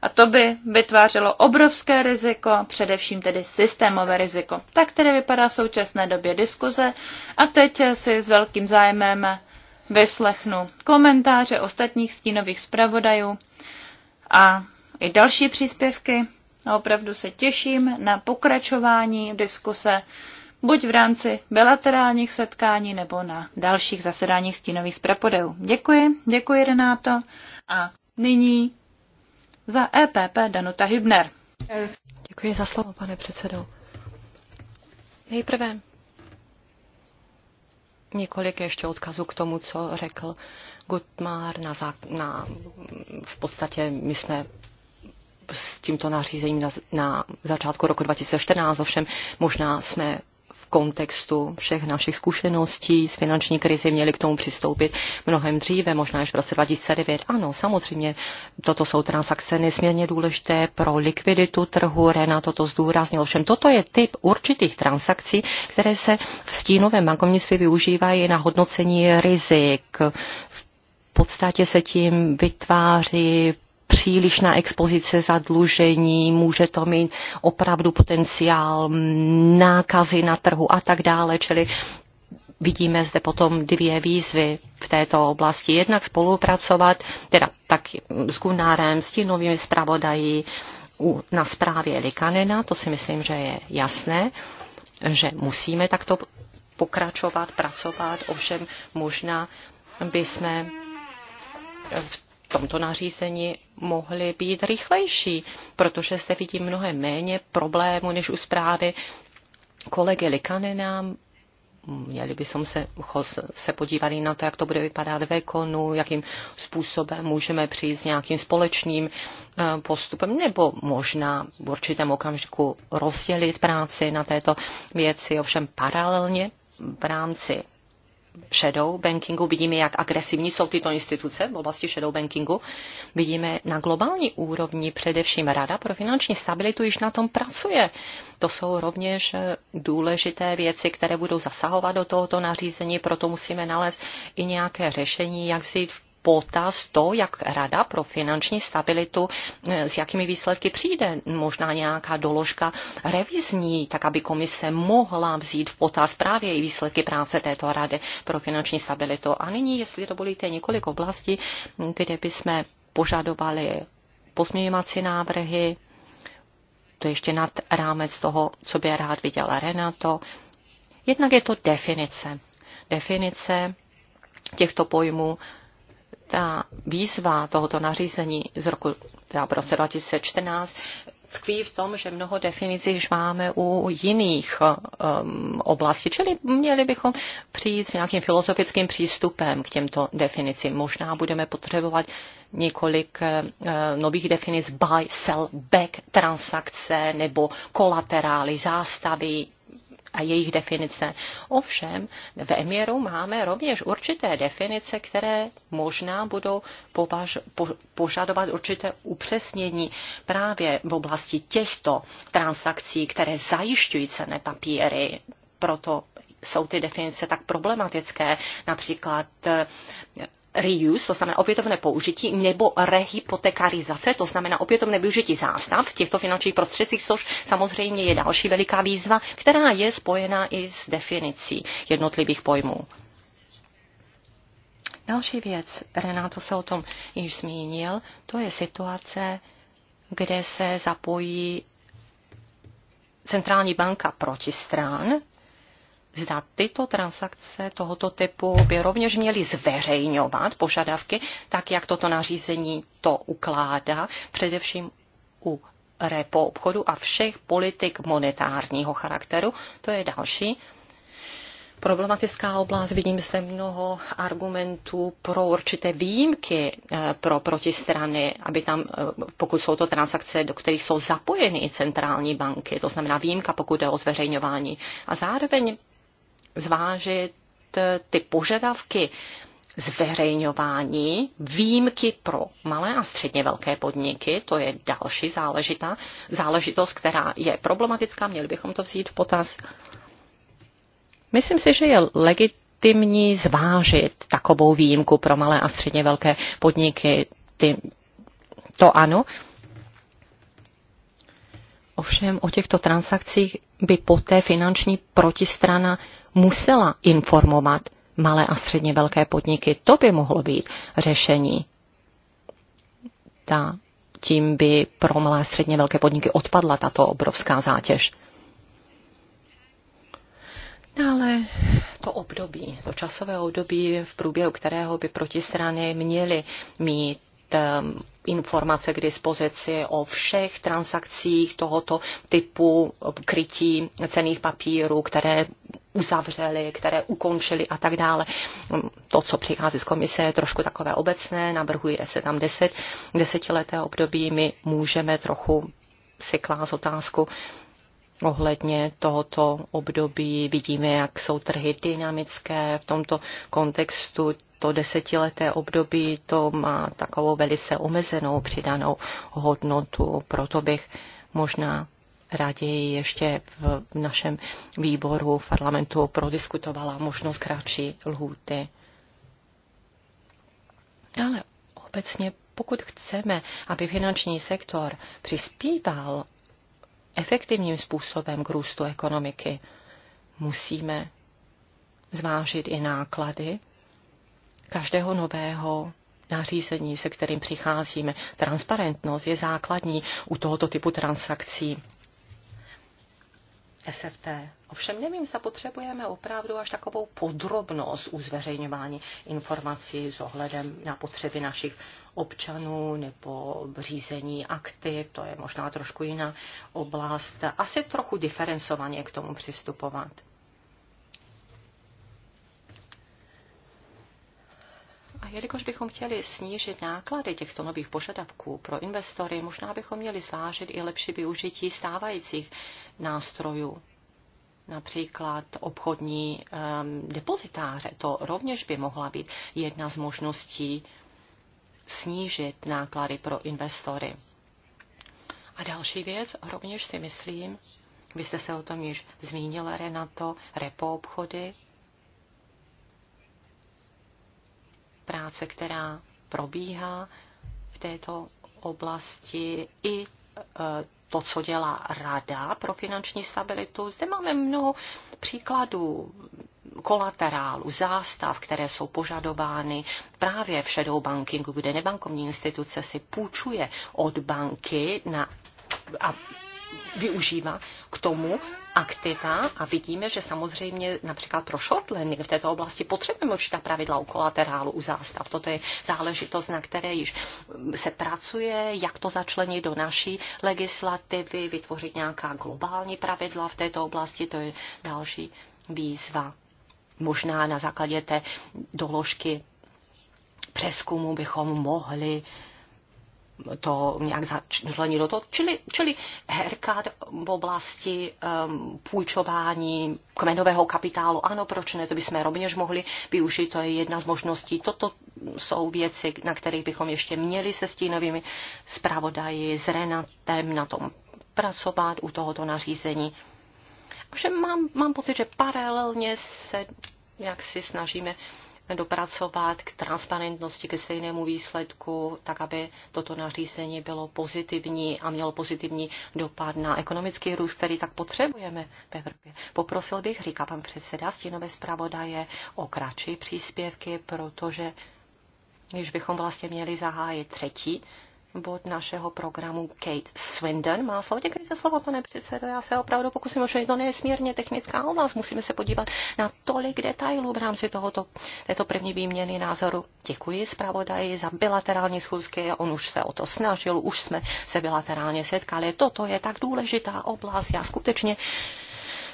A to by vytvářelo obrovské riziko, především tedy systémové riziko. Tak tedy vypadá v současné době diskuze a teď si s velkým zájmem vyslechnu komentáře ostatních stínových zpravodajů a i další příspěvky. A opravdu se těším na pokračování diskuse buď v rámci bilaterálních setkání nebo na dalších zasedáních stínových zpravodajů. Děkuji, děkuji Renáto a nyní za EPP Danuta Hübner. Děkuji za slovo, pane předsedo. Nejprve několik ještě odkazů k tomu, co řekl Gutmar na, zá, na v podstatě my jsme s tímto nařízením na, na začátku roku 2014, ovšem možná jsme kontextu všech našich zkušeností z finanční krizi měli k tomu přistoupit mnohem dříve, možná až v roce 2009. Ano, samozřejmě toto jsou transakce nesmírně důležité pro likviditu trhu, Rena toto zdůraznil. Všem toto je typ určitých transakcí, které se v stínovém bankovnictví využívají na hodnocení rizik. V podstatě se tím vytváří přílišná expozice zadlužení, může to mít opravdu potenciál nákazy na trhu a tak dále, čili vidíme zde potom dvě výzvy v této oblasti. Jednak spolupracovat, teda tak s Gunnárem, s tím novými zpravodají na zprávě Likanena, to si myslím, že je jasné, že musíme takto pokračovat, pracovat, ovšem možná by jsme v tomto nařízení mohly být rychlejší, protože se vidí mnohem méně problémů než u zprávy kolegy Likanena. Měli bychom se, se podívat na to, jak to bude vypadat ve konu, jakým způsobem můžeme přijít s nějakým společným eh, postupem, nebo možná v určitém okamžiku rozdělit práci na této věci, ovšem paralelně v rámci shadow bankingu, vidíme, jak agresivní jsou tyto instituce v oblasti shadow bankingu. Vidíme na globální úrovni především Rada pro finanční stabilitu již na tom pracuje. To jsou rovněž důležité věci, které budou zasahovat do tohoto nařízení, proto musíme nalézt i nějaké řešení, jak vzít v potaz to, jak Rada pro finanční stabilitu eh, s jakými výsledky přijde. Možná nějaká doložka revizní, tak aby komise mohla vzít v potaz právě i výsledky práce této Rady pro finanční stabilitu. A nyní, jestli dovolíte, několik oblastí, kde bychom požadovali pozměňovací návrhy, to ještě nad rámec toho, co by rád viděla Renato. Jednak je to definice. Definice těchto pojmů ta výzva tohoto nařízení z roku teda v roce 2014 tkví v tom, že mnoho definicí již máme u jiných um, oblastí, čili měli bychom přijít s nějakým filozofickým přístupem k těmto definicím. Možná budeme potřebovat několik uh, nových definic buy, sell, back, transakce nebo kolaterály, zástavy, a jejich definice. Ovšem, v Emiru máme rovněž určité definice, které možná budou považ, po, požadovat určité upřesnění právě v oblasti těchto transakcí, které zajišťují cené papíry. Proto jsou ty definice tak problematické. Například reuse, to znamená opětovné použití, nebo rehypotekarizace, to znamená opětovné využití zástav v těchto finančních prostředcích, což samozřejmě je další veliká výzva, která je spojená i s definicí jednotlivých pojmů. Další věc, Renato se o tom již zmínil, to je situace, kde se zapojí centrální banka protistrán, zda tyto transakce tohoto typu by rovněž měly zveřejňovat požadavky, tak jak toto nařízení to ukládá, především u repo obchodu a všech politik monetárního charakteru. To je další problematická oblast. Vidím zde mnoho argumentů pro určité výjimky eh, pro protistrany, aby tam, eh, pokud jsou to transakce, do kterých jsou zapojeny i centrální banky, to znamená výjimka, pokud jde o zveřejňování. A zároveň zvážit eh, ty požadavky zveřejňování, výjimky pro malé a středně velké podniky, to je další záležitá, záležitost, která je problematická, měli bychom to vzít v potaz. Myslím si, že je legitimní zvážit takovou výjimku pro malé a středně velké podniky. Ty, to ano. Ovšem o těchto transakcích by poté finanční protistrana musela informovat malé a středně velké podniky. To by mohlo být řešení. Ta, tím by pro malé a středně velké podniky odpadla tato obrovská zátěž. Ale to období, to časové období, v průběhu kterého by protistrany měly mít Eh, informace k dispozici o všech transakcích tohoto typu krytí cených papírů, které uzavřeli, které ukončili a tak dále. To, co přichází z komise, je trošku takové obecné, navrhuje se tam deset, desetileté období. My můžeme trochu si klást otázku, ohledně tohoto období. Vidíme, jak jsou trhy dynamické v tomto kontextu to desetileté období to má takovou velice omezenou přidanou hodnotu. Proto bych možná raději ještě v našem výboru v parlamentu prodiskutovala možnost kratší lhůty. Ale obecně, pokud chceme, aby finanční sektor přispíval efektivním způsobem k růstu ekonomiky, musíme zvážit i náklady každého nového nařízení, se kterým přicházíme. Transparentnost je základní u tohoto typu transakcí. SFT. Ovšem nevím, zda potřebujeme opravdu až takovou podrobnost u zveřejňování informací s ohledem na potřeby našich občanů nebo řízení akty, to je možná trošku jiná oblast. Asi trochu diferencovaně k tomu přistupovat. A jelikož bychom chtěli snížit náklady těchto nových požadavků pro investory, možná bychom měli zvážit i lepší využití stávajících nástrojů, například obchodní um, depozitáře. To rovněž by mohla být jedna z možností snížit náklady pro investory. A další věc, rovněž si myslím, vy jste se o tom již zmínila, Renato, repo obchody, práce, která probíhá v této oblasti i e, to, co dělá Rada pro finanční stabilitu. Zde máme mnoho příkladů kolaterálu, zástav, které jsou požadovány právě v shadow bankingu, kde nebankovní instituce si půjčuje od banky na, a využívá k tomu aktiva a vidíme, že samozřejmě například pro short lending v této oblasti potřebujeme určitá pravidla u kolaterálu, u zástav. Toto je záležitost, na které již mm, se pracuje, jak to začlenit do naší legislativy, vytvořit nějaká globální pravidla v této oblasti, to je další výzva. Možná na základě té doložky přeskumu bychom mohli to nějak začlenit do toho, čili, čili herka v oblasti um, půjčování kmenového kapitálu. Ano, proč ne, to bychom rovněž mohli využít, to je jedna z možností. Toto jsou věci, na kterých bychom ještě měli se stínovými zpravodaji, s Renatem na tom pracovat u tohoto nařízení. Ovšem mám, mám pocit, že paralelně se jak si snažíme uh, dopracovat k transparentnosti, ke stejnému výsledku, tak aby toto nařízení bylo pozitivní a mělo pozitivní dopad na ekonomický růst, který tak potřebujeme v Evropě. Poprosil bych, říká pan předseda stínové zpravodaje, o kratší příspěvky, protože když bychom vlastně měli zahájit třetí bod našeho programu Kate Swindon. Má slovo, děkuji za slovo, pane předsedo. Já se opravdu pokusím, že to nesmírně technická oblast. Musíme se podívat na tolik detailů v rámci tohoto, této první výměny názoru. Děkuji zpravodaji za bilaterální schůzky. On už se o to snažil, už jsme se bilaterálně setkali. Toto je tak důležitá oblast. Já skutečně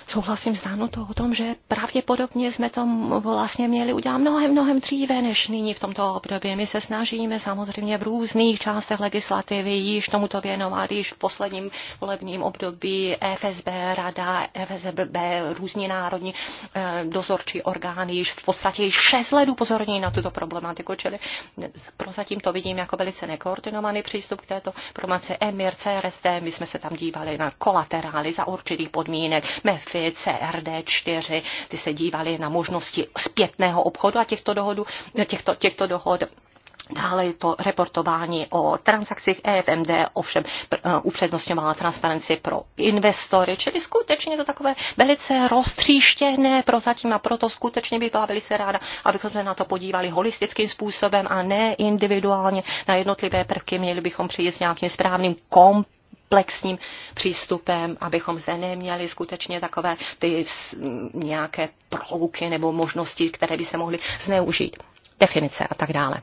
souhlasím s Danutou o tom, že pravděpodobně jsme to vlastně měli udělat mnohem, mnohem dříve než nyní v tomto období. My se snažíme samozřejmě v různých částech legislativy již tomuto věnovat, již v posledním volebním období FSB, Rada, FSB, různí národní eh, dozorčí orgány již v podstatě šest let upozorní na tuto problematiku, čili prozatím to vidím jako velice nekoordinovaný přístup k této promace EMIR, CRSD, my jsme se tam dívali na kolaterály za určitých podmínek, MEF tarify CRD4, ty se dívali na možnosti zpětného obchodu a těchto, dohodu, těchto, těchto dohod. Dále je to reportování o transakcích EFMD, ovšem eh, upřednostňovala transparenci pro investory, čili skutečně to takové velice roztříštěné prozatím a proto skutečně bych byla velice ráda, abychom se na to podívali holistickým způsobem a ne individuálně na jednotlivé prvky. Měli bychom přijít s nějakým správným kom komplexním přístupem, abychom zde neměli skutečně takové ty nějaké prouky nebo možnosti, které by se mohly zneužít definice a tak dále.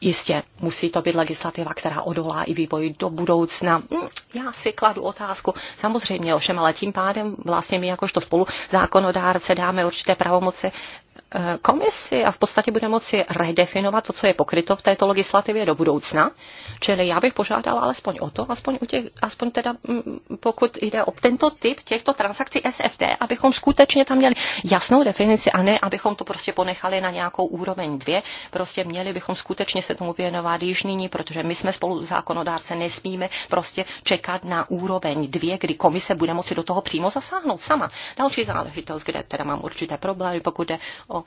Jistě musí to být legislativa, která odolá i vývoji do budoucna. Hm, já si kladu otázku, samozřejmě ovšem, ale tím pádem vlastně my jakožto spolu zákonodárce dáme určité pravomoci eh, komisi a v podstatě bude moci redefinovat to, co je pokryto v této legislativě do budoucna. Čili já bych požádala alespoň o to, aspoň, u těch, aspoň teda hm, pokud jde o tento typ těchto transakcí SFT, abychom skutečně tam měli jasnou definici a ne, abychom to prostě ponechali na nějakou úroveň dvě. Prostě měli bychom skutečně se tomu věnovat již nyní, protože my jsme spolu zákonodárce, nesmíme prostě čekat na úroveň dvě, kdy komise bude moci do toho přímo zasáhnout sama. Další záležitost, kde teda mám určité problémy, pokud jde o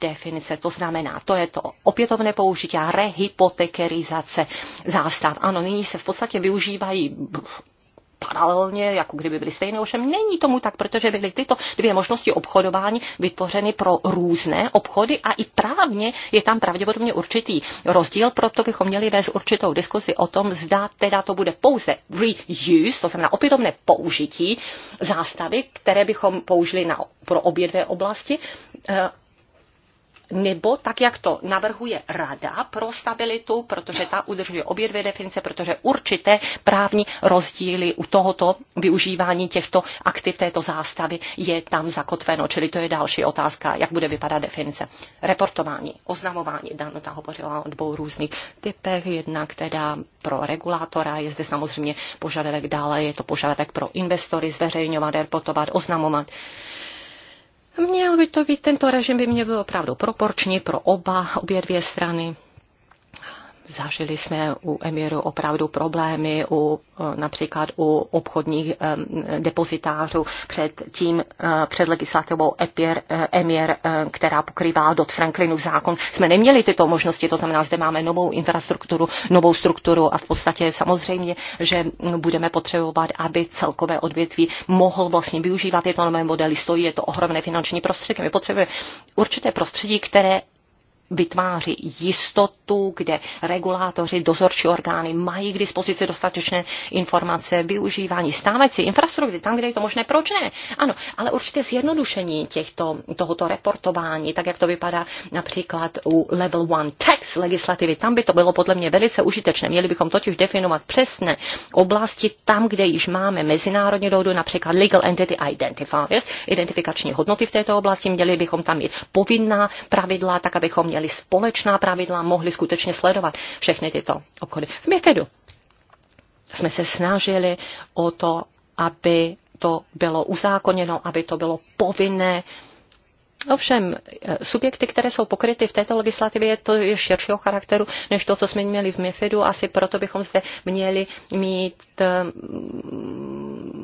definice, to znamená, to je to opětovné použití a rehypotekerizace zástav. Ano, nyní se v podstatě využívají paralelně, jako kdyby byly stejné, ovšem není tomu tak, protože byly tyto dvě možnosti obchodování vytvořeny pro různé obchody a i právně je tam pravděpodobně určitý rozdíl, proto bychom měli vést určitou diskusi o tom, zda teda to bude pouze reuse, to znamená opětovné použití zástavy, které bychom použili na, pro obě dvě oblasti, eh, nebo tak, jak to navrhuje Rada pro stabilitu, protože ta udržuje obě dvě definice, protože určité právní rozdíly u tohoto využívání těchto aktiv této zástavy je tam zakotveno. Čili to je další otázka, jak bude vypadat definice. Reportování, oznamování, Dano ta hovořila o dvou různých typech, jednak teda pro regulátora, je zde samozřejmě požadavek dále, je to požadavek pro investory zveřejňovat, reportovat, oznamovat Měl by to být, tento režim by měl být opravdu proporční pro oba, obě dvě strany. Zažili jsme u Emiru opravdu problémy, u, eh, například u obchodních eh, depozitářů před tím, eh, před legislativou EPIR, Emir, která pokrývá dot Franklinu zákon. Jsme neměli tyto možnosti, to znamená, zde máme novou infrastrukturu, novou strukturu a v podstatě samozřejmě, že budeme potřebovat, aby celkové odvětví mohl vlastně využívat tyto nové modely. Stojí je to ohromné finanční prostředky. My potřebujeme určité prostředí, které vytváří jistotu, kde regulátoři, dozorčí orgány mají k dispozici dostatečné informace, využívání stávající infrastruktury, tam, kde je to možné, proč ne? Ano, ale určitě zjednodušení těchto, tohoto reportování, tak jak to vypadá například u level one tax legislativy, tam by to bylo podle mě velice užitečné. Měli bychom totiž definovat přesné oblasti tam, kde již máme mezinárodní dohodu, například legal entity identifiers, identifikační hodnoty v této oblasti, měli bychom tam mít povinná pravidla, tak abychom měli společná pravidla, mohli skutečně sledovat všechny tyto obchody. V MIFIDu jsme se snažili o to, aby to bylo uzákoněno, aby to bylo povinné. Ovšem, eh, subjekty, které jsou pokryty v této legislativě, je to je širšího charakteru, než to, co jsme měli v MIFIDu. Asi proto bychom zde měli mít eh,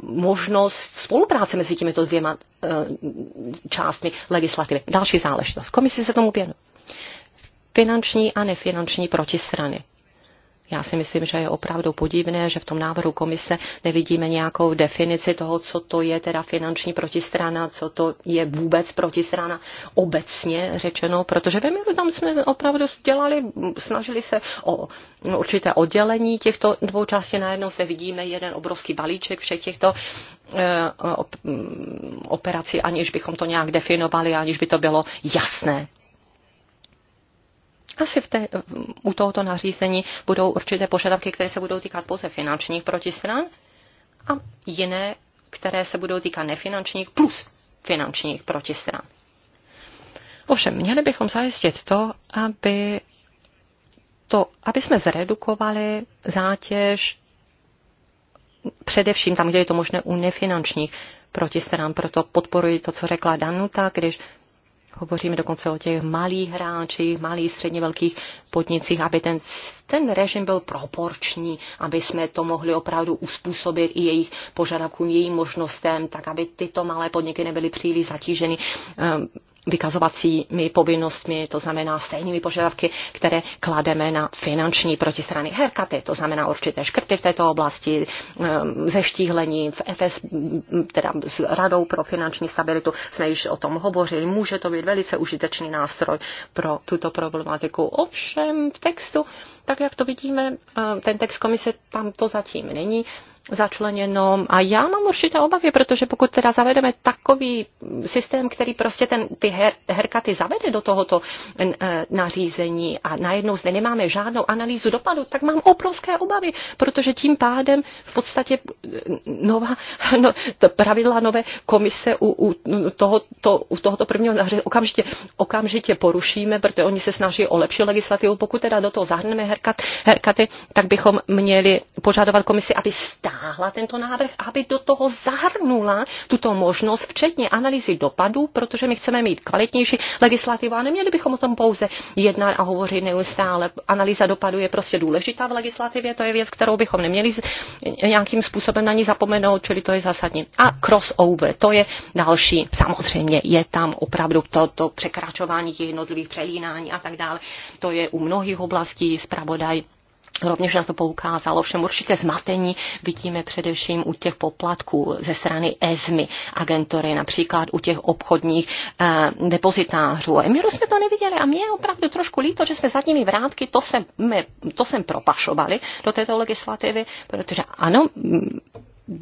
možnost spolupráce mezi těmito dvěma eh, částmi legislativy. Další záležitost. Komisi se tomu věnuje finanční a nefinanční protistrany. Já si myslím, že je opravdu podivné, že v tom návrhu komise nevidíme nějakou definici toho, co to je teda finanční protistrana, co to je vůbec protistrana obecně řečeno, protože ve my tam jsme opravdu dělali, snažili se o určité oddělení těchto dvou částí. Najednou zde vidíme jeden obrovský balíček všech těchto eh, mm, operací, aniž bychom to nějak definovali, aniž by to bylo jasné asi v té, u tohoto nařízení budou určité požadavky, které se budou týkat pouze finančních protistran a jiné, které se budou týkat nefinančních plus finančních protistran. Ovšem, měli bychom zajistit to, aby, to, aby jsme zredukovali zátěž především tam, kde je to možné u nefinančních protistran. Proto podporuji to, co řekla Danuta, když Hovoříme dokonce o těch malých hráčích, malých, středně velkých podnicích, aby ten, ten režim byl proporční, aby jsme to mohli opravdu uspůsobit i jejich požadavkům, jejich možnostem, tak aby tyto malé podniky nebyly příliš zatíženy ehm, vykazovacími povinnostmi, to znamená stejnými požadavky, které klademe na finanční protistrany herkaty, to znamená určité škrty v této oblasti, ehm, zeštíhlení v FS, teda s Radou pro finanční stabilitu, jsme již o tom hovořili, může to být velice užitečný nástroj pro tuto problematiku. Ovšem v textu, tak jak to vidíme, ehm, ten text komise tam to zatím není, začleněno. A já mám určité obavy, protože pokud teda zavedeme takový systém, který prostě ten, ty her, herkaty zavede do tohoto eh, nařízení a najednou zde nemáme žádnou analýzu dopadu, tak mám obrovské obavy, protože tím pádem v podstatě eh, nová, [LAUGHS] no, pravidla nové komise u, u, tohoto, u tohoto prvního nařízení okamžitě, okamžitě porušíme, protože oni se snaží o lepší legislativu. Pokud teda do toho zahrneme herkat, herkaty, tak bychom měli požadovat komisi, aby stále stáhla tento návrh, aby do toho zahrnula tuto možnost, včetně analýzy dopadů, protože my chceme mít kvalitnější legislativu a neměli bychom o tom pouze jednat a hovořit neustále. Analýza dopadů je prostě důležitá v legislativě, to je věc, kterou bychom neměli nějakým způsobem na ní zapomenout, čili to je zásadní. A crossover, to je další. Samozřejmě je tam opravdu toto to překračování jednotlivých přelínání a tak dále. To je u mnohých oblastí zpravodaj Rovněž na to poukázalo všem určitě zmatení vidíme především u těch poplatků ze strany ESMI agentury, například u těch obchodních eh, depozitářů. A my jsme to neviděli a mě je opravdu trošku líto, že jsme zadními vrátky to, jsem, my, to sem propašovali do této legislativy, protože ano,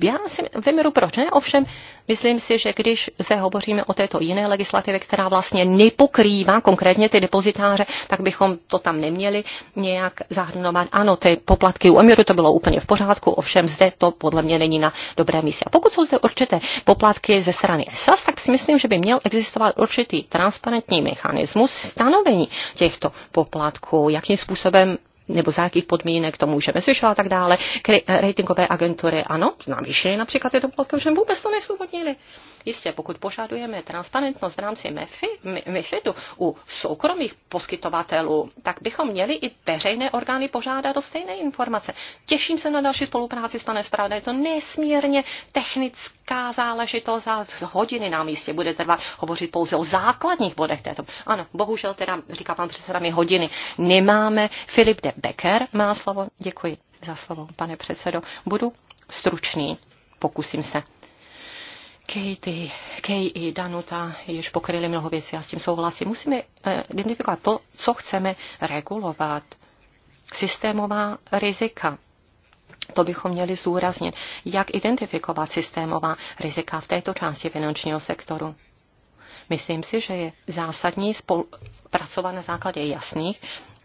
já si vymeru proč ne, ovšem myslím si, že když se hovoříme o této jiné legislativě, která vlastně nepokrývá konkrétně ty depozitáře, tak bychom to tam neměli nějak zahrnovat. Ano, ty poplatky u Emiru to bylo úplně v pořádku, ovšem zde to podle mě není na dobré místě. A pokud jsou zde určité poplatky ze strany SAS, tak si myslím, že by měl existovat určitý transparentní mechanismus stanovení těchto poplatků, jakým způsobem nebo za jakých podmínek to můžeme zvyšovat a tak dále. Ratingové agentury, ano, navýšily například tyto poplatky, že vůbec to nesvobodnili. Jistě, pokud požadujeme transparentnost v rámci MIFIDu u soukromých poskytovatelů, tak bychom měli i veřejné orgány požádat o stejné informace. Těším se na další spolupráci s panem Spravda. Je to nesmírně technická záležitost a hodiny nám jistě bude trvat hovořit pouze o základních bodech této. Ano, bohužel teda, říká pan předseda, my hodiny nemáme. Filip de Becker má slovo. Děkuji za slovo, pane předsedo. Budu stručný. Pokusím se Katie, Kay i Danuta již pokryli mnoho věcí, já s tím souhlasím. Musíme eh, identifikovat to, co chceme regulovat. Systémová rizika. To bychom měli zúraznit. Jak identifikovat systémová rizika v této části finančního sektoru? Myslím si, že je zásadní spolupracovat pracovat na základě jasných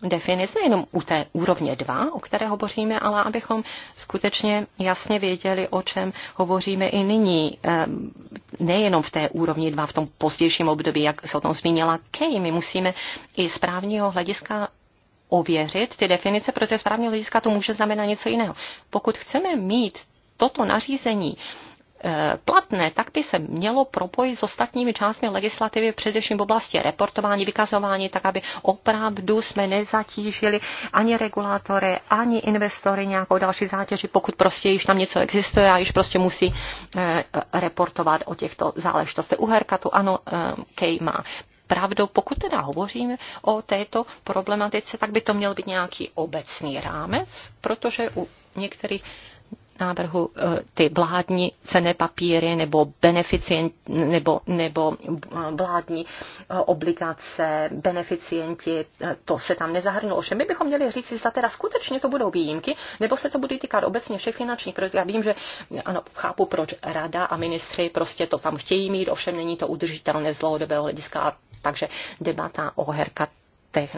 definic, nejenom u té úrovně 2, o které hovoříme, ale abychom skutečně jasně věděli, o čem hovoříme i nyní, ehm, nejenom v té úrovni 2, v tom pozdějším období, jak se o tom zmínila Kej, My musíme i z právního hlediska ověřit ty definice, protože z právního hlediska to může znamenat něco jiného. Pokud chceme mít toto nařízení Eh, platné, tak by se mělo propojit s ostatními částmi legislativy, především v oblasti reportování, vykazování, tak aby opravdu jsme nezatížili ani regulátory, ani investory nějakou další zátěži, pokud prostě již tam něco existuje a již prostě musí eh, reportovat o těchto záležitostech. U Herkatu ano, eh, Kej má pravdou, pokud teda hovoříme o této problematice, tak by to měl být nějaký obecný rámec, protože u některých návrhu eh, ty vládní cené papíry nebo beneficient, nebo, nebo eh, vládní eh, obligace, beneficienti, to se tam nezahrnulo. Že my bychom měli říct, zda teda skutečně to budou výjimky, nebo se to bude týkat obecně všech finančních produktů. Já vím, že ano, chápu, proč rada a ministři prostě to tam chtějí mít, ovšem není to udržitelné z dlouhodobého hlediska, takže debata o herkatech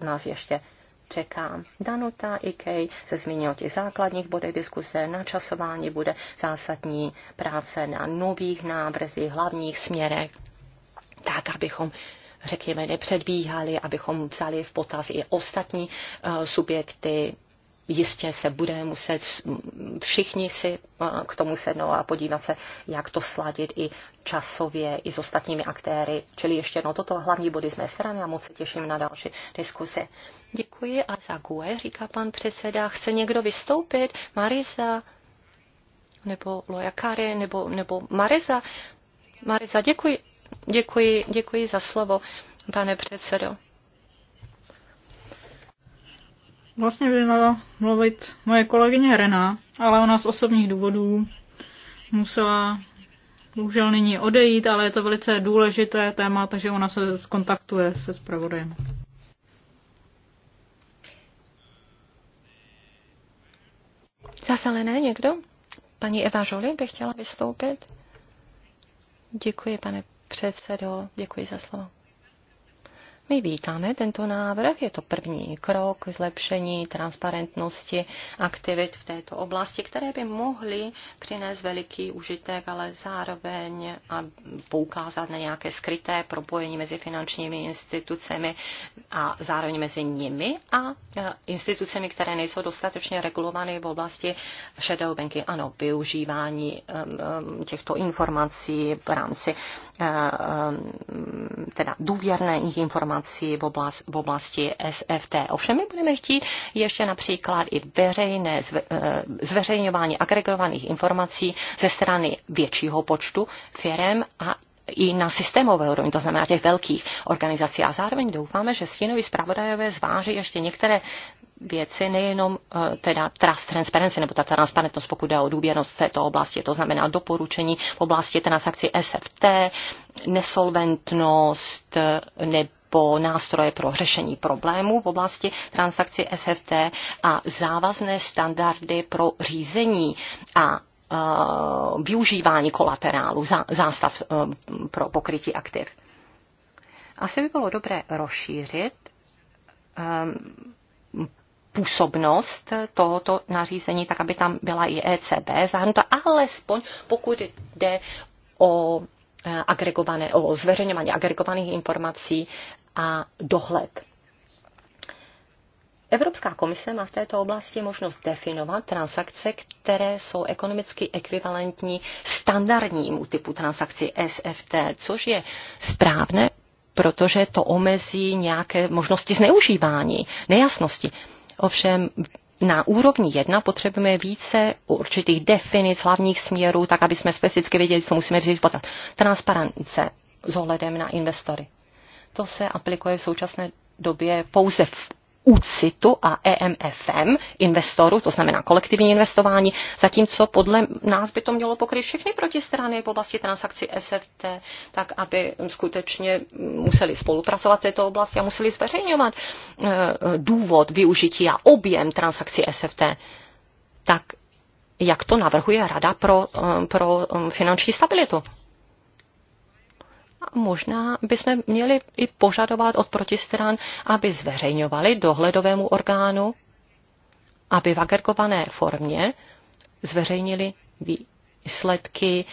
nás ještě čekám. Danuta Ikej se zmínil o těch základních bodech diskuse, časování bude zásadní práce na nových návrzích, hlavních směrech, tak, abychom řekněme, nepředbíhali, abychom vzali v potaz i ostatní eh, subjekty, jistě se budeme muset všichni si k tomu sednout a podívat se, jak to sladit i časově, i s ostatními aktéry. Čili ještě jednou toto hlavní body z mé strany a moc se těším na další diskuzi. Děkuji a za GUE, říká pan předseda. Chce někdo vystoupit? Marisa nebo Loja Kary, nebo, nebo Mariza. Mariza, děkuji, děkuji, děkuji za slovo, pane předsedo. Vlastně by měla mluvit moje kolegyně Rena, ale ona z osobních důvodů musela bohužel nyní odejít, ale je to velice důležité téma, takže ona se kontaktuje se zpravodajem. Zaselené někdo? Paní Eva Žoli by chtěla vystoupit. Děkuji, pane předsedo, děkuji za slovo. My vítáme tento návrh, je to první krok k zlepšení transparentnosti aktivit v této oblasti, které by mohly přinést veliký užitek, ale zároveň a poukázat na nějaké skryté propojení mezi finančními institucemi a zároveň mezi nimi a e, institucemi, které nejsou dostatečně regulované v oblasti shadow banky. Ano, využívání těchto informací v rámci e, teda důvěrných informací informací v, oblast, v oblasti SFT. Ovšem my budeme chtít ještě například i veřejné eh, zveřejňování agregovaných informací ze strany většího počtu firm a i na systémové úrovni, to znamená těch velkých organizací. A zároveň doufáme, že stínoví zpravodajové zváží ještě některé věci, nejenom eh, teda trust transparency, nebo ta transparentnost, pokud jde o důvěrnost této oblasti, to znamená doporučení v oblasti transakcí SFT, nesolventnost, eh, ne, nebo nástroje pro řešení problémů v oblasti transakcí SFT a závazné standardy pro řízení a využívání kolaterálu, za zástav e, pro pokrytí aktiv. Asi by bylo dobré rozšířit e, působnost tohoto nařízení, tak aby tam byla i ECB zahrnuta, alespoň pokud jde o e, agregované, o zveřejňování agregovaných informací a dohled. Evropská komise má v této oblasti možnost definovat transakce, které jsou ekonomicky ekvivalentní standardnímu typu transakci SFT, což je správné, protože to omezí nějaké možnosti zneužívání, nejasnosti. Ovšem na úrovni jedna potřebujeme více určitých definic, hlavních směrů, tak aby jsme specificky věděli, co musíme vzít v potaz. Transparence s ohledem na investory to se aplikuje v současné době pouze v UCITu a EMFM investorů, to znamená kolektivní investování, zatímco podle nás by to mělo pokryt všechny protistrany v oblasti transakcí SFT, tak aby skutečně museli spolupracovat v této oblasti a museli zveřejňovat eh, důvod využití a objem transakcí SFT. Tak jak to navrhuje Rada pro, eh, pro eh, finanční stabilitu možná bychom měli i požadovat od protistran, aby zveřejňovali dohledovému orgánu, aby v agregované formě zveřejnili výsledky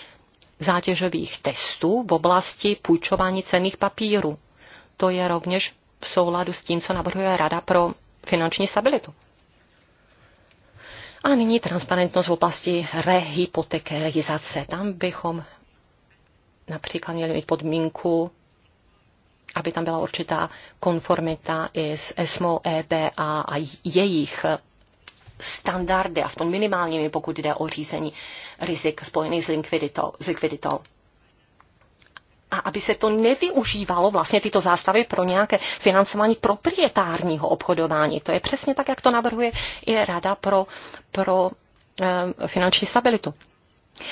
zátěžových testů v oblasti půjčování cených papírů. To je rovněž v souladu s tím, co navrhuje Rada pro finanční stabilitu. A nyní transparentnost v oblasti rehypotekarizace. Tam bychom například měli mít podmínku, aby tam byla určitá konformita i s ESMO, EBA a jejich standardy, aspoň minimálními, pokud jde o řízení rizik spojených s likviditou. S likviditou. A aby se to nevyužívalo, vlastně tyto zástavy, pro nějaké financování proprietárního obchodování. To je přesně tak, jak to navrhuje i Rada pro, pro e, finanční stabilitu.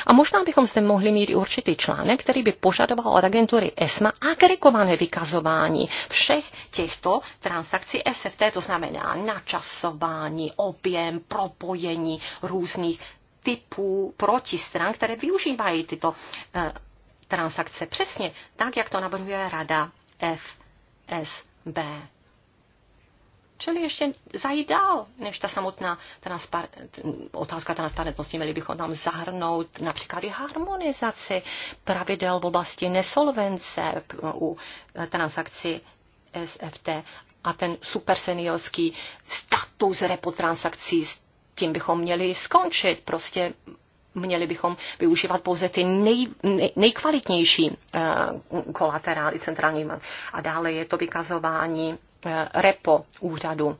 A možná bychom zde mohli mít i určitý článek, který by požadoval od agentury ESMA agregované vykazování všech těchto transakcí SFT, to znamená načasování, objem, propojení různých typů protistran, které využívají tyto e, transakce přesně tak, jak to navrhuje rada FSB. Čili ještě zajít dál, než ta samotná transpar- otázka transparentnosti. Měli bychom tam zahrnout například i harmonizaci pravidel v oblasti nesolvence u transakci SFT a ten superseniorský status repotransakcí, s tím bychom měli skončit. Prostě měli bychom využívat pouze ty nej, nej, nejkvalitnější eh, kolaterály centrální bank. A dále je to vykazování eh, repo úřadu,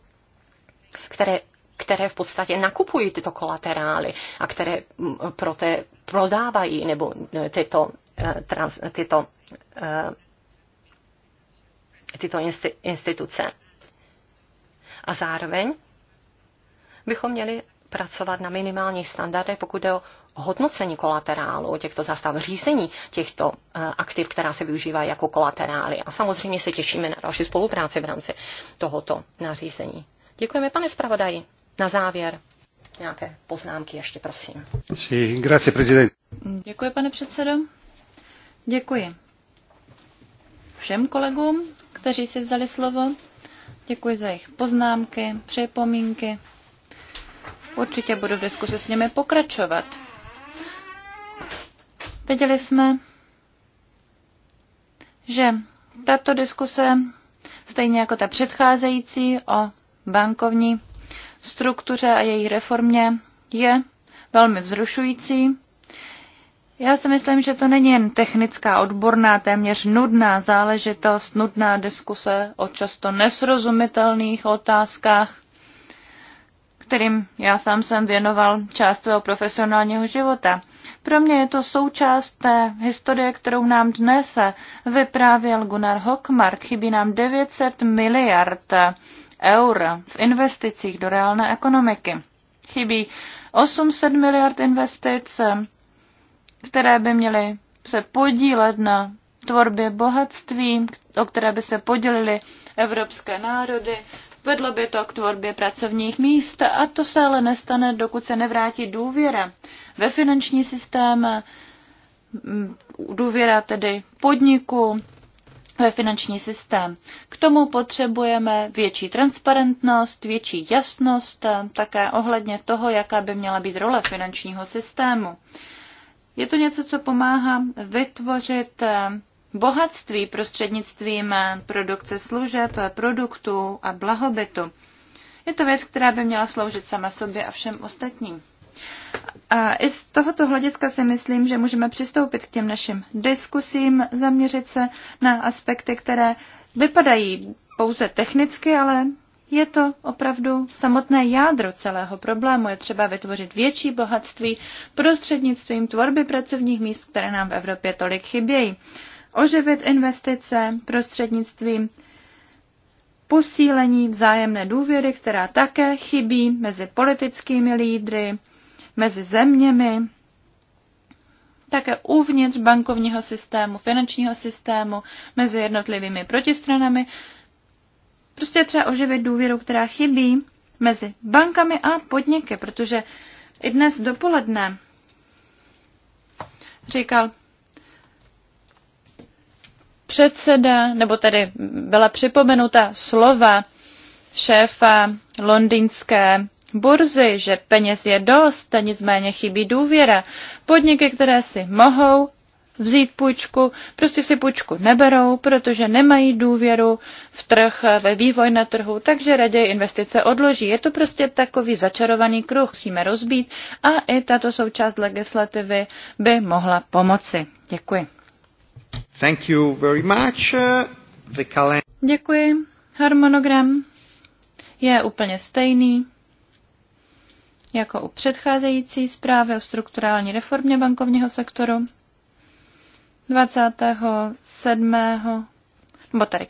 které které v podstatě nakupují tyto kolaterály a které mm, pro té prodávají nebo eh, tyto, trans, tyto, tyto instituce. A zároveň bychom měli pracovat na minimálních standardech, pokud jde o hodnocení kolaterálu, těchto zastav, řízení těchto eh, aktiv, která se využívají jako kolaterály. A samozřejmě se těšíme na další spolupráci v rámci tohoto nařízení. Děkujeme, pane zpravodaji. Na závěr nějaké poznámky ještě, prosím. Děkuji, pane předsedo. Děkuji všem kolegům, kteří si vzali slovo. Děkuji za jejich poznámky, připomínky. Určitě budu v diskusi s nimi pokračovat. Viděli jsme, že tato diskuse, stejně jako ta předcházející o bankovní struktuře a její reformě, je velmi vzrušující. Já si myslím, že to není jen technická, odborná, téměř nudná záležitost, nudná diskuse o často nesrozumitelných otázkách, kterým já sám jsem věnoval část svého profesionálního života. Pro mě je to součást té historie, kterou nám dnes vyprávěl Gunnar Hockmark. Chybí nám 900 miliard eur v investicích do reálné ekonomiky. Chybí 800 miliard investic, které by měly se podílet na tvorbě bohatství, o které by se podělily evropské národy, Vedlo by to k tvorbě pracovních míst a to se ale nestane, dokud se nevrátí důvěra ve finanční systém, mm, důvěra tedy podniku ve finanční systém. K tomu potřebujeme větší transparentnost, větší jasnost, také ohledně toho, jaká by měla být role finančního systému. Je to něco, co pomáhá vytvořit eh, bohatství prostřednictvím produkce služeb, produktů a blahobytu. Je to věc, která by měla sloužit sama sobě a všem ostatním. A i z tohoto hlediska si myslím, že můžeme přistoupit k těm našim diskusím, zaměřit se na aspekty, které vypadají pouze technicky, ale je to opravdu samotné jádro celého problému. Je třeba vytvořit větší bohatství prostřednictvím tvorby pracovních míst, které nám v Evropě tolik chybějí oživit investice prostřednictvím posílení vzájemné důvěry, která také chybí mezi politickými lídry, mezi zeměmi, také uvnitř bankovního systému, finančního systému, mezi jednotlivými protistranami. Prostě třeba oživit důvěru, která chybí mezi bankami a podniky, protože i dnes dopoledne říkal předseda, nebo tedy byla připomenuta slova šéfa londýnské burzy, že peněz je dost, nicméně chybí důvěra. Podniky, které si mohou vzít půjčku, prostě si půjčku neberou, protože nemají důvěru v trh, ve vývoj na trhu, takže raději investice odloží. Je to prostě takový začarovaný kruh, musíme rozbít a i tato součást legislativy by mohla pomoci. Děkuji. Thank you very much. The calendar... Děkuji. Harmonogram je úplně stejný jako u předcházející zprávy o strukturální reformě bankovního sektoru 27. nebo tady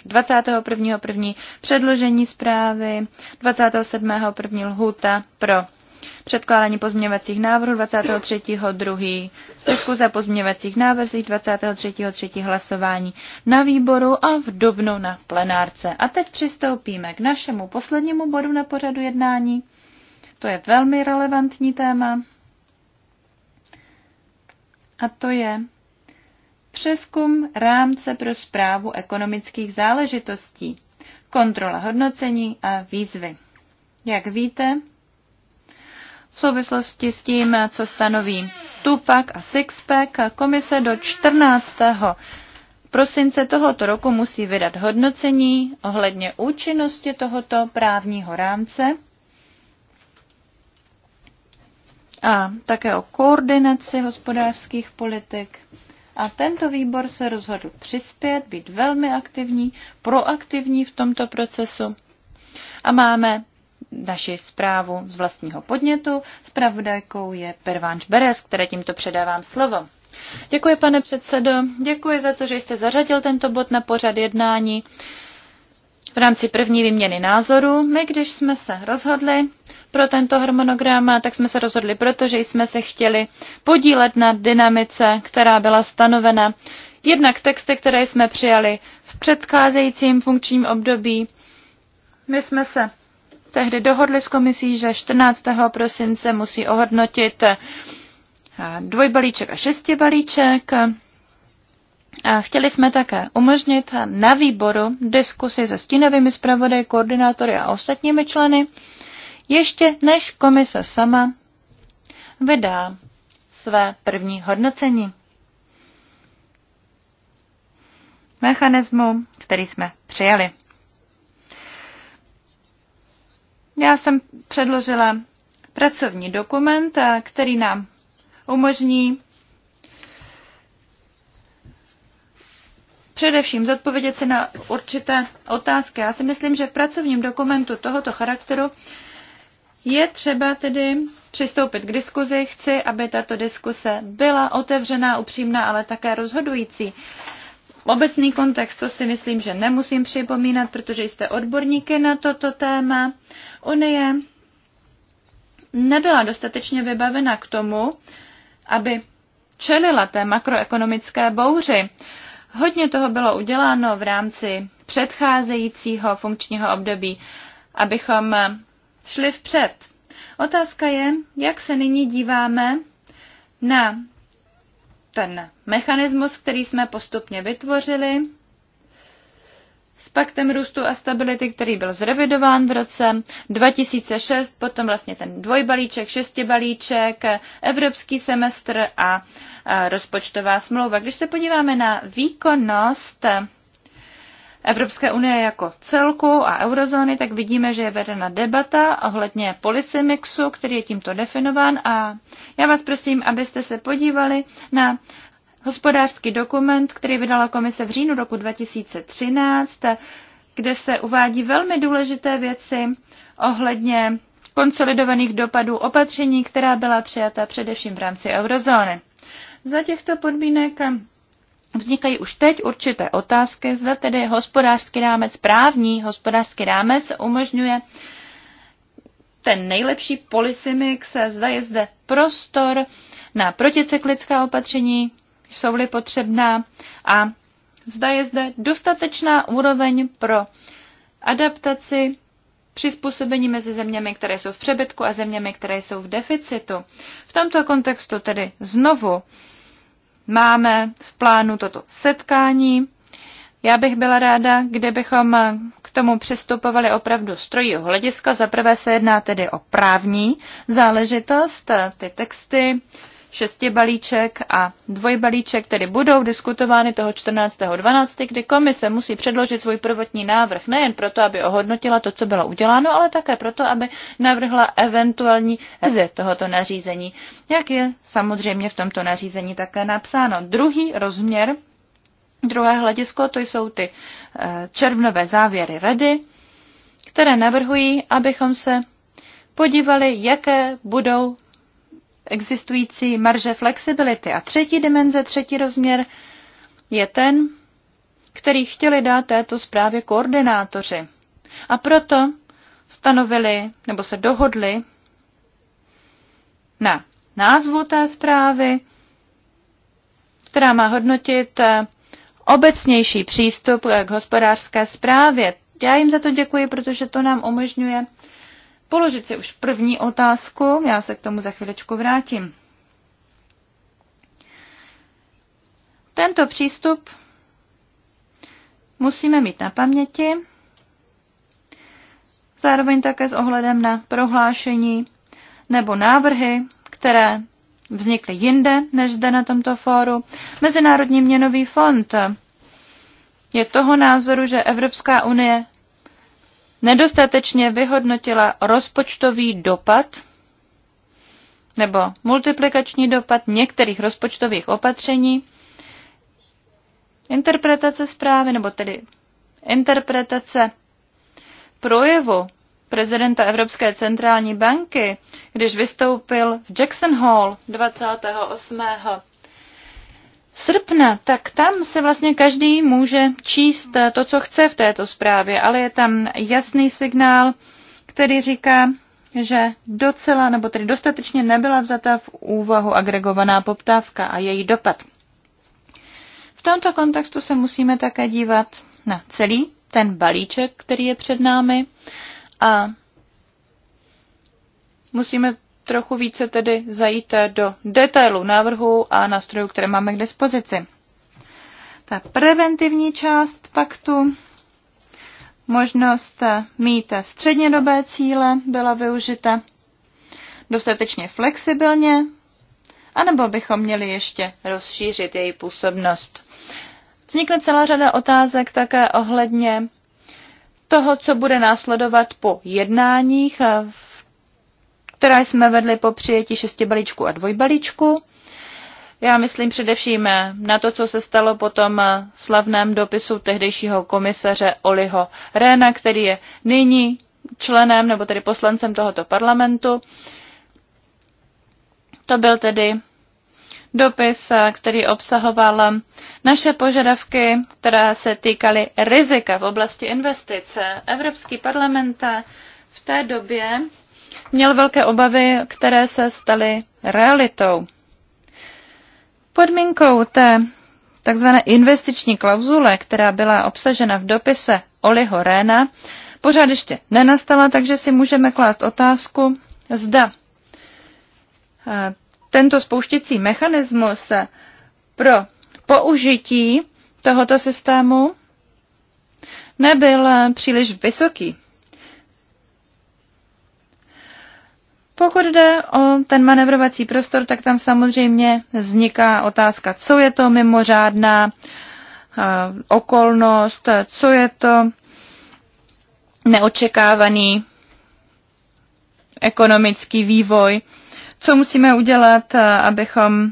první předložení zprávy, první lhůta pro Předkládání pozměňovacích návrhů 23.2. Diskuze pozměňovacích návrzích 23.3. hlasování na výboru a v dubnu na plenárce. A teď přistoupíme k našemu poslednímu bodu na pořadu jednání. To je velmi relevantní téma. A to je přeskum rámce pro zprávu ekonomických záležitostí, kontrola hodnocení a výzvy. Jak víte, v souvislosti s tím, co stanoví Tupac a Sixpack, komise do 14. prosince tohoto roku musí vydat hodnocení ohledně účinnosti tohoto právního rámce a také o koordinaci hospodářských politik. A tento výbor se rozhodl přispět, být velmi aktivní, proaktivní v tomto procesu. A máme naši zprávu z vlastního podnětu. Zpravodajkou je Pervánč Beres, které tímto předávám slovo. Děkuji, pane předsedo. Děkuji za to, že jste zařadil tento bod na pořad jednání. V rámci první výměny názorů, my když jsme se rozhodli pro tento harmonogram, tak jsme se rozhodli proto, že jsme se chtěli podílet na dynamice, která byla stanovena jednak texty, které jsme přijali v předcházejícím funkčním období. My jsme se tehdy dohodli s komisí, že 14. prosince musí ohodnotit eh, dvojbalíček a šestibalíček. A chtěli jsme také umožnit na výboru diskusy se stínovými zpravodaji, koordinátory a ostatními členy, ještě než komise sama vydá své první hodnocení. Mechanismu, který jsme přijali. Já jsem předložila pracovní dokument, eh, který nám umožní především zodpovědět si na určité otázky. Já si myslím, že v pracovním dokumentu tohoto charakteru je třeba tedy přistoupit k diskuzi. Chci, aby tato diskuse byla otevřená, upřímná, ale také rozhodující obecný kontext, to si myslím, že nemusím připomínat, protože jste odborníky na toto téma. Unie nebyla dostatečně vybavena k tomu, aby čelila té makroekonomické bouři. Hodně toho bylo uděláno v rámci předcházejícího funkčního období, abychom šli vpřed. Otázka je, jak se nyní díváme na ten mechanismus, který jsme postupně vytvořili, s paktem růstu a stability, který byl zrevidován v roce 2006, potom vlastně ten dvojbalíček, šestibalíček, evropský semestr a rozpočtová smlouva. Když se podíváme na výkonnost Evropské unie jako celku a eurozóny, tak vidíme, že je vedena debata ohledně policy mixu, který je tímto definován a já vás prosím, abyste se podívali na hospodářský dokument, který vydala komise v říjnu roku 2013, kde se uvádí velmi důležité věci ohledně konsolidovaných dopadů opatření, která byla přijata především v rámci eurozóny. Za těchto podmínek vznikají už teď určité otázky, zda tedy hospodářský rámec, právní hospodářský rámec umožňuje ten nejlepší policy mix, zda je zde prostor na proticyklická opatření, jsou-li potřebná a zda je zde dostatečná úroveň pro adaptaci přizpůsobení mezi zeměmi, které jsou v přebytku a zeměmi, které jsou v deficitu. V tomto kontextu tedy znovu máme v plánu toto setkání. Já bych byla ráda, kdybychom k tomu přistupovali opravdu z trojího hlediska. Za prvé se jedná tedy o právní záležitost. Ty texty šesti balíček a dvojbalíček tedy budou diskutovány toho 14.12., kdy komise musí předložit svůj prvotní návrh nejen proto, aby ohodnotila to, co bylo uděláno, ale také proto, aby navrhla eventuální ze tohoto nařízení, jak je samozřejmě v tomto nařízení také napsáno. Druhý rozměr, druhé hledisko, to jsou ty eh, červnové závěry rady, které navrhují, abychom se podívali, jaké budou existující marže flexibility. A třetí dimenze, třetí rozměr je ten, který chtěli dát této zprávě koordinátoři. A proto stanovili nebo se dohodli na názvu té zprávy, která má hodnotit eh, obecnější přístup k hospodářské zprávě. Já jim za to děkuji, protože to nám umožňuje položit si už první otázku, já se k tomu za chvílečku vrátím. Tento přístup musíme mít na paměti, zároveň také s ohledem na prohlášení nebo návrhy, které vznikly jinde než zde na tomto fóru. Mezinárodní měnový fond je toho názoru, že Evropská unie nedostatečně vyhodnotila rozpočtový dopad nebo multiplikační dopad některých rozpočtových opatření. Interpretace zprávy, nebo tedy interpretace projevu prezidenta Evropské centrální banky, když vystoupil v Jackson Hall 28 srpna, tak tam se vlastně každý může číst eh, to, co chce v této zprávě, ale je tam jasný signál, který říká, že docela nebo tedy dostatečně nebyla vzata v úvahu agregovaná poptávka a její dopad. V tomto kontextu se musíme také dívat na celý ten balíček, který je před námi a musíme trochu více tedy zajít do detailu návrhu a nástrojů, které máme k dispozici. Ta preventivní část paktu, možnost mít střednědobé cíle byla využita dostatečně flexibilně, anebo bychom měli ještě rozšířit její působnost. Vznikne celá řada otázek také ohledně toho, co bude následovat po jednáních v která jsme vedli po přijetí šesti balíčku a balíčku. Já myslím především na to, co se stalo po tom slavném dopisu tehdejšího komisaře Oliho Réna, který je nyní členem nebo tedy poslancem tohoto parlamentu. To byl tedy dopis, který obsahoval naše požadavky, které se týkaly rizika v oblasti investice. Evropský parlament v té době měl velké obavy, které se staly realitou. Podmínkou té takzvané investiční klauzule, která byla obsažena v dopise Oliho Réna, pořád ještě nenastala, takže si můžeme klást otázku, zda eh, tento spouštěcí mechanismus pro použití tohoto systému nebyl příliš vysoký Pokud jde o ten manevrovací prostor, tak tam samozřejmě vzniká otázka, co je to mimořádná eh, okolnost, co je to neočekávaný ekonomický vývoj, co musíme udělat, eh, abychom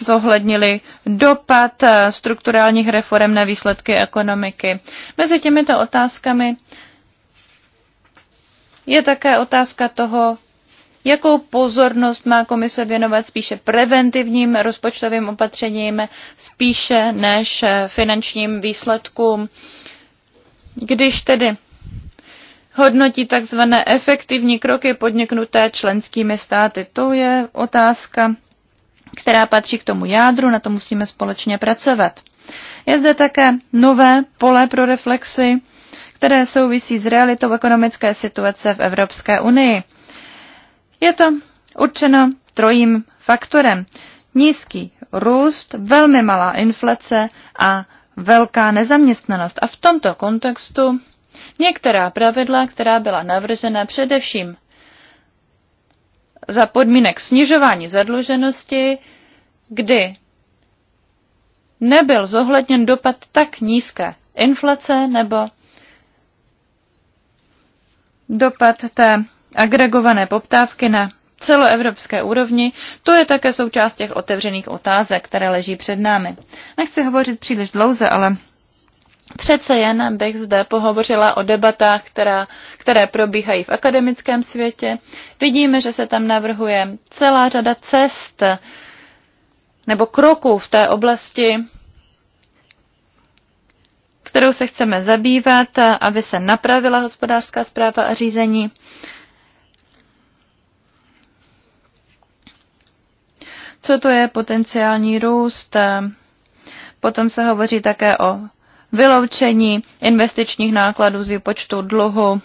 zohlednili dopad eh, strukturálních reform na výsledky ekonomiky. Mezi těmito otázkami je také otázka toho, Jakou pozornost má komise věnovat spíše preventivním rozpočtovým opatřením, spíše než finančním výsledkům? Když tedy hodnotí tzv. efektivní kroky podniknuté členskými státy, to je otázka, která patří k tomu jádru, na to musíme společně pracovat. Je zde také nové pole pro reflexy, které souvisí s realitou ekonomické situace v Evropské unii. Je to určeno trojím faktorem. Nízký růst, velmi malá inflace a velká nezaměstnanost. A v tomto kontextu některá pravidla, která byla navržena především za podmínek snižování zadluženosti, kdy nebyl zohledněn dopad tak nízké inflace nebo dopad té agregované poptávky na celoevropské úrovni, to je také součást těch otevřených otázek, které leží před námi. Nechci hovořit příliš dlouze, ale přece jen bych zde pohovořila o debatách, která, které probíhají v akademickém světě. Vidíme, že se tam navrhuje celá řada cest nebo kroků v té oblasti, kterou se chceme zabývat, aby se napravila hospodářská zpráva a řízení. co to je potenciální růst. Potom se hovoří také o vyloučení investičních nákladů z výpočtu dluhu.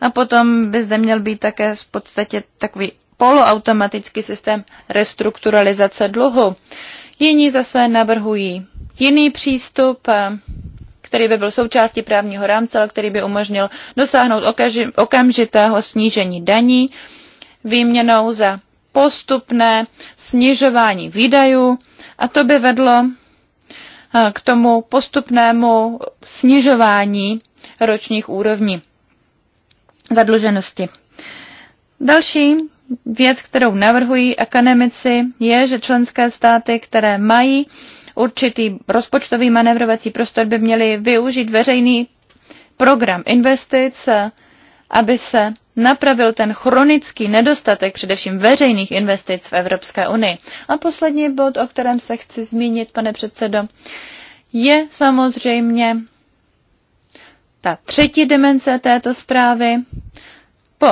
A potom by zde měl být také v podstatě takový poloautomatický systém restrukturalizace dluhu. Jiní zase navrhují jiný přístup, který by byl součástí právního rámce, ale který by umožnil dosáhnout okamžitého snížení daní výměnou za postupné snižování výdajů a to by vedlo eh, k tomu postupnému snižování ročních úrovní zadluženosti. Další věc, kterou navrhují akademici, je, že členské státy, které mají určitý rozpočtový manevrovací prostor, by měly využít veřejný program investic, eh, aby se napravil ten chronický nedostatek především veřejných investic v Evropské unii. A poslední bod, o kterém se chci zmínit, pane předsedo, je samozřejmě ta třetí dimenze této zprávy. Po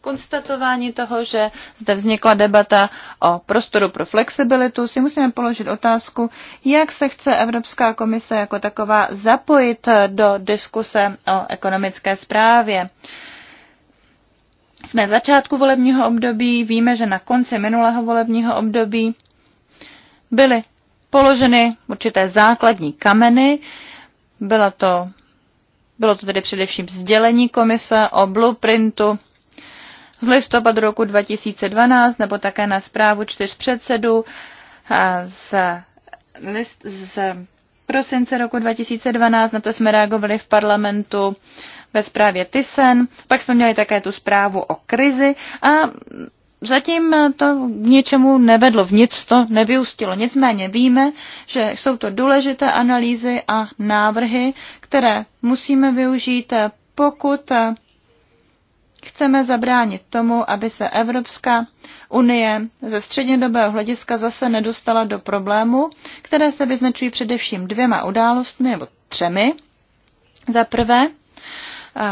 konstatování toho, že zde vznikla debata o prostoru pro flexibilitu, si musíme položit otázku, jak se chce Evropská komise jako taková zapojit do diskuse o ekonomické zprávě. Jsme v začátku volebního období, víme, že na konci minulého volebního období byly položeny určité základní kameny. Bylo to, bylo to tedy především sdělení komise o blueprintu z listopadu roku 2012 nebo také na zprávu čtyř předsedů z, list, z prosince roku 2012, na to jsme reagovali v parlamentu ve zprávě Tysen, pak jsme měli také tu zprávu o krizi a zatím to k něčemu nevedlo, v nic to nevyustilo. Nicméně víme, že jsou to důležité analýzy a návrhy, které musíme využít, pokud Chceme zabránit tomu, aby se Evropská unie ze střednědobého hlediska zase nedostala do problému, které se vyznačují především dvěma událostmi nebo třemi. Za prvé eh,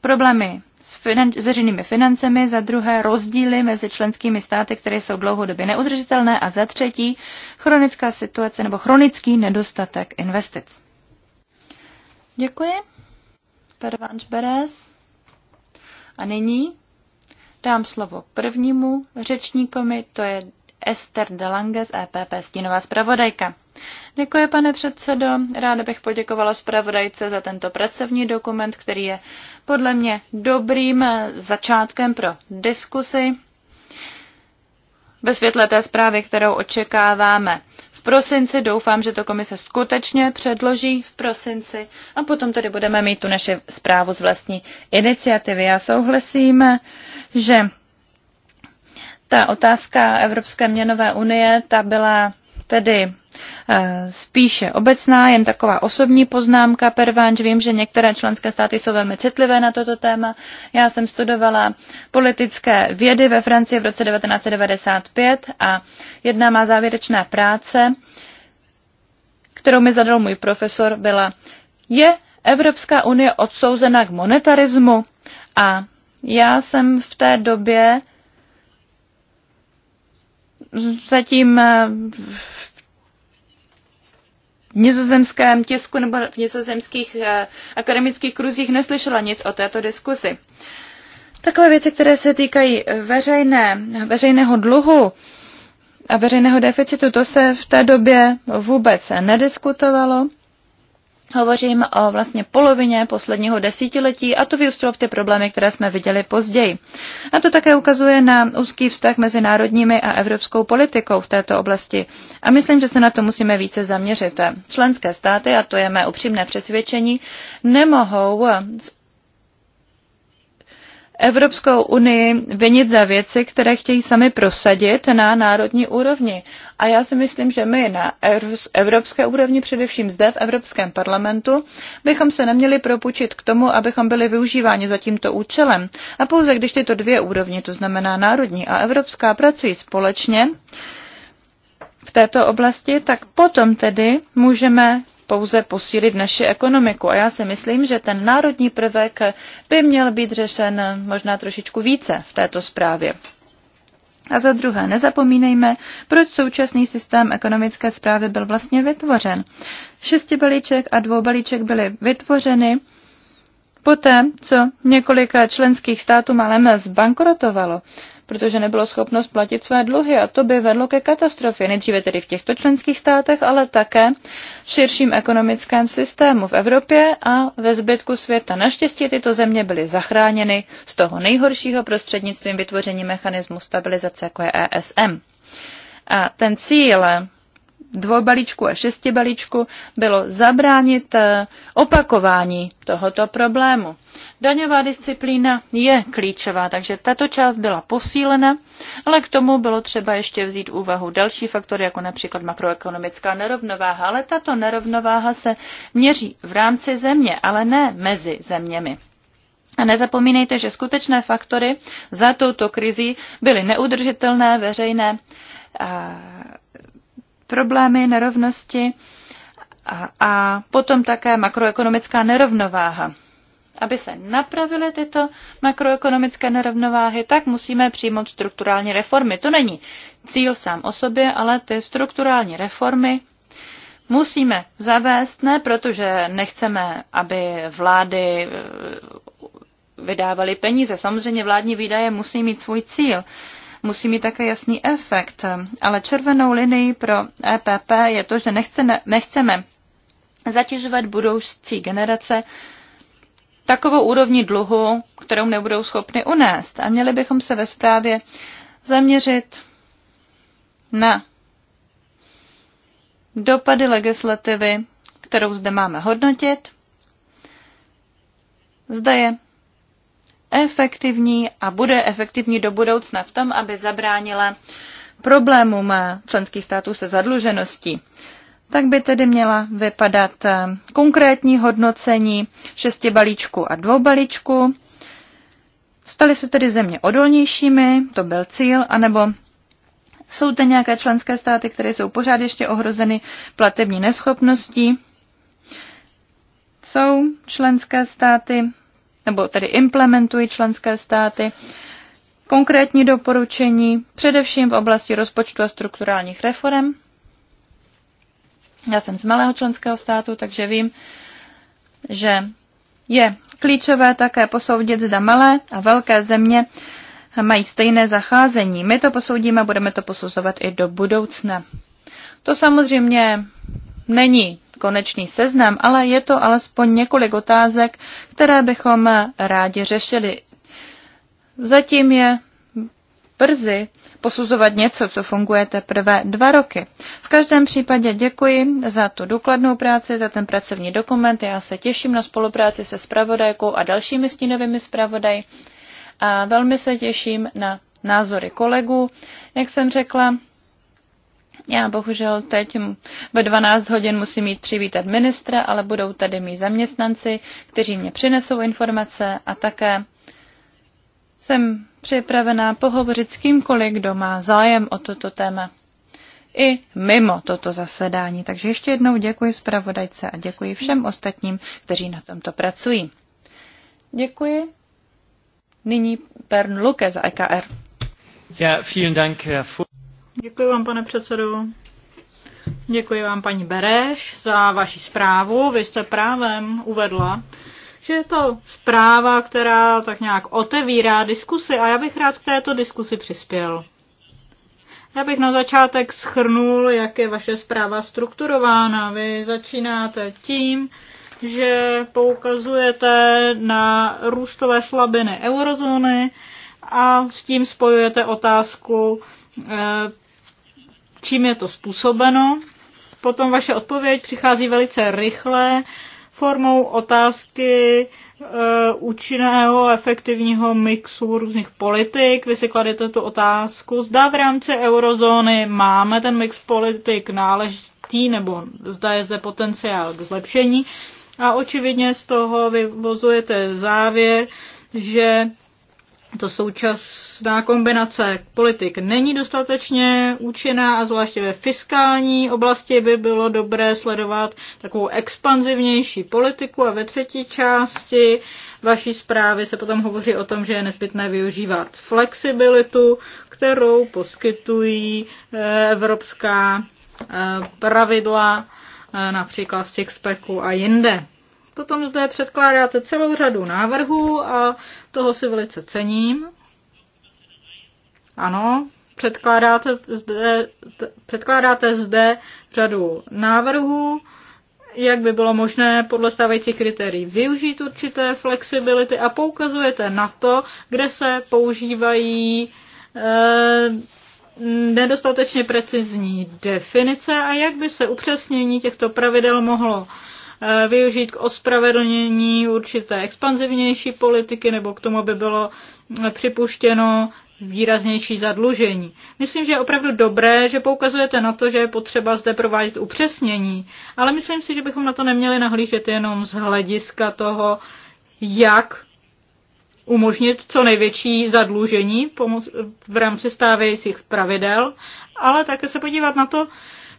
problémy s, finan- s veřejnými financemi, za druhé rozdíly mezi členskými státy, které jsou dlouhodobě neudržitelné a za třetí chronická situace nebo chronický nedostatek investic. Děkuji. Pervanč Beres. A nyní dám slovo prvnímu řečníkovi, to je Esther Delange z EPP Stínová zpravodajka. Děkuji, pane předsedo. Ráda bych poděkovala zpravodajce za tento pracovní dokument, který je podle mě dobrým začátkem pro diskusy ve světle té zprávy, kterou očekáváme prosinci. Doufám, že to komise skutečně předloží v prosinci a potom tedy budeme mít tu naše zprávu z vlastní iniciativy. Já souhlasím, že ta otázka Evropské měnové unie, ta byla tedy Eh, spíše obecná, jen taková osobní poznámka. Pervanč, vím, že některé členské státy jsou velmi citlivé na toto téma. Já jsem studovala politické vědy ve Francii v roce 1995 a jedna má závěrečná práce, kterou mi zadal můj profesor, byla Je Evropská unie odsouzena k monetarismu? A já jsem v té době zatím eh, nizozemském tisku nebo v nizozemských eh, akademických kruzích neslyšela nic o této diskusi. Takové věci, které se týkají veřejné, veřejného dluhu a veřejného deficitu, to se v té době vůbec nediskutovalo. Hovořím o vlastně polovině posledního desítiletí a to vyústilo v ty problémy, které jsme viděli později. A to také ukazuje na úzký vztah mezi národními a evropskou politikou v této oblasti. A myslím, že se na to musíme více zaměřit. Členské státy, a to je mé upřímné přesvědčení, nemohou Evropskou unii vinit za věci, které chtějí sami prosadit na národní úrovni. A já si myslím, že my na evropské úrovni, především zde v Evropském parlamentu, bychom se neměli propučit k tomu, abychom byli využíváni za tímto účelem. A pouze když tyto dvě úrovně, to znamená národní a evropská, pracují společně v této oblasti, tak potom tedy můžeme pouze posílit naši ekonomiku. A já si myslím, že ten národní prvek by měl být řešen možná trošičku více v této zprávě. A za druhé, nezapomínejme, proč současný systém ekonomické zprávy byl vlastně vytvořen. Šesti balíček a dvou balíček byly vytvořeny poté, co několika členských států málem zbankrotovalo protože nebylo schopno splatit své dluhy a to by vedlo ke katastrofě, nejdříve tedy v těchto členských státech, ale také v širším ekonomickém systému v Evropě a ve zbytku světa. Naštěstí tyto země byly zachráněny z toho nejhoršího prostřednictvím vytvoření mechanismu stabilizace, jako je ESM. A ten cíl dvoubalíčku a šestibalíčku bylo zabránit eh, opakování tohoto problému. Daňová disciplína je klíčová, takže tato část byla posílena, ale k tomu bylo třeba ještě vzít úvahu další faktory, jako například makroekonomická nerovnováha, ale tato nerovnováha se měří v rámci země, ale ne mezi zeměmi. A nezapomínejte, že skutečné faktory za touto krizí byly neudržitelné veřejné problémy, nerovnosti a, a potom také makroekonomická nerovnováha. Aby se napravily tyto makroekonomické nerovnováhy, tak musíme přijmout strukturální reformy. To není cíl sám o sobě, ale ty strukturální reformy musíme zavést, ne protože nechceme, aby vlády eh, vydávaly peníze. Samozřejmě vládní výdaje musí mít svůj cíl, musí mít také jasný efekt. Ale červenou linii pro EPP je to, že nechceme, nechceme zatěžovat budoucí generace takovou úrovní dluhu, kterou nebudou schopny unést. A měli bychom se ve zprávě zaměřit na dopady legislativy, kterou zde máme hodnotit, zda je efektivní a bude efektivní do budoucna v tom, aby zabránila problémům členských států se zadlužeností. Tak by tedy měla vypadat eh, konkrétní hodnocení šesti balíčku a dvou balíčku. Staly se tedy země odolnějšími, to byl cíl, anebo jsou to nějaké členské státy, které jsou pořád ještě ohrozeny platební neschopností? Jsou členské státy, nebo tedy implementují členské státy konkrétní doporučení, především v oblasti rozpočtu a strukturálních reform. Já jsem z malého členského státu, takže vím, že je klíčové také posoudit, zda malé a velké země mají stejné zacházení. My to posoudíme a budeme to posuzovat i do budoucna. To samozřejmě není konečný seznam, ale je to alespoň několik otázek, které bychom rádi řešili. Zatím je brzy posuzovat něco, co funguje teprve dva roky. V každém případě děkuji za tu důkladnou práci, za ten pracovní dokument. Já se těším na spolupráci se spravodajkou a dalšími stínovými zpravodaji a velmi se těším na názory kolegů. Jak jsem řekla, já bohužel teď ve 12 hodin musím jít přivítat ministra, ale budou tady mý zaměstnanci, kteří mě přinesou informace a také jsem připravená pohovořit s kýmkoliv, kdo má zájem o toto téma i mimo toto zasedání. Takže ještě jednou děkuji zpravodajce a děkuji všem ostatním, kteří na tomto pracují. Děkuji. Nyní Bern Luke za EKR. Ja, vielen Dank, Děkuji vám, pane předsedu. Děkuji vám, paní Bereš, za vaši zprávu. Vy jste právem uvedla, že je to zpráva, která tak nějak otevírá diskusy a já bych rád k této diskusi přispěl. Já bych na začátek schrnul, jak je vaše zpráva strukturována. Vy začínáte tím, že poukazujete na růstové slabiny eurozóny a s tím spojujete otázku eh, čím je to způsobeno. Potom vaše odpověď přichází velice rychle formou otázky e, účinného efektivního mixu různých politik. Vy si kladete tu otázku, zda v rámci eurozóny máme ten mix politik náležitý, nebo zda je zde potenciál k zlepšení. A očividně z toho vyvozujete závěr, že to současná kombinace politik není dostatečně účinná a zvláště ve fiskální oblasti by bylo dobré sledovat takovou expanzivnější politiku a ve třetí části vaší zprávy se potom hovoří o tom, že je nezbytné využívat flexibilitu, kterou poskytují eh, evropská eh, pravidla eh, například v Sixpacku a jinde. Potom zde předkládáte celou řadu návrhů a toho si velice cením. Ano, předkládáte zde, předkládáte zde řadu návrhů, jak by bylo možné podle stávajících kritérií využít určité flexibility a poukazujete na to, kde se používají e, nedostatečně precizní definice a jak by se upřesnění těchto pravidel mohlo Eh, využít k ospravedlnění určité expanzivnější politiky nebo k tomu, aby bylo eh, připuštěno výraznější zadlužení. Myslím, že je opravdu dobré, že poukazujete na to, že je potřeba zde provádět upřesnění, ale myslím si, že bychom na to neměli nahlížet jenom z hlediska toho, jak umožnit co největší zadlužení v rámci stávajících pravidel, ale také se podívat na to,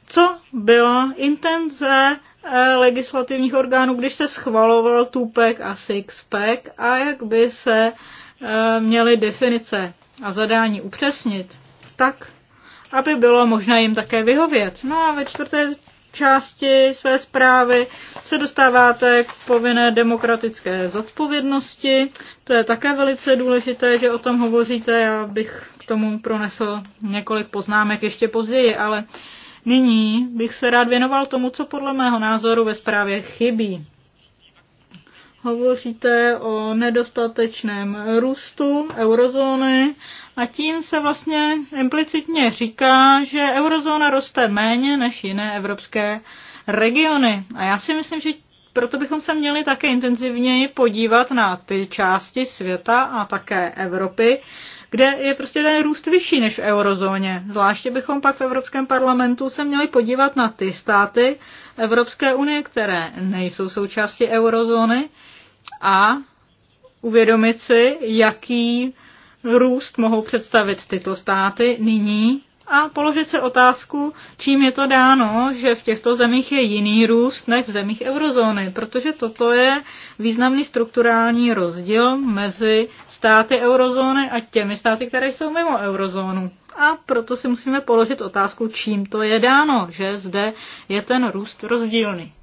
co byla intenze eh, legislativních orgánů, když se schvaloval tupek a sixpack a jak by se eh, měly definice a zadání upřesnit, tak aby bylo možné jim také vyhovět. No a ve čtvrté části své zprávy se dostáváte k povinné demokratické zodpovědnosti. To je také velice důležité, že o tom hovoříte. Já bych k tomu pronesl několik poznámek ještě později, ale Nyní bych se rád věnoval tomu, co podle mého názoru ve zprávě chybí. Hovoříte o nedostatečném růstu eurozóny a tím se vlastně implicitně říká, že eurozóna roste méně než jiné evropské regiony. A já si myslím, že proto bychom se měli také intenzivněji podívat na ty části světa a také Evropy, kde je prostě ten růst vyšší než v eurozóně. Zvláště bychom pak v Evropském parlamentu se měli podívat na ty státy Evropské unie, které nejsou součástí eurozóny a uvědomit si, jaký růst mohou představit tyto státy nyní a položit se otázku, čím je to dáno, že v těchto zemích je jiný růst než v zemích eurozóny, protože toto je významný strukturální rozdíl mezi státy eurozóny a těmi státy, které jsou mimo eurozónu. A proto si musíme položit otázku, čím to je dáno, že zde je ten růst rozdílný.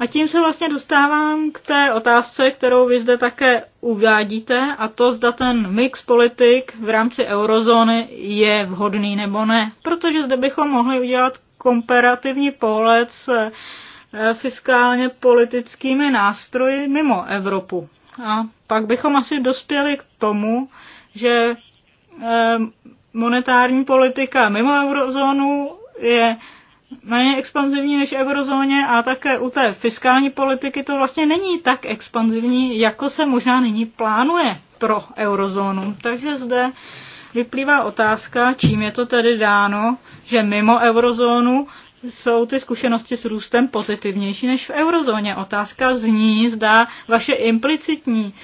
A tím se vlastně dostávám k té otázce, kterou vy zde také uvádíte, a to zda ten mix politik v rámci eurozóny je vhodný nebo ne. Protože zde bychom mohli udělat komparativní pohled s eh, fiskálně politickými nástroji mimo Evropu. A pak bychom asi dospěli k tomu, že eh, monetární politika mimo eurozónu je méně expanzivní než eurozóně a také u té fiskální politiky to vlastně není tak expanzivní, jako se možná nyní plánuje pro eurozónu. Takže zde vyplývá otázka, čím je to tedy dáno, že mimo eurozónu jsou ty zkušenosti s růstem pozitivnější než v eurozóně. Otázka zní, zdá vaše implicitní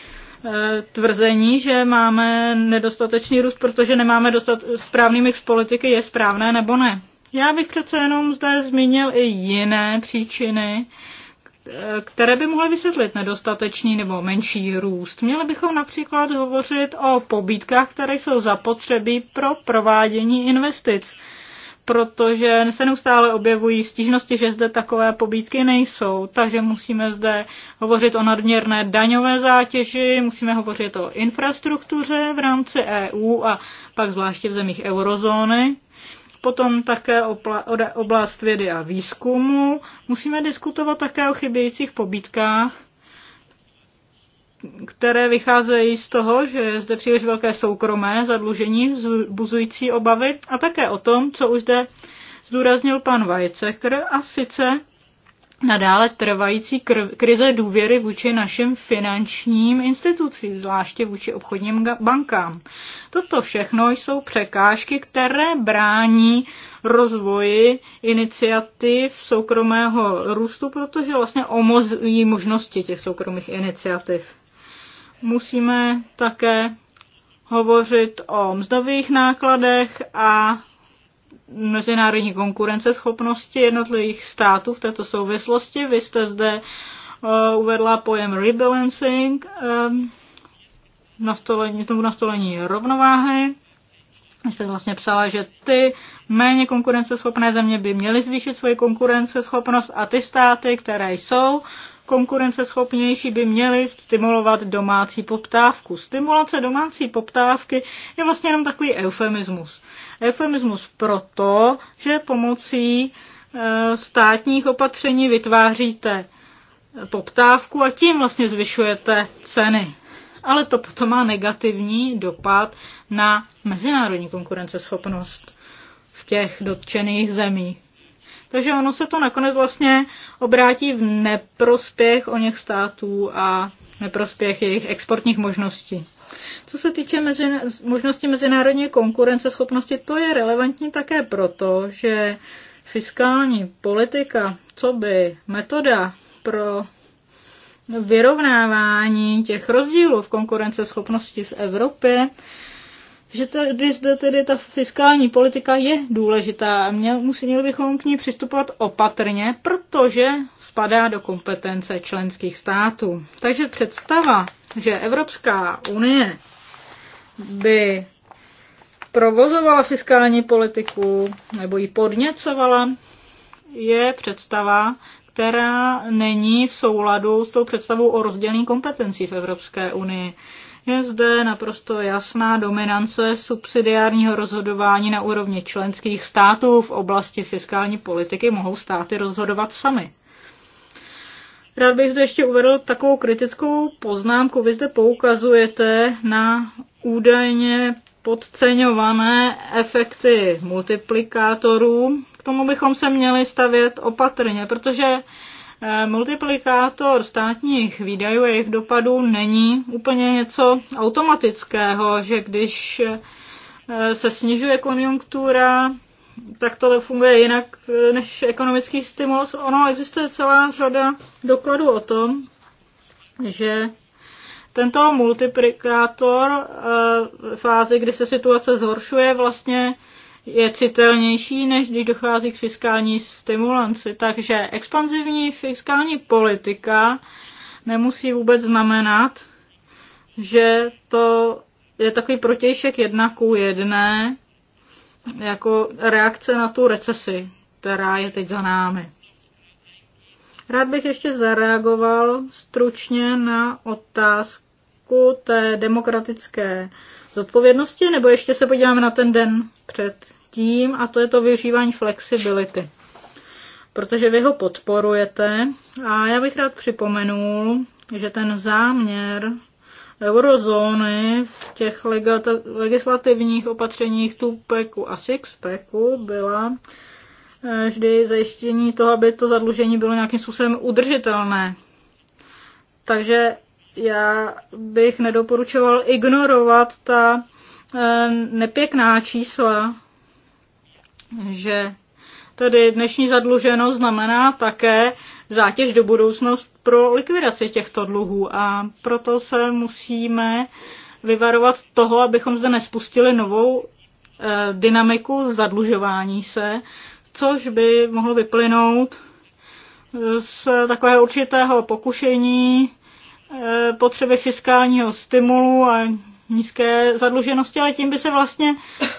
eh, tvrzení, že máme nedostatečný růst, protože nemáme dostat správný mix politiky, je správné nebo ne. Já bych přece jenom zde zmínil i jiné příčiny, které by mohly vysvětlit nedostatečný nebo menší růst. Měli bychom například hovořit o pobídkách, které jsou zapotřebí pro provádění investic, protože se neustále objevují stížnosti, že zde takové pobídky nejsou, takže musíme zde hovořit o nadměrné daňové zátěži, musíme hovořit o infrastruktuře v rámci EU a pak zvláště v zemích eurozóny, Potom také oblast vědy a výzkumu. Musíme diskutovat také o chybějících pobítkách, které vycházejí z toho, že je zde příliš velké soukromé zadlužení vzbuzující obavy a také o tom, co už zde zdůraznil pan Vajce, které a sice nadále trvající krize důvěry vůči našim finančním institucím, zvláště vůči obchodním bankám. Toto všechno jsou překážky, které brání rozvoji iniciativ soukromého růstu, protože vlastně omozují možnosti těch soukromých iniciativ. Musíme také hovořit o mzdových nákladech a mezinárodní konkurenceschopnosti jednotlivých států v této souvislosti. Vy jste zde eh, uvedla pojem rebalancing, ehm, nastolení, tomu nastolení rovnováhy. Vy jste vlastně psala, že ty méně konkurenceschopné země by měly zvýšit svoji konkurenceschopnost a ty státy, které jsou konkurenceschopnější by měly stimulovat domácí poptávku. Stimulace domácí poptávky je vlastně jenom takový eufemismus. Eufemismus proto, že pomocí e, státních opatření vytváříte e, poptávku a tím vlastně zvyšujete ceny. Ale to potom má negativní dopad na mezinárodní konkurenceschopnost v těch dotčených zemích. Takže ono se to nakonec vlastně obrátí v neprospěch o něch států a neprospěch jejich exportních možností. Co se týče mezi, možnosti mezinárodní konkurenceschopnosti, to je relevantní také proto, že fiskální politika, co by metoda pro vyrovnávání těch rozdílů v konkurenceschopnosti v Evropě že tady zde tedy ta fiskální politika je důležitá a měl, měli bychom k ní přistupovat opatrně, protože spadá do kompetence členských států. Takže představa, že Evropská unie by provozovala fiskální politiku nebo ji podněcovala, je představa, která není v souladu s tou představou o rozdělení kompetencí v Evropské unii. Je zde naprosto jasná dominance subsidiárního rozhodování na úrovni členských států v oblasti fiskální politiky. Mohou státy rozhodovat sami. Rád bych zde ještě uvedl takovou kritickou poznámku. Vy zde poukazujete na údajně podceňované efekty multiplikátorů. K tomu bychom se měli stavět opatrně, protože Eh, multiplikátor státních výdajů a jejich dopadů není úplně něco automatického, že když eh, se snižuje konjunktura, tak to funguje jinak eh, než ekonomický stimulus. Ono existuje celá řada dokladů o tom, že tento multiplikátor v fázi, kdy se situace zhoršuje, vlastně je citelnější, než když dochází k fiskální stimulanci. Takže expanzivní fiskální politika nemusí vůbec znamenat, že to je takový protějšek jedna ku jedné, jako reakce na tu recesi, která je teď za námi. Rád bych ještě zareagoval stručně na otázku té demokratické zodpovědnosti, nebo ještě se podíváme na ten den před tím, a to je to využívání flexibility. Protože vy ho podporujete a já bych rád připomenul, že ten záměr eurozóny v těch legislativních opatřeních tupeku a sixpeku byla eh, vždy zajištění toho, aby to zadlužení bylo nějakým způsobem udržitelné. Takže já bych nedoporučoval ignorovat ta eh, nepěkná čísla, že tedy dnešní zadluženost znamená také zátěž do budoucnost pro likvidaci těchto dluhů a proto se musíme vyvarovat toho, abychom zde nespustili novou eh, dynamiku zadlužování se, což by mohlo vyplynout z takového určitého pokušení Eh, potřeby fiskálního stimulu a nízké zadluženosti, ale tím by se vlastně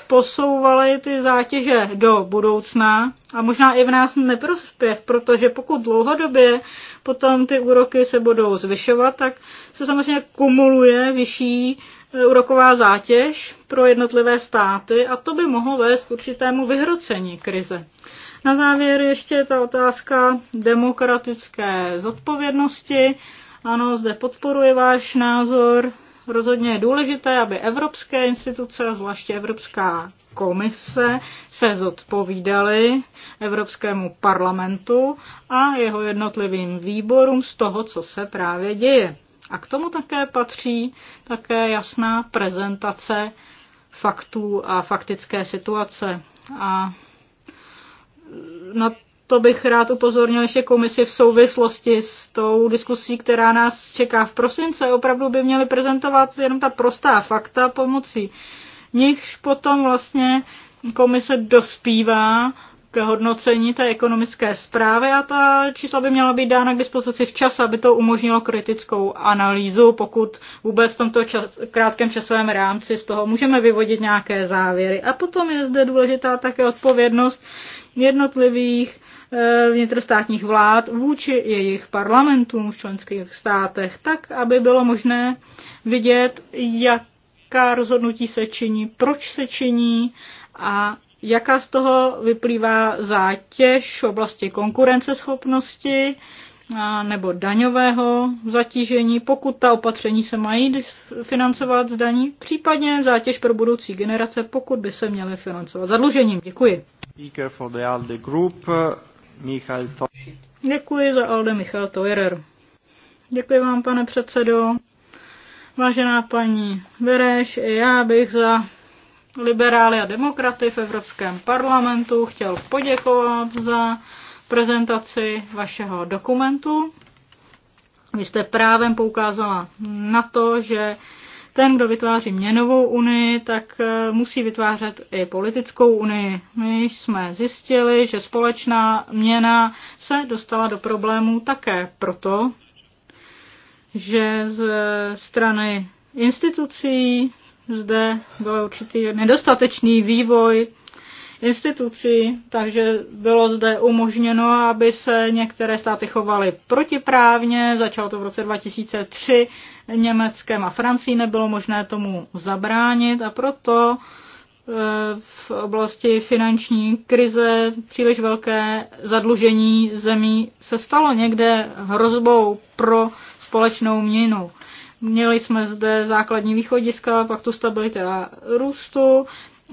posouvaly ty zátěže do budoucna a možná i v nás neprospěch, protože pokud dlouhodobě potom ty úroky se budou zvyšovat, tak se samozřejmě kumuluje vyšší eh, úroková zátěž pro jednotlivé státy a to by mohlo vést k určitému vyhrocení krize. Na závěr ještě ta otázka demokratické zodpovědnosti. Ano, zde podporuje váš názor. Rozhodně je důležité, aby evropské instituce, a zvláště Evropská komise, se zodpovídaly Evropskému parlamentu a jeho jednotlivým výborům z toho, co se právě děje. A k tomu také patří také jasná prezentace faktů a faktické situace. A na to bych rád upozornil ještě komisi v souvislosti s tou diskusí, která nás čeká v prosince. Opravdu by měly prezentovat jenom ta prostá fakta pomocí nichž potom vlastně komise dospívá k hodnocení té ekonomické zprávy a ta čísla by měla být dána k dispozici včas, aby to umožnilo kritickou analýzu, pokud vůbec v tomto čas, krátkém časovém rámci z toho můžeme vyvodit nějaké závěry. A potom je zde důležitá také odpovědnost jednotlivých Eh, vnitrostátních vlád vůči jejich parlamentům v členských státech, tak aby bylo možné vidět, jaká rozhodnutí se činí, proč se činí a jaká z toho vyplývá zátěž v oblasti konkurenceschopnosti nebo daňového zatížení, pokud ta opatření se mají financovat z daní, případně zátěž pro budoucí generace, pokud by se měly financovat zadlužením. Děkuji. Speaker for the ALDE group, Michal to... Děkuji za Alde Michal Tojerer. Děkuji vám, pane předsedo. Vážená paní Vereš, já bych za liberály a demokraty v Evropském parlamentu chtěl poděkovat za prezentaci vašeho dokumentu. Vy jste právem poukázala na to, že ten, kdo vytváří měnovou unii, tak eh, musí vytvářet i politickou unii. My jsme zjistili, že společná měna se dostala do problémů také proto, že z strany institucí zde byl určitý nedostatečný vývoj institucí, takže bylo zde umožněno, aby se některé státy chovaly protiprávně. Začalo to v roce 2003 Německem a Francii, nebylo možné tomu zabránit a proto e, v oblasti finanční krize příliš velké zadlužení zemí se stalo někde hrozbou pro společnou měnu. Měli jsme zde základní východiska, pak tu stability a růstu,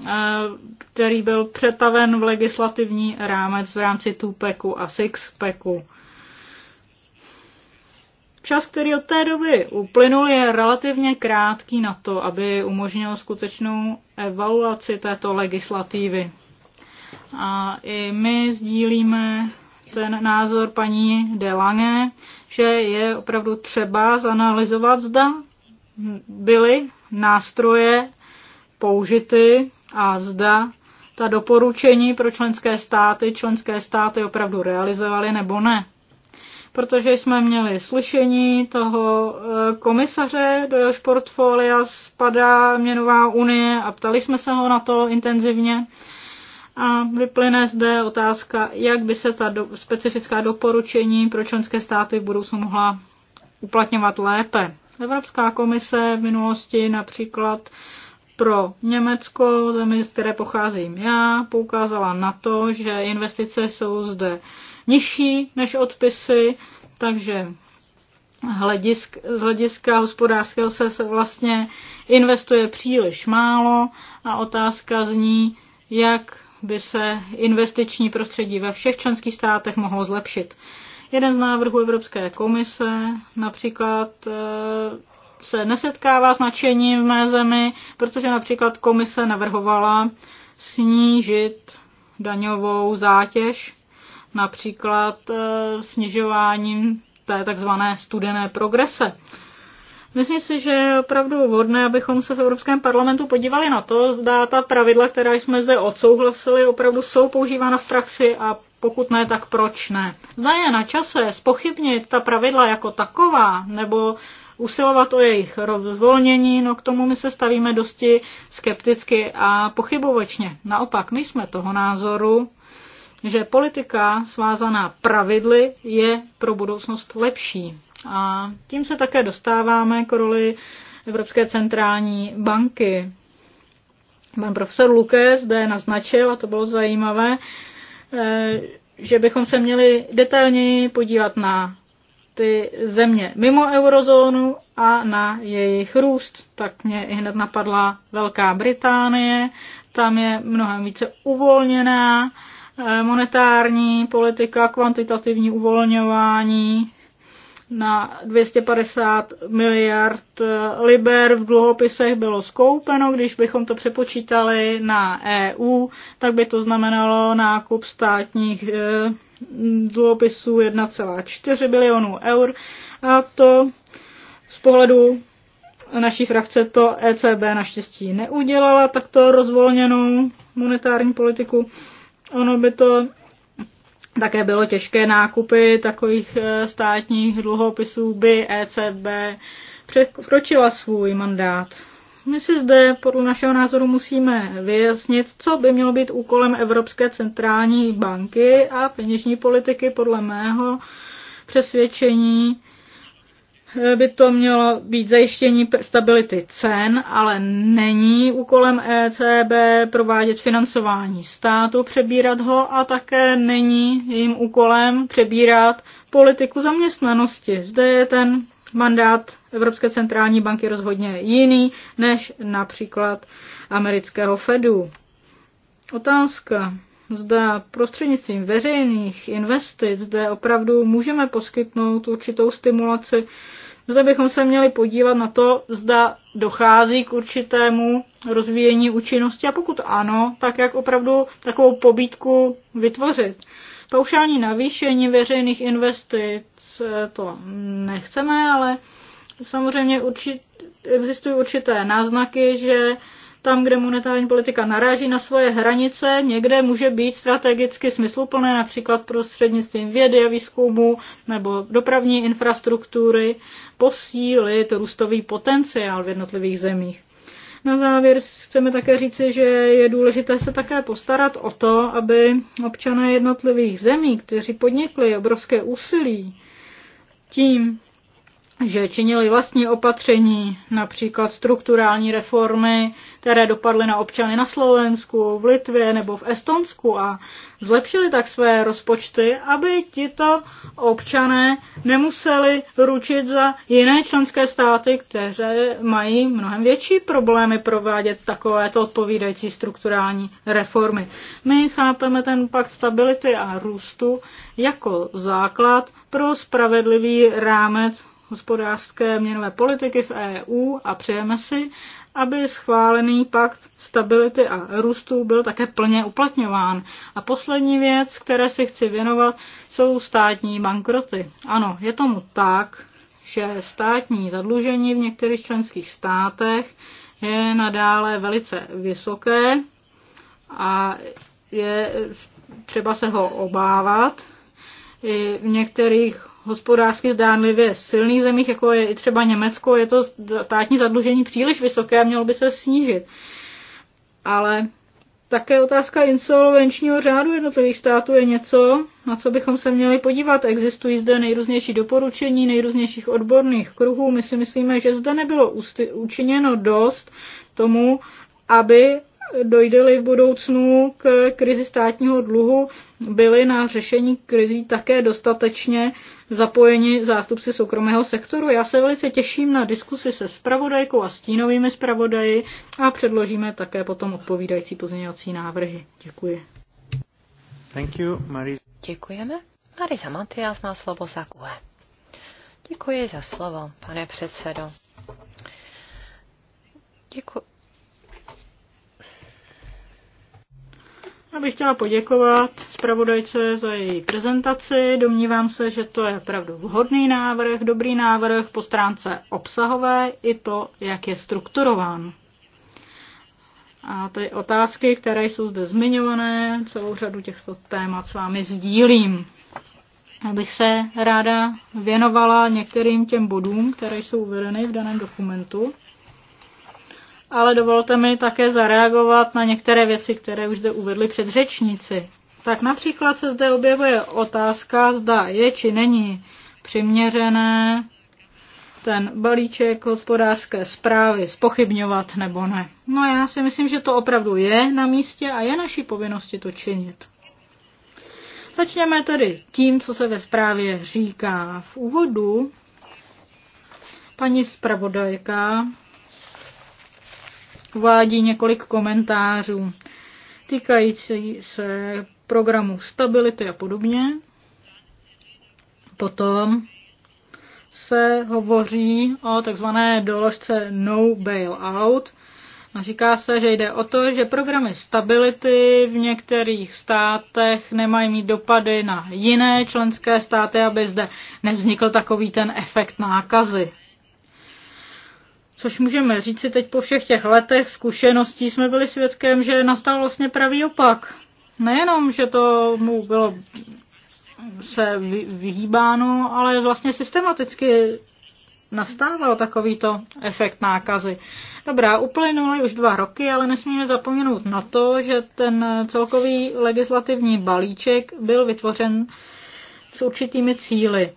Eh, který byl přetaven v legislativní rámec v rámci Tupeku a Sixpeku. Čas, který od té doby uplynul, je relativně krátký na to, aby umožnil skutečnou evaluaci této legislativy. A i my sdílíme ten názor paní Delange, že je opravdu třeba zanalizovat, zda byly nástroje použity a zda ta doporučení pro členské státy, členské státy opravdu realizovaly nebo ne. Protože jsme měli slyšení toho eh, komisaře, do jehož portfolia spadá měnová unie a ptali jsme se ho na to intenzivně. A vyplyne zde otázka, jak by se ta do, specifická doporučení pro členské státy v budoucnu mohla uplatňovat lépe. Evropská komise v minulosti například pro Německo, zemi, z které pocházím já, poukázala na to, že investice jsou zde nižší než odpisy, takže hledisk, z hlediska hospodářského se, vlastně investuje příliš málo a otázka zní, jak by se investiční prostředí ve všech členských státech mohlo zlepšit. Jeden z návrhů Evropské komise například eh, se nesetkává s nadšením v mé zemi, protože například komise navrhovala snížit daňovou zátěž, například eh, snižováním té takzvané studené progrese. Myslím si, že je opravdu vhodné, abychom se v Evropském parlamentu podívali na to, zda ta pravidla, která jsme zde odsouhlasili, opravdu jsou používána v praxi a pokud ne, tak proč ne. Zda je na čase spochybnit ta pravidla jako taková, nebo usilovat o jejich rozvolnění, no k tomu my se stavíme dosti skepticky a pochybovačně. Naopak, my jsme toho názoru, že politika svázaná pravidly je pro budoucnost lepší. A tím se také dostáváme k roli Evropské centrální banky. Pan profesor Luke zde naznačil, a to bylo zajímavé, eh, že bychom se měli detailněji podívat na ty země mimo eurozónu a na jejich růst. Tak mě i hned napadla Velká Británie, tam je mnohem více uvolněná eh, monetární politika, kvantitativní uvolňování na 250 miliard eh, liber v dluhopisech bylo skoupeno. Když bychom to přepočítali na EU, tak by to znamenalo nákup státních eh, dluhopisů 1,4 bilionů eur a to z pohledu naší frakce to ECB naštěstí neudělala takto rozvolněnou monetární politiku. Ono by to také bylo těžké nákupy takových eh, státních dluhopisů by ECB překročila svůj mandát. My si zde podle našeho názoru musíme vyjasnit, co by mělo být úkolem Evropské centrální banky a peněžní politiky podle mého přesvědčení eh, by to mělo být zajištění stability cen, ale není úkolem ECB provádět financování státu, přebírat ho a také není jejím úkolem přebírat politiku zaměstnanosti. Zde je ten mandát Evropské centrální banky rozhodně jiný než například amerického Fedu. Otázka, zda prostřednictvím veřejných investic zde opravdu můžeme poskytnout určitou stimulaci, zda bychom se měli podívat na to, zda dochází k určitému rozvíjení účinnosti a pokud ano, tak jak opravdu takovou pobídku vytvořit. Paušální navýšení veřejných investic to nechceme, ale samozřejmě určit, existují určité náznaky, že tam, kde monetární politika naráží na svoje hranice, někde může být strategicky smysluplné, například prostřednictvím vědy a výzkumu nebo dopravní infrastruktury, posílit růstový potenciál v jednotlivých zemích. Na závěr chceme také říci, že je důležité se také postarat o to, aby občané jednotlivých zemí, kteří podnikli obrovské úsilí tím, že činili vlastní opatření, například strukturální reformy, které dopadly na občany na Slovensku, v Litvě nebo v Estonsku a zlepšili tak své rozpočty, aby tito občané nemuseli ručit za jiné členské státy, které mají mnohem větší problémy provádět takovéto odpovídající strukturální reformy. My chápeme ten pakt stability a růstu jako základ pro spravedlivý rámec hospodářské měnové politiky v EU a přejeme si, aby schválený pakt stability a růstu byl také plně uplatňován. A poslední věc, které si chci věnovat, jsou státní bankroty. Ano, je tomu tak, že státní zadlužení v některých členských státech je nadále velice vysoké a je třeba se ho obávat, i v některých hospodářsky zdánlivě silných zemích, jako je i třeba Německo, je to státní zadlužení příliš vysoké a mělo by se snížit. Ale také otázka insolvenčního řádu jednotlivých států je něco, na co bychom se měli podívat. Existují zde nejrůznější doporučení nejrůznějších odborných kruhů. My si myslíme, že zde nebylo učiněno dost tomu, aby dojdeli v budoucnu k krizi státního dluhu byli na řešení krizí také dostatečně zapojeni zástupci soukromého sektoru. Já se velice těším na diskusi se spravodajkou a stínovými spravodaji a předložíme také potom odpovídající pozměňovací návrhy. Děkuji. Thank you, Marisa. Děkujeme. Marisa Matias má slovo za QE. Děkuji za slovo, pane předsedo. Děkuji. Já bych chtěla poděkovat zpravodajce za její prezentaci. Domnívám se, že to je opravdu vhodný návrh, dobrý návrh po stránce obsahové i to, jak je strukturován. A ty otázky, které jsou zde zmiňované, celou řadu těchto témat s vámi sdílím. Já bych se ráda věnovala některým těm bodům, které jsou uvedeny v daném dokumentu ale dovolte mi také zareagovat na některé věci, které už zde uvedli předřečníci. Tak například se zde objevuje otázka, zda je či není přiměřené ten balíček hospodářské zprávy spochybňovat nebo ne. No já si myslím, že to opravdu je na místě a je naší povinnosti to činit. Začněme tedy tím, co se ve zprávě říká. V úvodu paní zpravodajka uvádí několik komentářů týkající se programu stability a podobně. Potom se hovoří o takzvané doložce no bailout. A říká se, že jde o to, že programy stability v některých státech nemají mít dopady na jiné členské státy, aby zde nevznikl takový ten efekt nákazy. Což můžeme říct si teď po všech těch letech zkušeností jsme byli svědkem, že nastal vlastně pravý opak. Nejenom, že to mu bylo se vyhýbáno, ale vlastně systematicky nastával takovýto efekt nákazy. Dobrá, uplynuly už dva roky, ale nesmíme zapomenout na to, že ten celkový legislativní balíček byl vytvořen s určitými cíly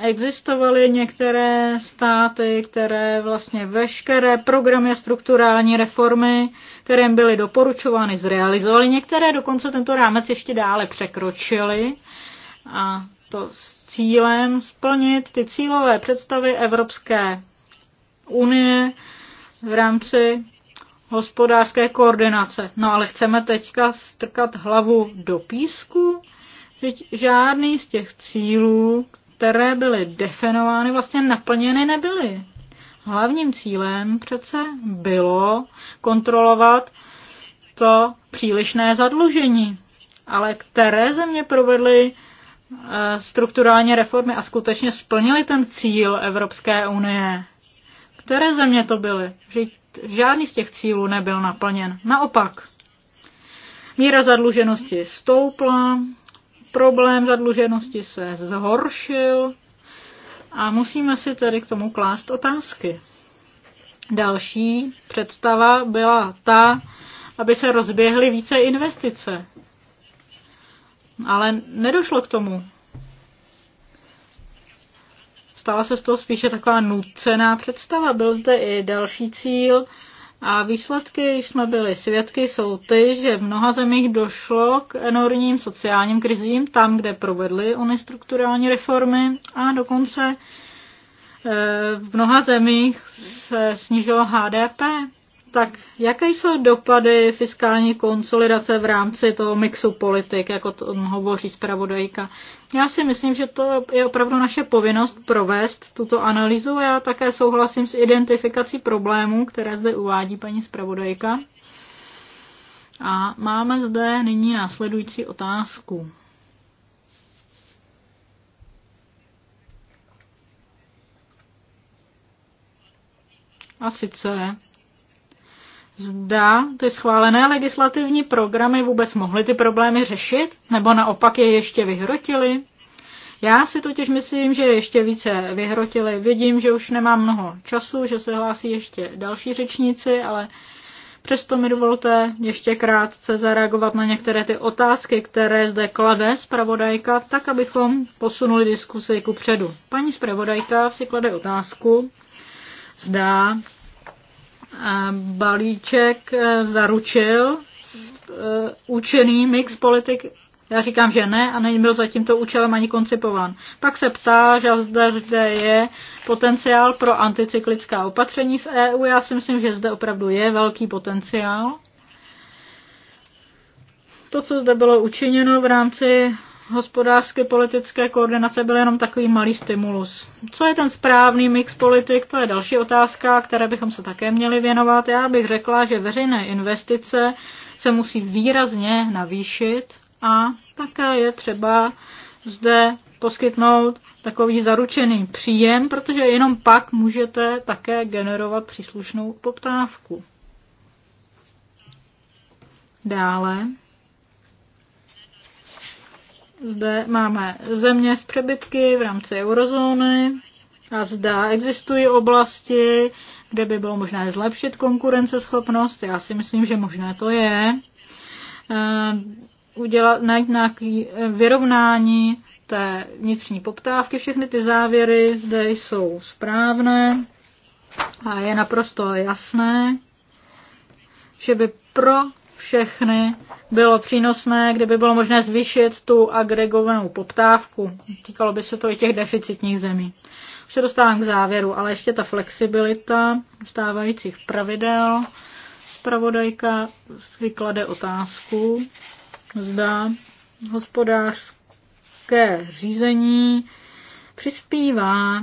existovaly některé státy, které vlastně veškeré programy a strukturální reformy, které byly doporučovány, zrealizovaly. Některé dokonce tento rámec ještě dále překročily a to s cílem splnit ty cílové představy Evropské unie v rámci hospodářské koordinace. No ale chceme teďka strkat hlavu do písku, že žádný z těch cílů, které byly definovány, vlastně naplněny nebyly. Hlavním cílem přece bylo kontrolovat to přílišné zadlužení, ale které země provedly eh, strukturální reformy a skutečně splnili ten cíl Evropské unie. Které země to byly? Žádný z těch cílů nebyl naplněn. Naopak, míra zadluženosti stoupla, problém zadluženosti se zhoršil a musíme si tedy k tomu klást otázky. Další představa byla ta, aby se rozběhly více investice. Ale nedošlo k tomu. Stala se z toho spíše taková nucená představa. Byl zde i další cíl, a výsledky, když jsme byli svědky, jsou ty, že v mnoha zemích došlo k enormním sociálním krizím, tam, kde provedly ony strukturální reformy a dokonce eh, v mnoha zemích se snížilo HDP tak jaké jsou dopady fiskální konsolidace v rámci toho mixu politik, jako to hovoří zpravodajka? Já si myslím, že to je opravdu naše povinnost provést tuto analýzu. Já také souhlasím s identifikací problémů, které zde uvádí paní zpravodajka. A máme zde nyní následující otázku. A sice, zda ty schválené legislativní programy vůbec mohly ty problémy řešit, nebo naopak je ještě vyhrotily. Já si totiž myslím, že ještě více vyhrotili. Vidím, že už nemám mnoho času, že se hlásí ještě další řečníci, ale přesto mi dovolte ještě krátce zareagovat na některé ty otázky, které zde klade zpravodajka, tak abychom posunuli diskusi ku předu. Paní zpravodajka si klade otázku, zda balíček eh, zaručil učený eh, mix politik. Já říkám, že ne a byl za to účelem ani koncipován. Pak se ptá, že zde, zde je potenciál pro anticyklická opatření v EU. Já si myslím, že zde opravdu je velký potenciál. To, co zde bylo učiněno v rámci hospodářské politické koordinace byl jenom takový malý stimulus. Co je ten správný mix politik, to je další otázka, které bychom se také měli věnovat. Já bych řekla, že veřejné investice se musí výrazně navýšit a také je třeba zde poskytnout takový zaručený příjem, protože jenom pak můžete také generovat příslušnou poptávku. Dále zde máme země s přebytky v rámci eurozóny a zda existují oblasti, kde by bylo možné zlepšit konkurenceschopnost. Já si myslím, že možné to je. Eh, udělat, najít nějaké eh, vyrovnání té vnitřní poptávky, všechny ty závěry zde jsou správné a je naprosto jasné, že by pro všechny bylo přínosné, kdyby bylo možné zvýšit tu agregovanou poptávku. Týkalo by se to i těch deficitních zemí. Už se dostávám k závěru, ale ještě ta flexibilita stávajících pravidel. Spravodajka vyklade otázku, zda hospodářské řízení přispívá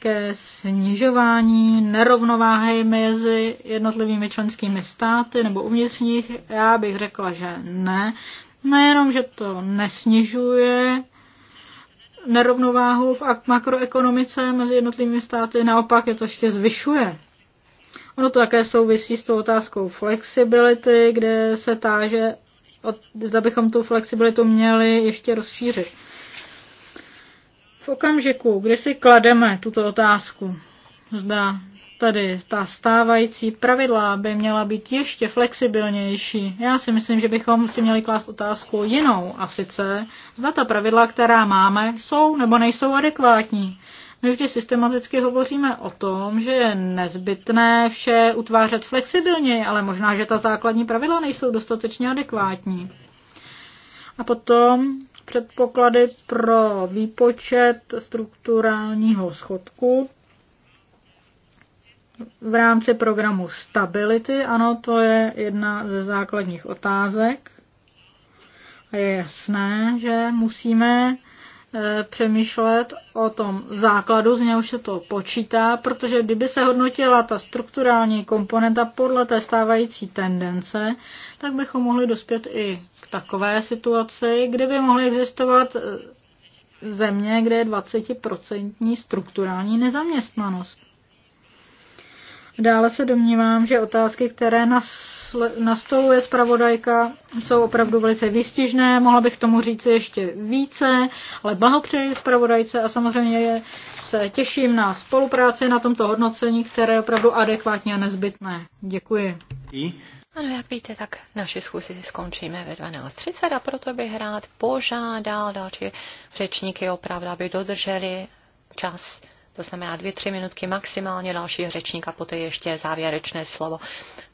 ke snižování nerovnováhy mezi jednotlivými členskými státy nebo uvnitř nich? Já bych řekla, že ne. Nejenom, že to nesnižuje nerovnováhu v makroekonomice mezi jednotlivými státy, naopak je to ještě zvyšuje. Ono to také souvisí s tou otázkou flexibility, kde se táže, zda bychom tu flexibilitu měli ještě rozšířit. V okamžiku, kdy si klademe tuto otázku, zda tady ta stávající pravidla by měla být ještě flexibilnější. Já si myslím, že bychom si měli klást otázku jinou a sice, zda ta pravidla, která máme, jsou nebo nejsou adekvátní. My vždy systematicky hovoříme o tom, že je nezbytné vše utvářet flexibilně, ale možná, že ta základní pravidla nejsou dostatečně adekvátní. A potom předpoklady pro výpočet strukturálního schodku v rámci programu Stability. Ano, to je jedna ze základních otázek. A je jasné, že musíme eh, přemýšlet o tom základu, z něhož se to počítá, protože kdyby se hodnotila ta strukturální komponenta podle té stávající tendence, tak bychom mohli dospět i takové situaci, kde by mohly existovat eh, země, kde je 20% strukturální nezaměstnanost. Dále se domnívám, že otázky, které nastoluje zpravodajka, jsou opravdu velice výstižné. Mohla bych tomu říct ještě více, ale blahopřeji zpravodajce a samozřejmě se těším na spolupráci na tomto hodnocení, které je opravdu adekvátně a nezbytné. Děkuji. I? Ano, jak víte, tak naši schůzi skončíme ve 12.30 a proto bych rád požádal další řečníky opravdu, aby dodrželi čas, to znamená dvě, tři minutky maximálně další a poté ještě závěrečné slovo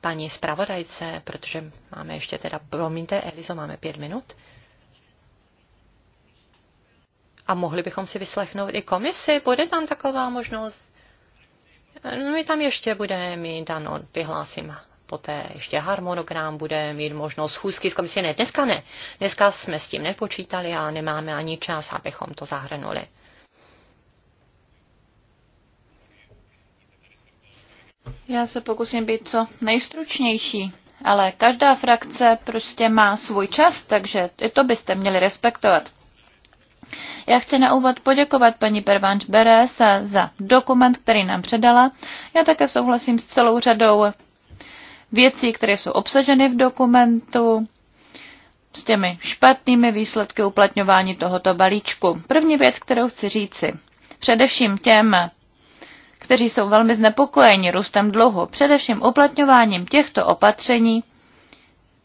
paní zpravodajce, protože máme ještě teda, promiňte, Elizo, máme pět minut. A mohli bychom si vyslechnout i komisi, bude tam taková možnost? No, My tam ještě budeme mít, ano, vyhlásím poté ještě harmonogram, bude mít možnost schůzky s komisí. Ne, dneska ne. Dneska jsme s tím nepočítali a nemáme ani čas, abychom to zahrnuli. Já se pokusím být co nejstručnější, ale každá frakce prostě má svůj čas, takže i to byste měli respektovat. Já chci na úvod poděkovat paní Pervanč Beres za dokument, který nám předala. Já také souhlasím s celou řadou věcí, které jsou obsaženy v dokumentu, s těmi špatnými výsledky uplatňování tohoto balíčku. První věc, kterou chci říci, především těm, kteří jsou velmi znepokojeni růstem dluhu, především uplatňováním těchto opatření,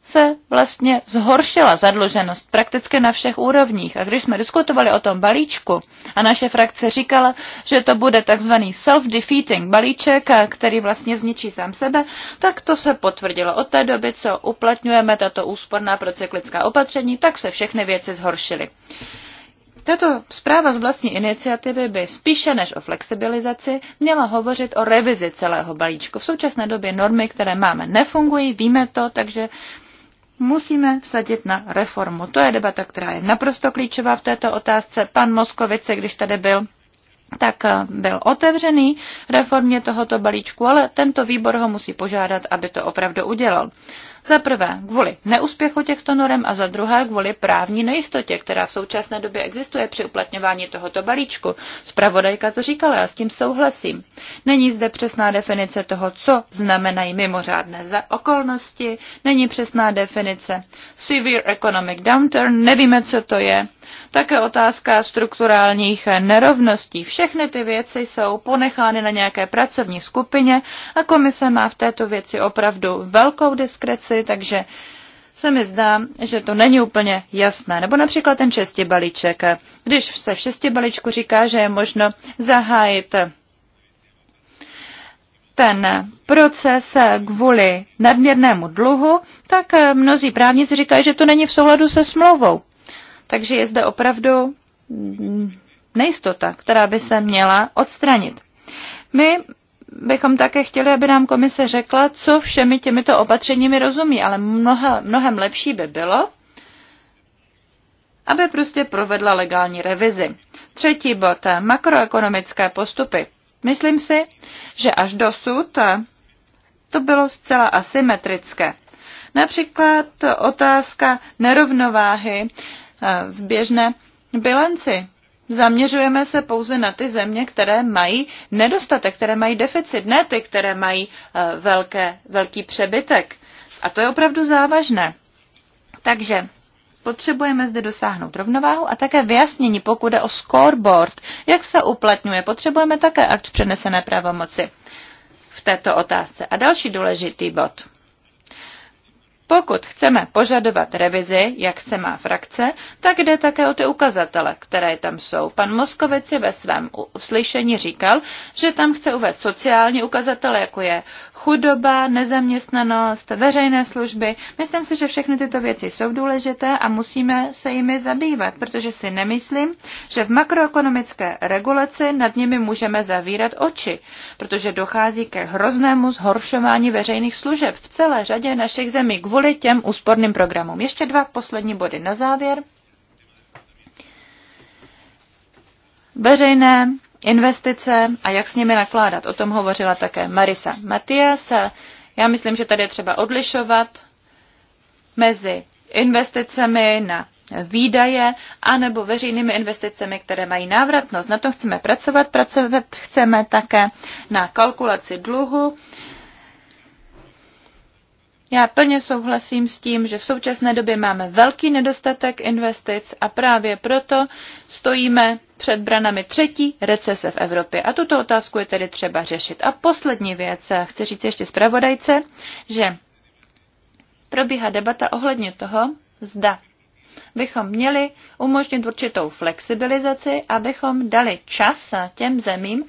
se vlastně zhoršila zadluženost prakticky na všech úrovních. A když jsme diskutovali o tom balíčku a naše frakce říkala, že to bude takzvaný self-defeating balíček, který vlastně zničí sám sebe, tak to se potvrdilo. Od té doby, co uplatňujeme tato úsporná procyklická opatření, tak se všechny věci zhoršily. Tato zpráva z vlastní iniciativy by spíše než o flexibilizaci měla hovořit o revizi celého balíčku. V současné době normy, které máme, nefungují, víme to, takže musíme vsadit na reformu. To je debata, která je naprosto klíčová v této otázce. Pan Moskovice, když tady byl, tak eh, byl otevřený reformě tohoto balíčku, ale tento výbor ho musí požádat, aby to opravdu udělal. Za prvé kvůli neúspěchu těchto norem a za druhé kvůli právní nejistotě, která v současné době existuje při uplatňování tohoto balíčku. Spravodajka to říkala, já s tím souhlasím. Není zde přesná definice toho, co znamenají mimořádné za okolnosti, není přesná definice severe economic downturn, nevíme, co to je. Také otázka strukturálních nerovností. Všechny ty věci jsou ponechány na nějaké pracovní skupině a komise má v této věci opravdu velkou diskreci pomoci, takže se mi zdá, že to není úplně jasné. Nebo například ten šesti balíček. Když se v šesti balíčku říká, že je možno zahájit ten proces kvůli nadměrnému dluhu, tak mnozí právníci říkají, že to není v souladu se smlouvou. Takže je zde opravdu nejistota, která by se měla odstranit. My bychom také chtěli, aby nám komise řekla, co všemi těmito opatřeními rozumí, ale mnoha, mnohem lepší by bylo, aby prostě provedla legální revizi. Třetí bod, makroekonomické postupy. Myslím si, že až dosud to bylo zcela asymetrické. Například otázka nerovnováhy v běžné bilanci zaměřujeme se pouze na ty země, které mají nedostatek, které mají deficit, ne ty, které mají eh, velké, velký přebytek. A to je opravdu závažné. Takže Potřebujeme zde dosáhnout rovnováhu a také vyjasnění, pokud je o scoreboard, jak se uplatňuje. Potřebujeme také akt přenesené pravomoci v této otázce. A další důležitý bod. Pokud chceme požadovat revizi, jak chce má frakce, tak jde také o ty ukazatele, které tam jsou. Pan Moskovici ve svém uslyšení říkal, že tam chce uvést sociální ukazatele, jako je chudoba, nezaměstnanost, veřejné služby. Myslím si, že všechny tyto věci jsou důležité a musíme se jimi zabývat, protože si nemyslím, že v makroekonomické regulaci nad nimi můžeme zavírat oči, protože dochází ke hroznému zhoršování veřejných služeb v celé řadě našich zemí kvůli kvůli těm úsporným programům. Ještě dva poslední body na závěr. Veřejné investice a jak s nimi nakládat. O tom hovořila také Marisa Matias. Já myslím, že tady je třeba odlišovat mezi investicemi na výdaje anebo veřejnými investicemi, které mají návratnost. Na to chceme pracovat. Pracovat chceme také na kalkulaci dluhu já plně souhlasím s tím, že v současné době máme velký nedostatek investic a právě proto stojíme před branami třetí recese v Evropě. A tuto otázku je tedy třeba řešit. A poslední věc, chci říct ještě zpravodajce, že probíhá debata ohledně toho, zda bychom měli umožnit určitou flexibilizaci, abychom dali čas těm zemím,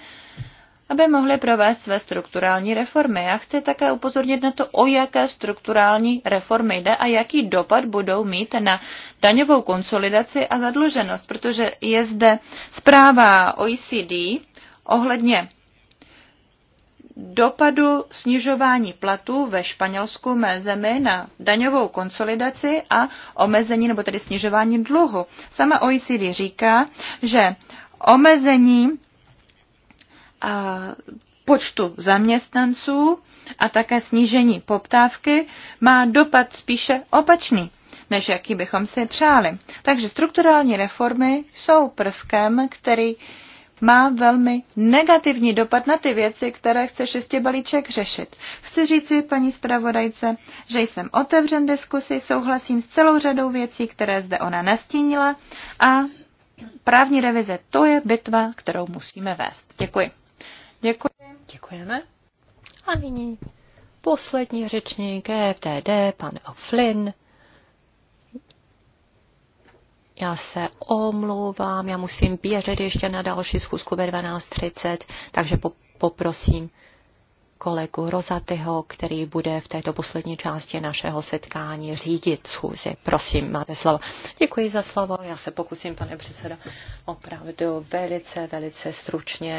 aby mohli provést své strukturální reformy. Já chci také upozornit na to, o jaké strukturální reformy jde a jaký dopad budou mít na daňovou konsolidaci a zadluženost, protože je zde zpráva OECD ohledně dopadu snižování platů ve Španělsku mé zemi na daňovou konsolidaci a omezení nebo tedy snižování dluhu. Sama OECD říká, že omezení počtu zaměstnanců a také snížení poptávky má dopad spíše opačný, než jaký bychom si přáli. Takže strukturální reformy jsou prvkem, který má velmi negativní dopad na ty věci, které chce šestě balíček řešit. Chci říci paní zpravodajce, že jsem otevřen diskusi, souhlasím s celou řadou věcí, které zde ona nastínila a právní revize to je bitva, kterou musíme vést. Děkuji. Děkuji. Děkujeme. A nyní poslední řečník EFTD, pan O'Flynn. Já se omlouvám, já musím běžet ještě na další schůzku ve 12.30, takže poprosím kolegu Rozatyho, který bude v této poslední části našeho setkání řídit schůzi. Prosím, máte slovo. Děkuji za slovo. Já se pokusím, pane předsedo, opravdu velice, velice stručně.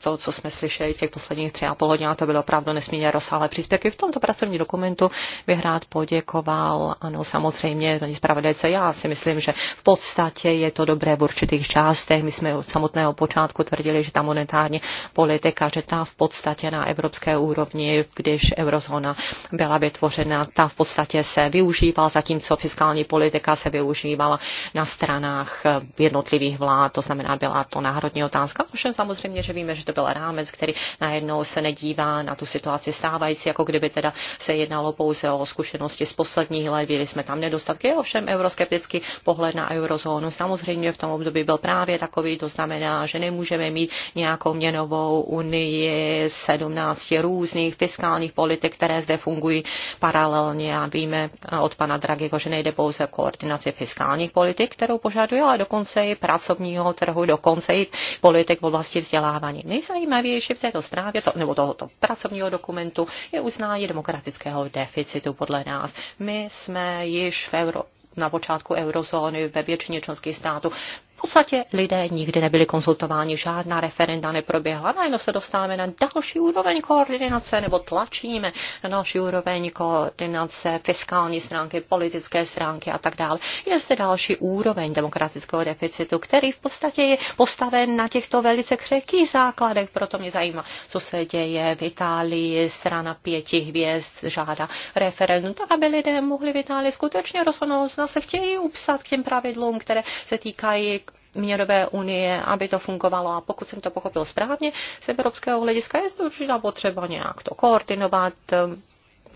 To, co jsme slyšeli těch posledních tři a půl hodin, to bylo opravdu nesmírně rozsáhlé příspěvky. V tomto pracovním dokumentu bych rád poděkoval, ano, samozřejmě, paní zpravodajce, já si myslím, že v podstatě je to dobré v určitých částech. My jsme od samotného počátku tvrdili, že ta monetární politika, že ta v podstatě na evropské úrovni, když eurozóna byla vytvořena, ta v podstatě se využívala, zatímco fiskální politika se využívala na stranách jednotlivých vlád, to znamená, byla to národní otázka. Ovšem samozřejmě, že víme, že to byl rámec, který najednou se nedívá na tu situaci stávající, jako kdyby teda se jednalo pouze o zkušenosti z posledních let, byli jsme tam nedostatky, ovšem euroskeptický pohled na eurozónu samozřejmě v tom období byl právě takový, to znamená, že nemůžeme mít nějakou měnovou unii 17 různých fiskálních politik, které zde fungují paralelně a víme od pana Dragiho, že nejde pouze o koordinaci fiskálních politik, kterou požaduje, ale dokonce i pracovního trhu, dokonce i politik v oblasti vzdělávání. Nejzajímavější v této zprávě, to, nebo tohoto pracovního dokumentu, je uznání demokratického deficitu podle nás. My jsme již v Euro, na počátku eurozóny ve většině členských států v podstatě lidé nikdy nebyli konzultováni, žádná referenda neproběhla. Najednou se dostáváme na další úroveň koordinace, nebo tlačíme na další úroveň koordinace fiskální stránky, politické stránky a tak dále. Je zde další úroveň demokratického deficitu, který v podstatě je postaven na těchto velice křehkých základech. Proto mě zajímá, co se děje v Itálii, strana pěti hvězd žádá referendum, tak aby lidé mohli v Itálii skutečně rozhodnout, zda se chtějí upsat k těm pravidlům, které se týkají měnové unie, aby to fungovalo. A pokud jsem to pochopil správně, z evropského hlediska je to určitá potřeba nějak to koordinovat, um,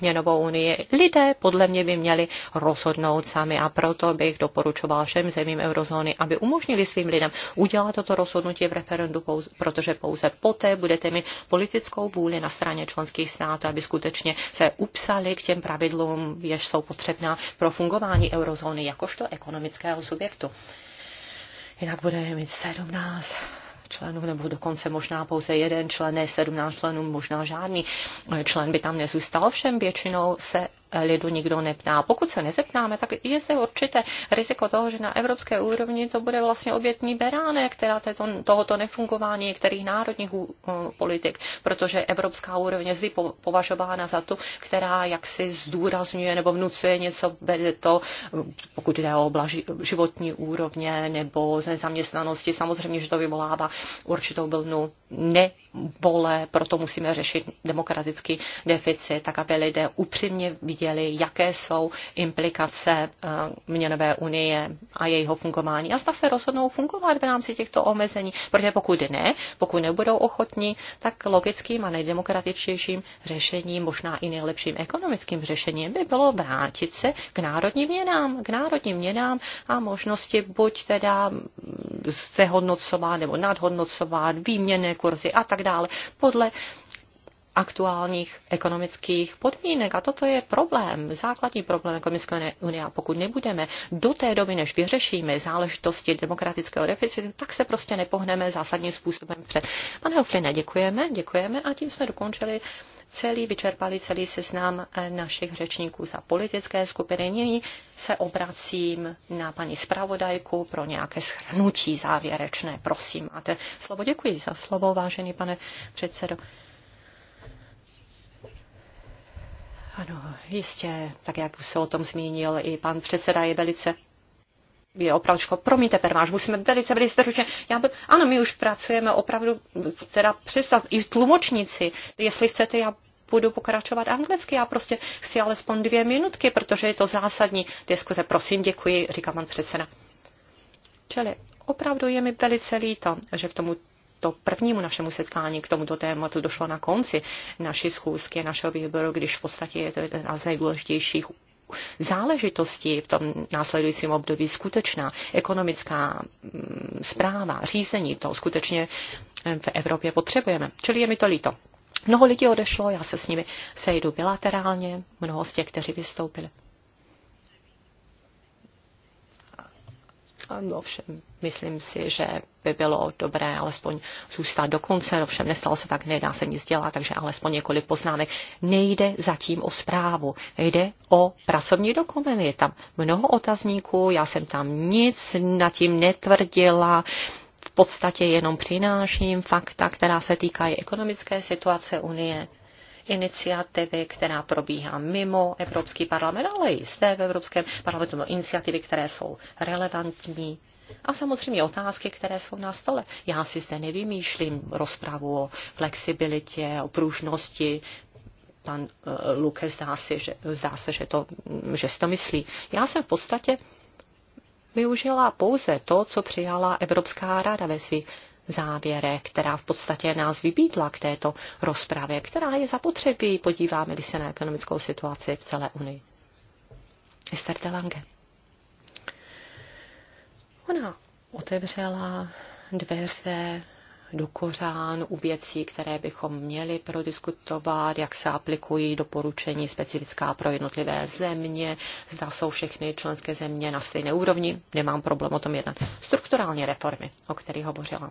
měnovou unii. Lidé podle mě by měli rozhodnout sami a proto bych doporučoval všem zemím eurozóny, aby umožnili svým lidem udělat toto rozhodnutí v referendu, pouze, protože pouze poté budete mít politickou vůli na straně členských států, aby skutečně se upsali k těm pravidlům, jež jsou potřebná pro fungování eurozóny jakožto ekonomického subjektu. Jinak budeme mít 17 členů, nebo dokonce možná pouze jeden člen, ne 17 členů, možná žádný člen by tam nezůstal. Všem většinou se lidu nikdo neptá. Pokud se nezeptáme, tak je zde určité riziko toho, že na evropské úrovni to bude vlastně obětní beránek která této, tohoto nefungování některých národních uh, politik, protože evropská úroveň je zde považována za tu, která jaksi zdůrazňuje nebo vnucuje něco, vede to, pokud jde o blaži, životní úrovně nebo z nezaměstnanosti, samozřejmě, že to vyvolává určitou vlnu bole, proto musíme řešit demokratický deficit, tak aby lidé upřímně viděli, věděli, jaké jsou implikace eh, měnové unie a jejího fungování. A zda se rozhodnou fungovat v rámci těchto omezení, protože pokud ne, pokud nebudou ochotní, tak logickým a nejdemokratičtějším řešením, možná i nejlepším ekonomickým řešením by bylo vrátit se k národním měnám, k národním měnám a možnosti buď teda mm, zehodnocovat nebo nadhodnocovat výměné kurzy a tak dále podle aktuálních ekonomických podmínek. A toto je problém, základní problém ekonomické unie. A pokud nebudeme do té doby, než vyřešíme záležitosti demokratického deficitu, tak se prostě nepohneme zásadním způsobem před. Pane Hofline, děkujeme, děkujeme a tím jsme dokončili celý, vyčerpali celý seznam eh, našich řečníků za politické skupiny. Nyní se obracím na paní zpravodajku pro nějaké schrnutí závěrečné. Prosím, máte slovo. Děkuji za slovo, vážený pane předsedo. Ano, jistě, tak jak se o tom zmínil i pan předseda, je velice je opravdu, promiňte, Permáš, musíme velice, velice stručně. Já, byl, ano, my už pracujeme opravdu, teda přestat, i tlumočníci, jestli chcete, já budu pokračovat anglicky, já prostě chci alespoň dvě minutky, protože je to zásadní diskuze. Prosím, děkuji, říká pan předseda. Čili opravdu je mi velice líto, že k tomu to prvnímu našemu setkání k tomuto tématu došlo na konci naší schůzky, našeho výboru, když v podstatě je to jedna z nejdůležitějších záležitostí v tom následujícím období skutečná ekonomická mm, zpráva, řízení, to skutečně eh, v Evropě potřebujeme. Čili je mi to líto. Mnoho lidí odešlo, já se s nimi sejdu bilaterálně, mnoho z těch, kteří vystoupili. Ovšem, myslím si, že by bylo dobré alespoň zůstat do konce, ovšem nestalo se tak, nedá se nic dělat, takže alespoň několik poznámek. Nejde zatím o zprávu, jde o pracovní dokument, je tam mnoho otazníků, já jsem tam nic nad tím netvrdila, v podstatě jenom přináším fakta, která se týkají ekonomické situace Unie iniciativy, která probíhá mimo Evropský parlament, ale i zde v Evropském parlamentu, no iniciativy, které jsou relevantní. A samozřejmě otázky, které jsou na stole. Já si zde nevymýšlím rozpravu o flexibilitě, o pružnosti. Pan eh, Luke zdá, si, že, zdá se, že, to, mm, že si to myslí. Já jsem v podstatě využila pouze to, co přijala Evropská rada ve svých závěre, která v podstatě nás vybídla k této rozpravě, která je zapotřebí, podíváme se na ekonomickou situaci v celé Unii. Esther de Lange. Ona otevřela dveře do kořán u věcí, které bychom měli prodiskutovat, jak se aplikují doporučení specifická pro jednotlivé země, zda jsou všechny členské země na stejné úrovni, nemám problém o tom jednat. Strukturální reformy, o kterých hovořila.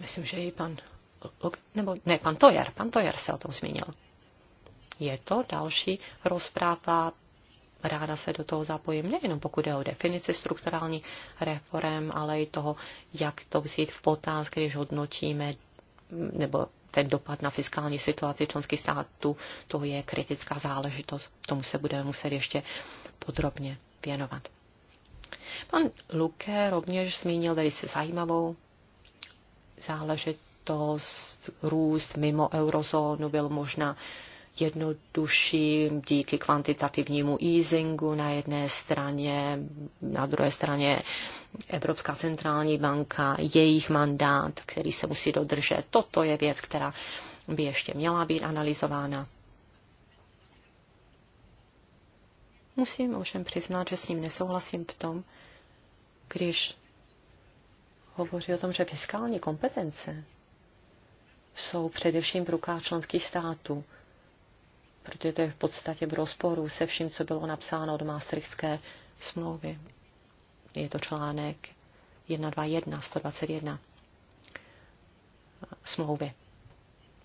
Myslím, že i pan, nebo ne, pan Tojer, pan Tojer se o tom zmínil. Je to další rozpráva ráda se do toho zapojím, nejenom pokud je o definici strukturální reform, ale i toho, jak to vzít v potaz, když hodnotíme nebo ten dopad na fiskální situaci členských států, to je kritická záležitost. Tomu se budeme muset ještě podrobně věnovat. Pan Luke rovněž zmínil velice zajímavou záležitost. Růst mimo eurozónu byl možná jednodušší díky kvantitativnímu easingu na jedné straně, na druhé straně Evropská centrální banka, jejich mandát, který se musí dodržet. Toto je věc, která by ještě měla být analyzována. Musím ovšem přiznat, že s ním nesouhlasím v tom, když hovoří o tom, že fiskální kompetence jsou především v rukách členských států protože to je v podstatě v rozporu se vším, co bylo napsáno od Maastrichtské smlouvy. Je to článek 121, 121 smlouvy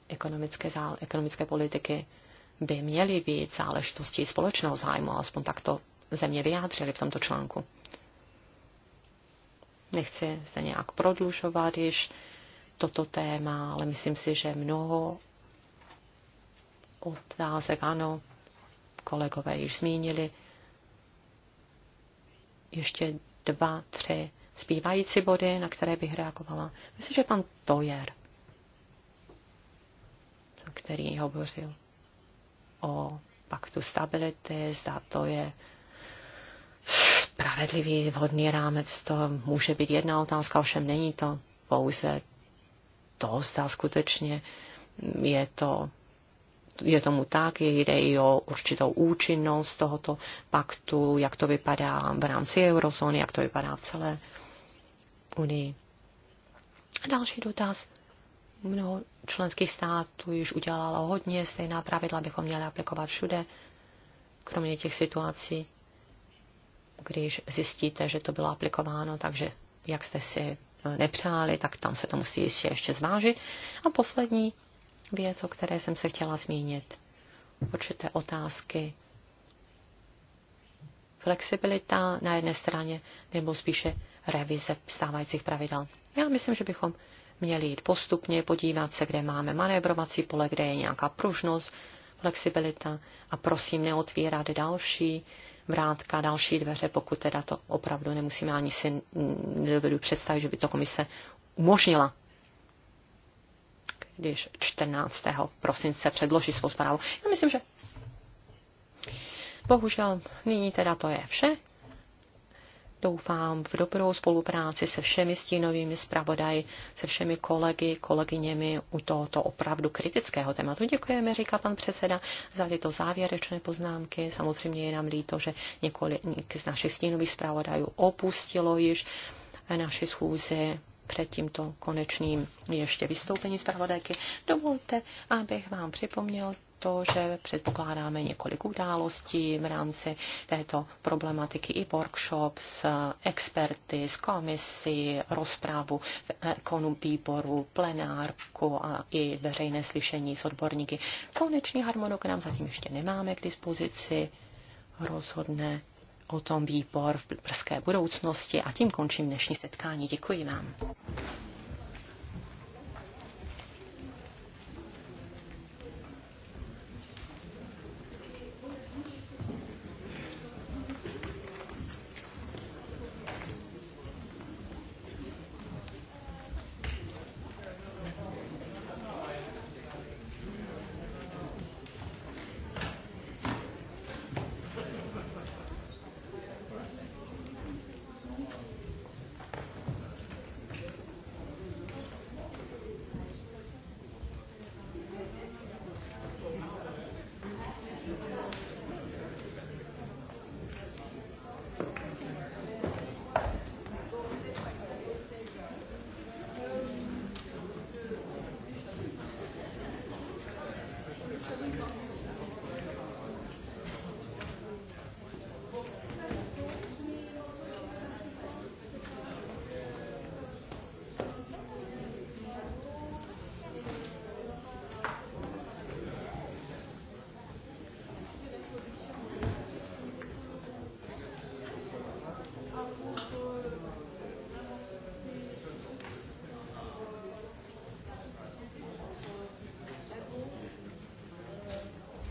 ekonomické, zál, ekonomické politiky by měly být záležitostí společného zájmu, alespoň tak to země vyjádřili v tomto článku. Nechci zde nějak prodlužovat již toto téma, ale myslím si, že mnoho otázek. Ano, kolegové již zmínili. Ještě dva, tři zbývající body, na které bych reagovala. Myslím, že pan Tojer, který hovořil o paktu stability, zda to je spravedlivý, vhodný rámec, to může být jedna otázka, ovšem není to pouze to, zda skutečně je to je tomu tak, jde i o určitou účinnost tohoto paktu, jak to vypadá v rámci eurozóny, jak to vypadá v celé unii. Další dotaz. Mnoho členských států již udělalo hodně, stejná pravidla bychom měli aplikovat všude, kromě těch situací, když zjistíte, že to bylo aplikováno, takže jak jste si nepřáli, tak tam se to musí jistě ještě zvážit. A poslední věc, o které jsem se chtěla zmínit. Určité otázky. Flexibilita na jedné straně, nebo spíše revize stávajících pravidel. Já myslím, že bychom měli jít postupně, podívat se, kde máme manévrovací pole, kde je nějaká pružnost, flexibilita a prosím neotvírat další vrátka, další dveře, pokud teda to opravdu nemusíme ani si mm, nedovedu představit, že by to komise umožnila když 14. prosince předloží svou zprávu. Já myslím, že bohužel nyní teda to je vše. Doufám v dobrou spolupráci se všemi stínovými zpravodaji, se všemi kolegy, kolegyněmi u tohoto opravdu kritického tématu. Děkujeme, říká pan předseda, za tyto závěrečné poznámky. Samozřejmě je nám líto, že několik z našich stínových zpravodajů opustilo již naši schůzi před tímto konečným ještě vystoupení z zpravodajky, dovolte, abych vám připomněl to, že předpokládáme několik událostí v rámci této problematiky i workshop s experty, s komisí, rozprávu v konu výboru, plenárku a i veřejné slyšení s odborníky. Konečný harmonogram zatím ještě nemáme k dispozici. Rozhodne o tom výbor v brzké budoucnosti a tím končím dnešní setkání. Děkuji vám.